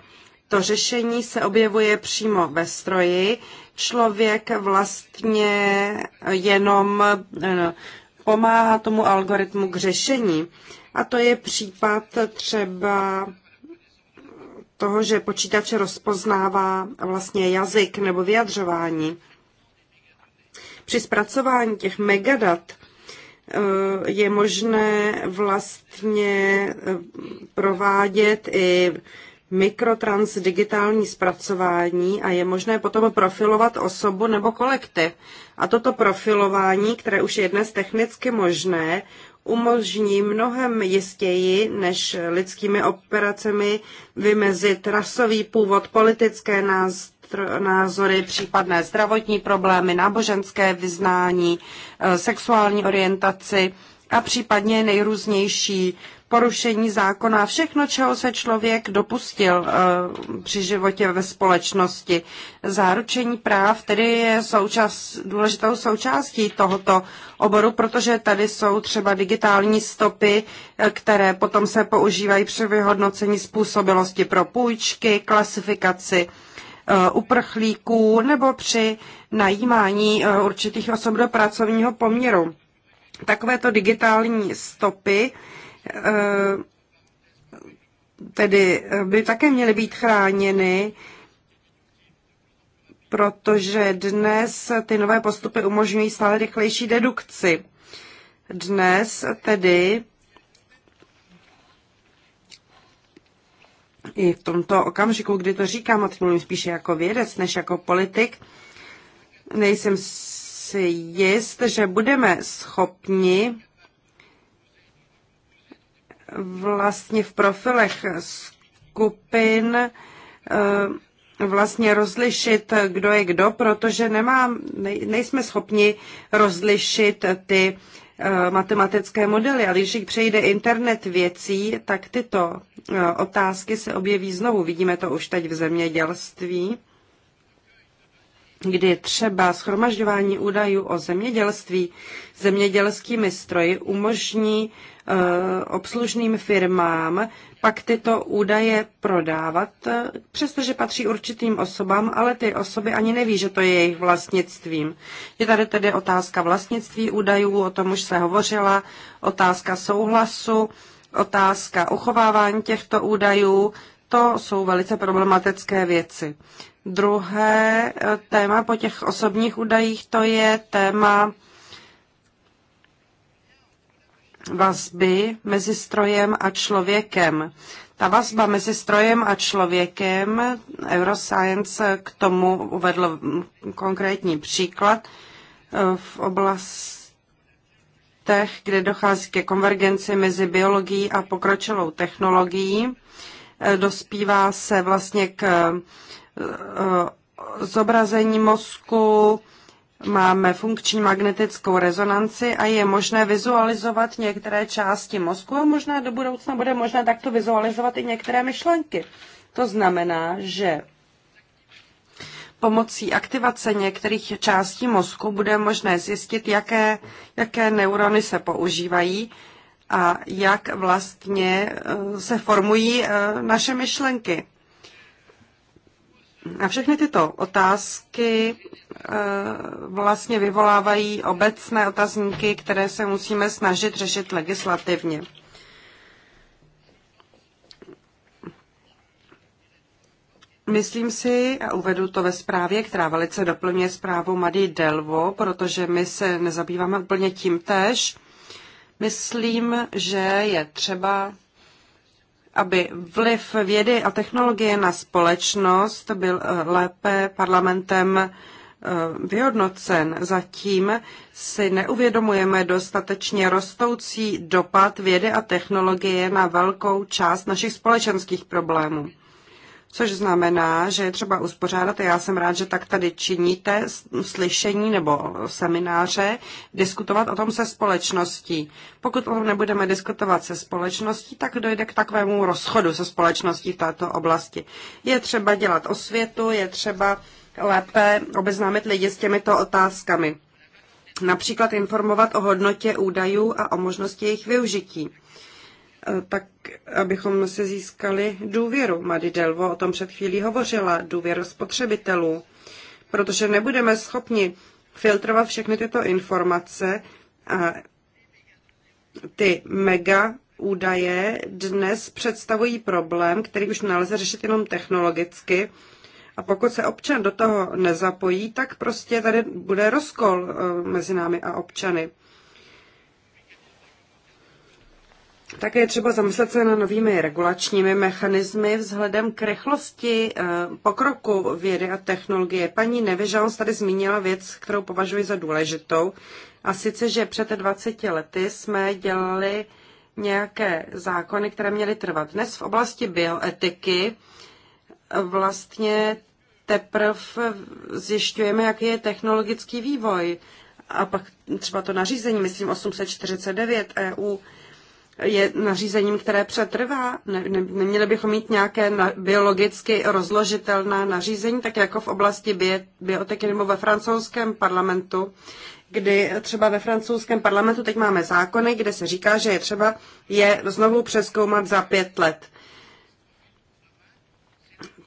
to řešení se objevuje přímo ve stroji, člověk vlastně jenom eh, pomáhá tomu algoritmu k řešení. A to je případ třeba toho, že počítač rozpoznává vlastně jazyk nebo vyjadřování. Při zpracování těch megadat eh, je možné vlastně eh, provádět i mikrotransdigitální zpracování a je možné potom profilovat osobu nebo kolektiv. A toto profilování, které už je dnes technicky možné, umožní mnohem jistěji než lidskými operacemi vymezit rasový původ, politické názory, případné zdravotní problémy, náboženské vyznání, eh, sexuální orientaci a případně nejrůznější porušení zákona a všechno, čeho se člověk dopustil eh, při životě ve společnosti. Záručení práv tedy je součas, důležitou součástí tohoto oboru, protože tady jsou třeba digitální stopy, eh, které potom se používají při vyhodnocení způsobilosti pro půjčky, klasifikaci eh, uprchlíků nebo při najímání určitých osob do pracovního poměru. Takovéto digitální stopy Eh, tedy eh, by také měly být chráněny, protože dnes ty nové postupy umožňují stále rychlejší dedukci. Dnes tedy i v tomto okamžiku, kdy to říkám, a teď mluvím spíše jako vědec než jako politik, nejsem si jist, že budeme schopni vlastně v profilech skupin eh, vlastně rozlišit, kdo je kdo, protože nemám, nejsme schopni rozlišit ty eh, matematické modely, ale když přejde internet věcí, tak tyto eh, otázky se objeví znovu. Vidíme to už teď v zemědělství kdy třeba schromažďování údajů o zemědělství zemědělskými stroji umožní eh, obslužným firmám pak tyto údaje prodávat, eh, přestože patří určitým osobám, ale ty osoby ani neví, že to je jejich vlastnictvím. Je tady tedy otázka vlastnictví údajů, o tom už se hovořila, otázka souhlasu, otázka uchovávání těchto údajů, to jsou velice problematické věci. Druhé eh, téma po těch osobních údajích to je téma vazby mezi strojem a člověkem. Ta vazba mezi strojem a člověkem, Euroscience k tomu uvedl konkrétní příklad eh, v oblastech, kde dochází ke konvergenci mezi biologií a pokročilou technologií. Eh, dospívá se vlastně k Eh, zobrazení mozku, máme funkční magnetickou rezonanci a je možné vizualizovat některé části mozku a možná do budoucna bude možné takto vizualizovat i některé myšlenky. To znamená, že pomocí aktivace některých částí mozku bude možné zjistit, jaké, jaké neurony se používají a jak vlastně eh, se formují eh, naše myšlenky. A všechny tyto otázky eh, vlastně vyvolávají obecné otazníky, které se musíme snažit řešit legislativně. Myslím si, a uvedu to ve zprávě, která velice doplňuje zprávu Madi Delvo, protože my se nezabýváme úplně tím tež, myslím, že je třeba aby vliv vědy a technologie na společnost byl eh, lépe parlamentem eh, vyhodnocen. Zatím si neuvědomujeme dostatečně rostoucí dopad vědy a technologie na velkou část našich společenských problémů což znamená, že je třeba uspořádat, já jsem rád, že tak tady činíte, slyšení nebo semináře, diskutovat o tom se společností. Pokud o tom nebudeme diskutovat se společností, tak dojde k takovému rozchodu se společností v této oblasti. Je třeba dělat osvětu, je třeba lépe obeznámit lidi s těmito otázkami. Například informovat o hodnotě údajů a o možnosti jejich využití. Eh, tak abychom se získali důvěru. Mady Delvo o tom před chvílí hovořila, důvěru spotřebitelů, protože nebudeme schopni filtrovat všechny tyto informace a ty mega údaje dnes představují problém, který už nelze řešit jenom technologicky. A pokud se občan do toho nezapojí, tak prostě tady bude rozkol eh, mezi námi a občany. Také je třeba zamyslet se na novými regulačními mechanismy vzhledem k rychlosti eh, pokroku vědy a technologie. Paní Nevyžans tady zmínila věc, kterou považuji za důležitou, a sice, že před 20 lety jsme dělali nějaké zákony, které měly trvat. Dnes v oblasti bioetiky eh, vlastně teprv zjišťujeme, jaký je technologický vývoj. A pak třeba to nařízení, myslím 849 EU, je nařízením, které přetrvá? Ne, ne, neměli bychom mít nějaké na, biologicky rozložitelná nařízení, tak jako v oblasti bio, biotiky nebo ve francouzském parlamentu, kdy třeba ve francouzském parlamentu teď máme zákony, kde se říká, že je třeba je znovu přeskoumat za pět let.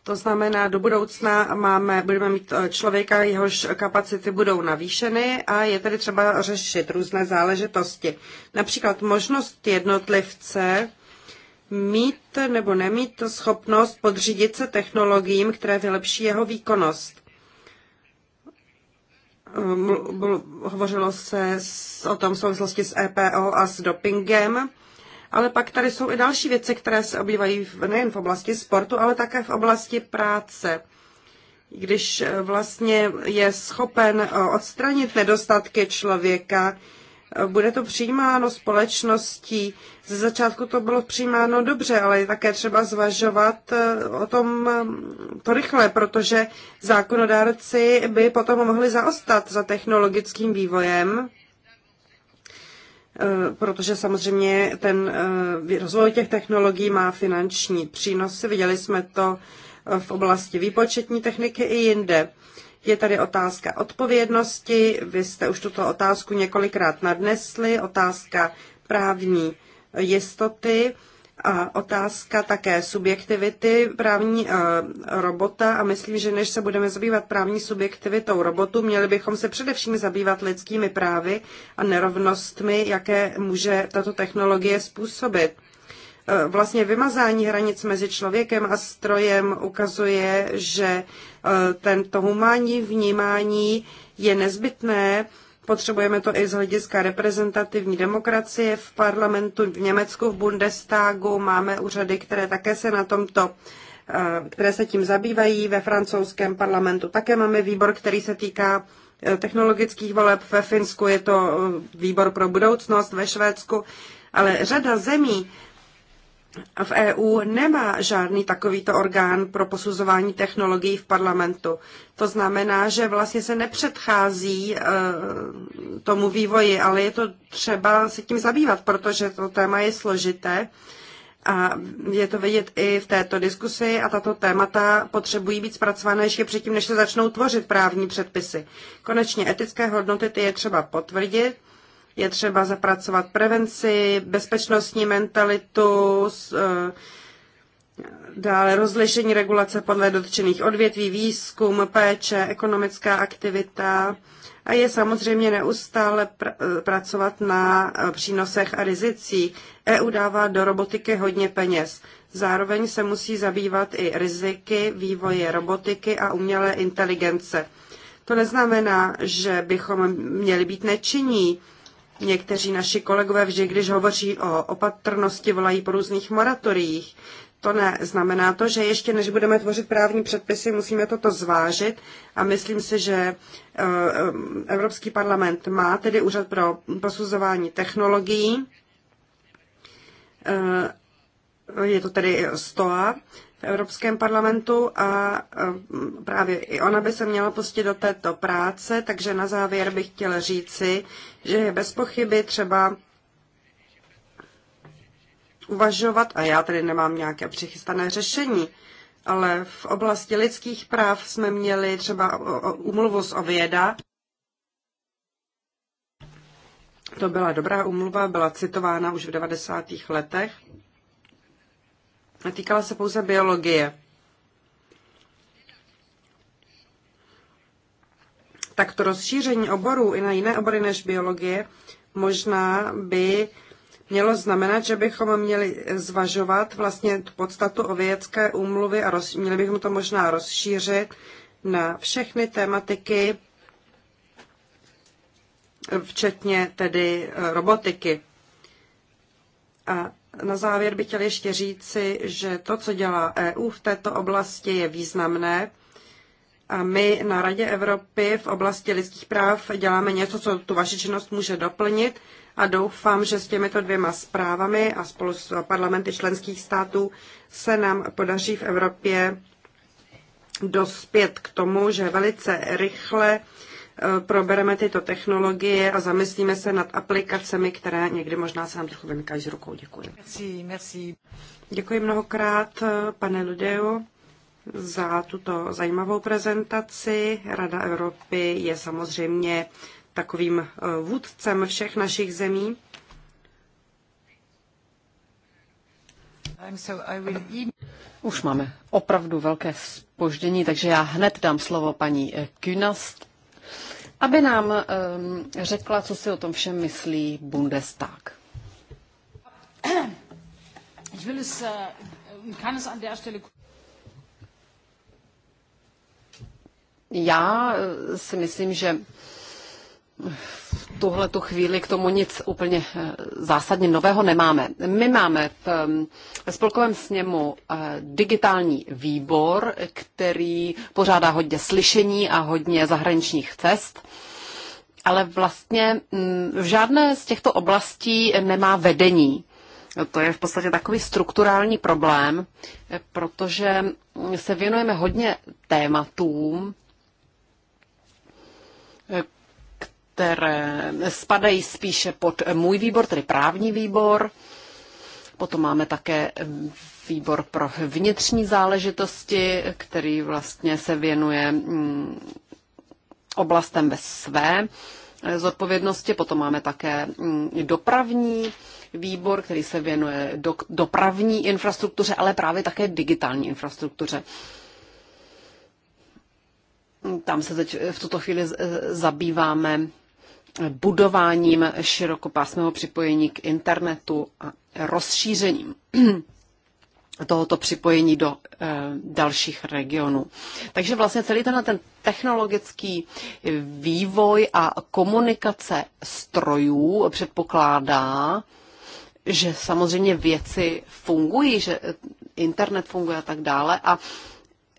To znamená, do budoucna máme, budeme mít eh, člověka, jehož kapacity budou navýšeny a je tedy třeba řešit různé záležitosti. Například možnost jednotlivce mít nebo nemít schopnost podřídit se technologiím, které vylepší jeho výkonnost. Hovořilo se o tom v souvislosti s EPO a s dopingem. Ale pak tady jsou i další věci, které se obývají nejen v oblasti sportu, ale také v oblasti práce. Když eh, vlastně je schopen eh, odstranit nedostatky člověka, eh, bude to přijímáno společností. Ze začátku to bylo přijímáno dobře, ale je také třeba zvažovat o tom to rychle, protože zákonodárci by potom mohli zaostat za technologickým vývojem Eh, protože samozřejmě ten eh, rozvoj těch technologií má finanční přínosy. Viděli jsme to eh, v oblasti výpočetní techniky i jinde. Je tady otázka odpovědnosti. Vy jste už tuto otázku několikrát nadnesli. Otázka právní jistoty otázka také subjektivity právní eh, robota a myslím, že než se budeme zabývat právní subjektivitou robotu, měli bychom se především zabývat lidskými právy a nerovnostmi, jaké může tato technologie způsobit. Eh, vlastně vymazání hranic mezi člověkem a strojem ukazuje, že eh, tento humánní vnímání je nezbytné Potřebujeme to i z hlediska reprezentativní demokracie v parlamentu v Německu, v Bundestagu. Máme úřady, které také se na tomto eh, které se tím zabývají ve francouzském parlamentu. Také máme výbor, který se týká eh, technologických voleb. Ve Finsku je to eh, výbor pro budoucnost, ve Švédsku. Ale řada zemí v EU nemá žádný takovýto orgán pro posuzování technologií v parlamentu. To znamená, že vlastně se nepředchází e, tomu vývoji, ale je to třeba se tím zabývat, protože to téma je složité a je to vidět i v této diskusi a tato témata potřebují být zpracována ještě předtím, než se začnou tvořit právní předpisy. Konečně etické hodnoty ty je třeba potvrdit je třeba zapracovat prevenci, bezpečnostní mentalitu, e, dále rozlišení regulace podle dotčených odvětví, výzkum, péče, ekonomická aktivita a je samozřejmě neustále pr- e, pracovat na e, přínosech a rizicích. EU dává do robotiky hodně peněz. Zároveň se musí zabývat i riziky vývoje robotiky a umělé inteligence. To neznamená, že bychom měli být nečinní. Někteří naši kolegové vždy, když hovoří o opatrnosti, volají po různých moratoriích. To ne. Znamená to, že ještě než budeme tvořit právní předpisy, musíme toto zvážit a myslím si, že eh, eh, Evropský parlament má tedy úřad pro posuzování technologií. Eh, je to tedy STOA v Evropském parlamentu a právě i ona by se měla pustit do této práce, takže na závěr bych chtěla říci, že je bez pochyby třeba uvažovat, a já tady nemám nějaké přichystané řešení, ale v oblasti lidských práv jsme měli třeba umluvu z Ověda. To byla dobrá umluva, byla citována už v 90. letech. Týkala se pouze biologie. tak to rozšíření oborů i na jiné obory než biologie možná by mělo znamenat, že bychom měli zvažovat vlastně podstatu o vědecké úmluvy a roz, měli bychom to možná rozšířit na všechny tématiky, včetně tedy eh, robotiky. A na závěr bych chtěl ještě říci, že to, co dělá EU v této oblasti, je významné a my na Radě Evropy v oblasti lidských práv děláme něco, co tu vaši činnost může doplnit a doufám, že s těmito dvěma zprávami a spolu s parlamenty členských států se nám podaří v Evropě dospět k tomu, že velice rychle eh, probereme tyto technologie a zamyslíme se nad aplikacemi, které někdy možná se nám trochu vymykají z rukou. Děkuji. Merci, merci. Děkuji mnohokrát, eh, pane Ludeu za tuto zajímavou prezentaci. Rada Evropy je samozřejmě takovým eh, vůdcem všech našich zemí. Už máme opravdu velké spoždění, takže já hned dám slovo paní eh, Künast, aby nám um, řekla, co si o tom všem myslí Bundestag. Ich will es, äh, kann es an der Stelle Já eh, si myslím, že v tuhle tu chvíli k tomu nic úplně eh, zásadně nového nemáme. My máme v spolkovém sněmu eh, digitální výbor, který pořádá hodně slyšení a hodně zahraničních cest, ale vlastně mm, v žádné z těchto oblastí nemá vedení. To je v podstatě takový strukturální problém, protože mm, se věnujeme hodně tématům, které spadají spíše pod můj výbor, tedy právní výbor. Potom máme také výbor pro vnitřní záležitosti, který vlastně se věnuje mm, oblastem ve své eh, zodpovědnosti. Potom máme také mm, dopravní výbor, který se věnuje do, dopravní infrastruktuře, ale právě také digitální infrastruktuře. Tam se teď v tuto chvíli zabýváme budováním širokopásmého připojení k internetu a rozšířením (clears throat) tohoto připojení do e, dalších regionů. Takže vlastně celý ten, ten technologický vývoj a komunikace strojů předpokládá, že samozřejmě věci fungují, že internet funguje a tak dále a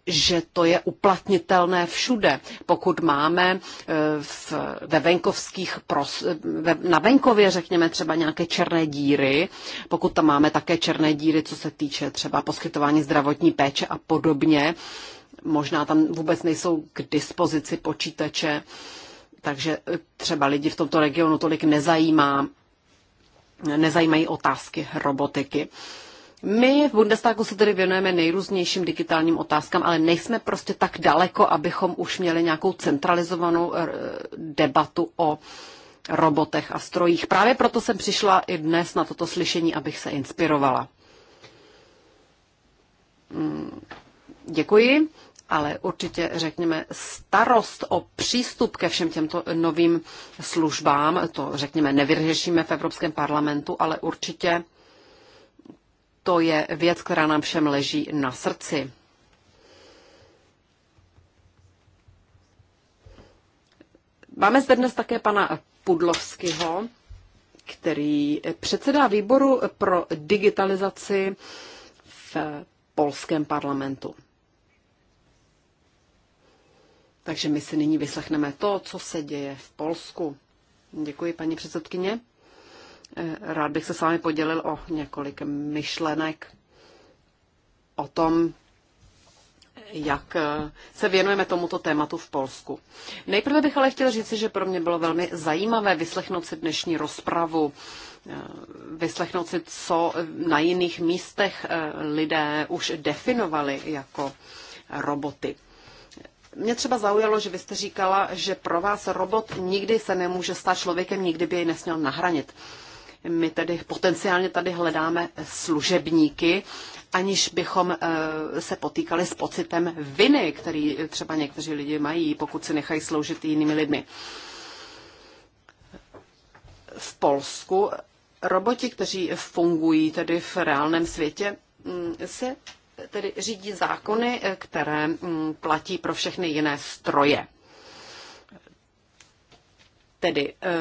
že to je uplatnitelné všude. Pokud máme eh, v, ve venkovských pros, ve, na venkově, řekněme, třeba nějaké černé díry, pokud tam máme také černé díry, co se týče třeba poskytování zdravotní péče a podobně, možná tam vůbec nejsou k dispozici počítače, takže eh, třeba lidi v tomto regionu tolik nezajímá, nezajímají otázky robotiky. Uh, my v Bundestagu se tedy věnujeme nejrůznějším digitálním otázkám, ale nejsme prostě tak daleko, abychom už měli nějakou centralizovanou eh, debatu o robotech a strojích. Právě proto jsem přišla i dnes na toto slyšení, abych se inspirovala. Hmm, děkuji, ale určitě řekněme starost o přístup ke všem těmto novým službám, to řekněme nevyřešíme v Evropském parlamentu, ale určitě to je věc, která nám všem leží na srdci. Máme zde dnes také pana Pudlovského, který předsedá výboru pro digitalizaci v polském parlamentu. Takže my si nyní vyslechneme to, co se děje v Polsku. Děkuji, paní předsedkyně. Eh, rád bych se s vámi podělil o několik myšlenek o tom, jak eh, se věnujeme tomuto tématu v Polsku. Nejprve bych ale chtěl říci, že pro mě bylo velmi zajímavé vyslechnout si dnešní rozpravu, eh, vyslechnout si, co na jiných místech lidé už definovali jako roboty. Mě třeba zaujalo, že vy jste říkala, že pro vás robot nikdy se nemůže stát člověkem, nikdy by jej nesměl nahranit. My tedy potenciálně tady hledáme služebníky, aniž bychom eh, se potýkali s pocitem viny, který třeba někteří lidi mají, pokud si nechají sloužit jinými lidmi. V Polsku roboti, kteří fungují tedy v reálném světě, mm, se tedy řídí zákony, eh, které mm, platí pro všechny jiné stroje. Tedy eh,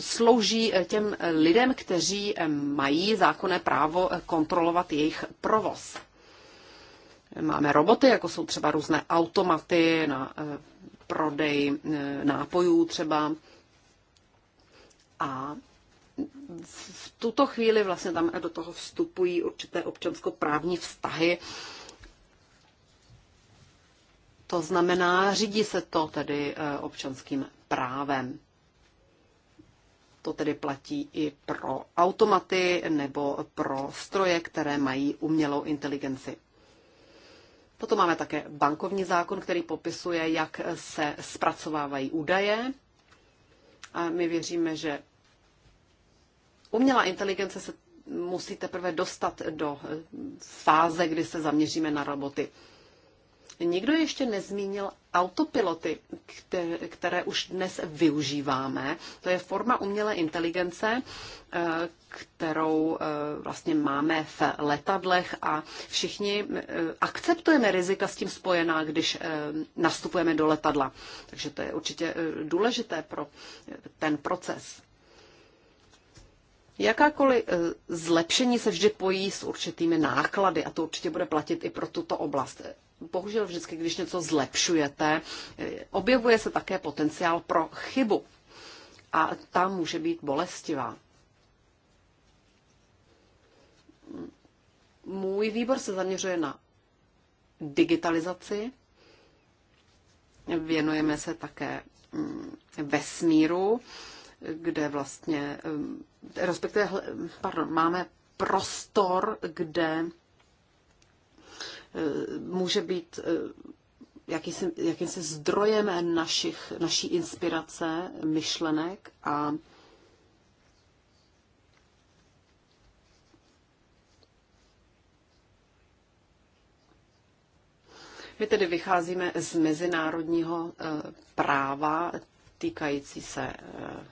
slouží eh, těm eh, lidem, kteří eh, mají zákonné právo kontrolovat jejich provoz. Máme roboty, jako jsou třeba různé automaty na prodej nápojů třeba. A v tuto chvíli vlastně tam do toho vstupují určité občanskoprávní vztahy. To znamená, řídí se to tedy občanským právem. To tedy platí i pro automaty nebo pro stroje, které mají umělou inteligenci. Potom máme také bankovní zákon, který popisuje, jak se zpracovávají údaje. A my věříme, že umělá inteligence se musí teprve dostat do fáze, kdy se zaměříme na roboty. Nikdo ještě nezmínil autopiloty, které už dnes využíváme. To je forma umělé inteligence, eh, kterou eh, vlastně máme v letadlech a všichni eh, akceptujeme rizika s tím spojená, když nastupujeme do letadla. Takže to je určitě důležité pro ten proces. Jakákoliv zlepšení se vždy pojí s určitými náklady a to určitě bude platit i pro tuto oblast bohužel vždycky, když něco zlepšujete, eh, objevuje se také potenciál pro chybu. A ta může být bolestivá. Můj výbor se zaměřuje na digitalizaci, věnujeme se také mm, vesmíru, kde vlastně, mm, respektive, pardon, máme prostor, kde Eh, může být eh, jakýsi, jakýmsi zdrojem našich, naší inspirace, myšlenek a My tedy vycházíme z mezinárodního eh, práva týkající se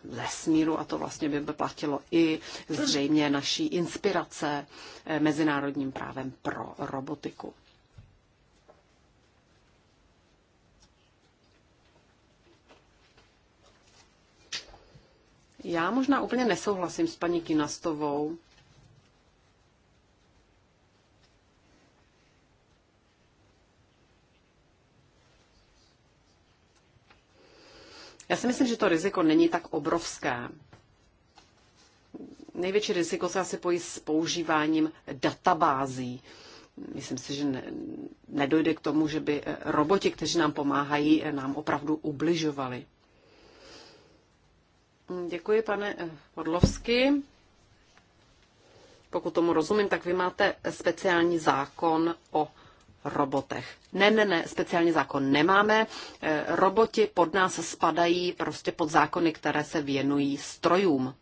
vesmíru a to vlastně by platilo i zřejmě naší inspirace mezinárodním právem pro robotiku. Já možná úplně nesouhlasím s paní Kinastovou. Já si myslím, že to riziko není tak obrovské. Největší riziko se asi pojí s používáním databází. Myslím si, že ne, nedojde k tomu, že by eh, roboti, kteří nám pomáhají, eh, nám opravdu ubližovali. Děkuji, pane eh, Podlovsky. Pokud tomu rozumím, tak vy máte speciální zákon o robotech. Ne, ne, ne, speciální zákon nemáme. Eh, Roboti pod nás spadají prostě pod zákony, které se věnují strojům.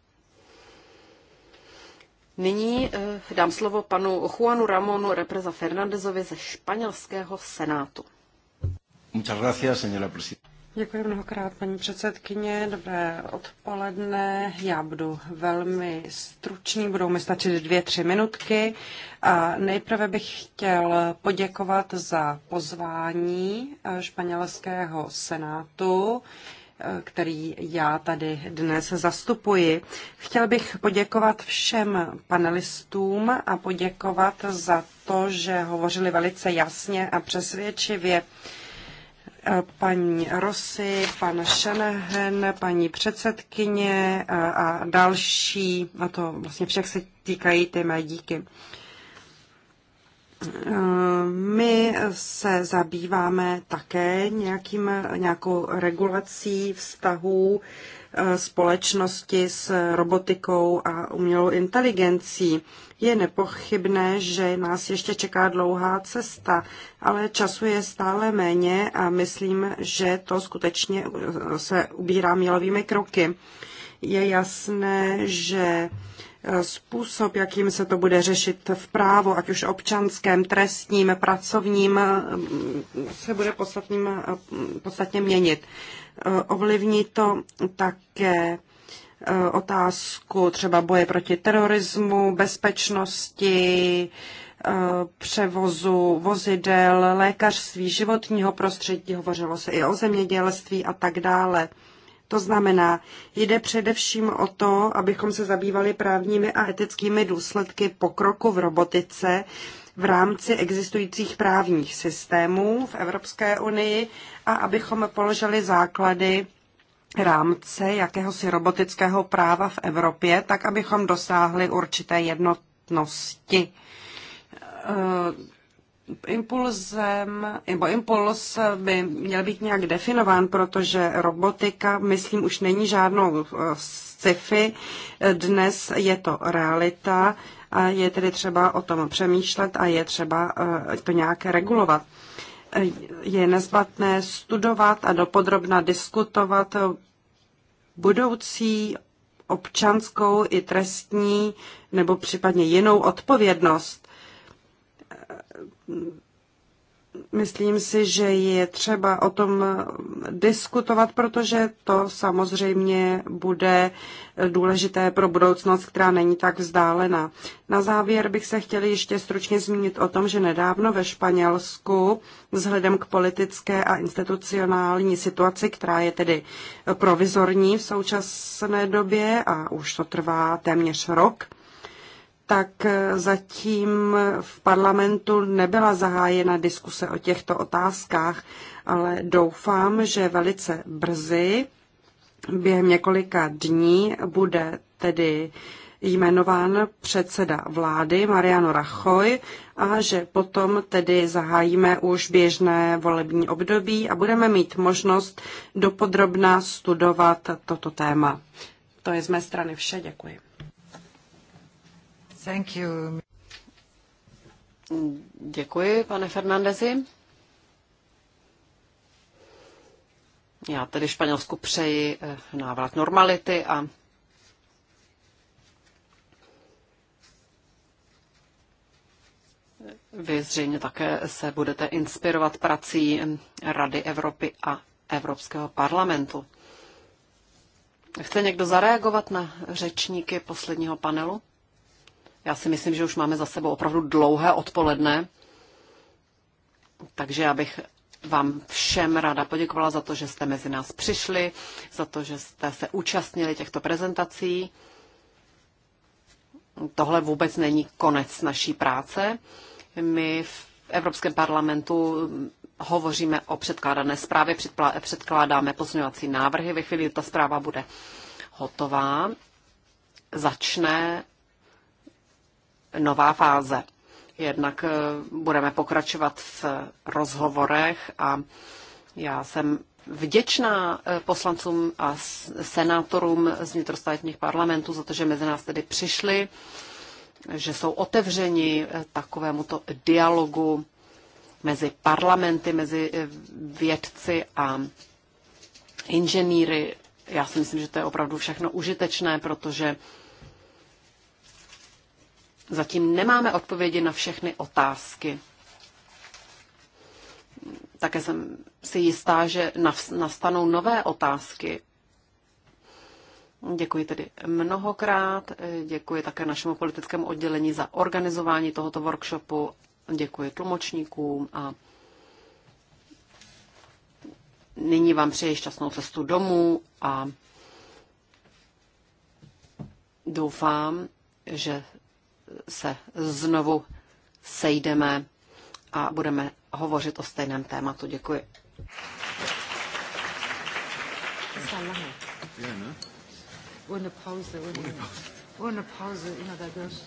Nyní eh, dám slovo panu Juanu Ramonu Represa Fernandezovi ze španělského senátu. Muchas gracias, señora presidenta. Děkuji mnohokrát, paní předsedkyně. Dobré odpoledne. Já budu velmi stručný, budou mi stačit dvě, tři minutky. A nejprve bych chtěl poděkovat za pozvání eh, španělského senátu eh, který já tady dnes zastupuji. Chtěl bych poděkovat všem panelistům a poděkovat za to, že hovořili velice jasně a přesvědčivě. Uh, paní Rosy, pan Shanahan, paní předsedkyně a další, a to vlastně všech se týkají ty mé díky. My se zabýváme také nějakým, nějakou regulací vztahů Eh, společnosti s robotikou a umělou inteligencí. Je nepochybné, že nás ještě čeká dlouhá cesta, ale času je stále méně a myslím, že to skutečně eh, se ubírá mílovými kroky. Je jasné, že eh, způsob, jakým se to bude řešit v právu, ať už občanském, trestním, pracovním, se bude podstatně měnit. Ovlivní to také e, otázku třeba boje proti terorismu, bezpečnosti, e, převozu vozidel, lékařství, životního prostředí, hovořilo se i o zemědělství a tak dále. To znamená, jde především o to, abychom se zabývali právními a etickými důsledky pokroku v robotice v rámci existujících právních systémů v Evropské unii a abychom položili základy rámce jakéhosi robotického práva v Evropě, tak abychom dosáhli určité jednotnosti. Eh, impulzem, nebo impuls by měl být nějak definován, protože robotika, myslím, už není žádnou eh, sci-fi. Dnes je to realita je tedy třeba o tom přemýšlet a je třeba eh, to nějak regulovat. Eh, je nezbatné studovat a dopodrobna diskutovat budoucí občanskou i trestní nebo případně jinou odpovědnost myslím si, že je třeba o tom diskutovat, protože to samozřejmě bude důležité pro budoucnost, která není tak vzdálená. Na závěr bych se chtěla ještě stručně zmínit o tom, že nedávno ve Španělsku vzhledem k politické a institucionální situaci, která je tedy provizorní v současné době a už to trvá téměř rok, tak eh, zatím v parlamentu nebyla zahájena diskuse o těchto otázkách, ale doufám, že velice brzy, během několika dní, bude tedy jmenován předseda vlády Mariano Rachoj a že potom tedy zahájíme už běžné volební období a budeme mít možnost dopodrobná studovat toto téma. To je z mé strany vše, děkuji. Děkuji, pane Fernandezi. Já tedy Španělsku přeji eh, návrat normality a Vy zřejmě také se budete inspirovat prací Rady Evropy a Evropského parlamentu. Chce někdo zareagovat na řečníky posledního panelu? Já si myslím, že už máme za sebou opravdu dlouhé odpoledne, takže já bych vám všem ráda poděkovala za to, že jste mezi nás přišli, za to, že jste se účastnili těchto prezentací. Tohle vůbec není konec naší práce. My v Evropském parlamentu hovoříme o předkládané zprávě, předkládáme pozměňovací návrhy. Ve chvíli, kdy ta zpráva bude hotová, začne nová fáze. Jednak eh, budeme pokračovat v rozhovorech a já jsem vděčná eh, poslancům a senátorům z vnitrostátních parlamentů za to, že mezi nás tedy přišli, že jsou otevřeni eh, takovémuto dialogu mezi parlamenty, mezi vědci a inženýry. Já si myslím, že to je opravdu všechno užitečné, protože Zatím nemáme odpovědi na všechny otázky. Také jsem si jistá, že nastanou nové otázky. Děkuji tedy mnohokrát, děkuji také našemu politickému oddělení za organizování tohoto workshopu, děkuji tlumočníkům a nyní vám přeji šťastnou cestu domů a doufám, že se znovu sejdeme a budeme hovořit o stejném tématu. Děkuji. Yeah, no? Ohne Pause, ohne, ohne Pause, immer da durch.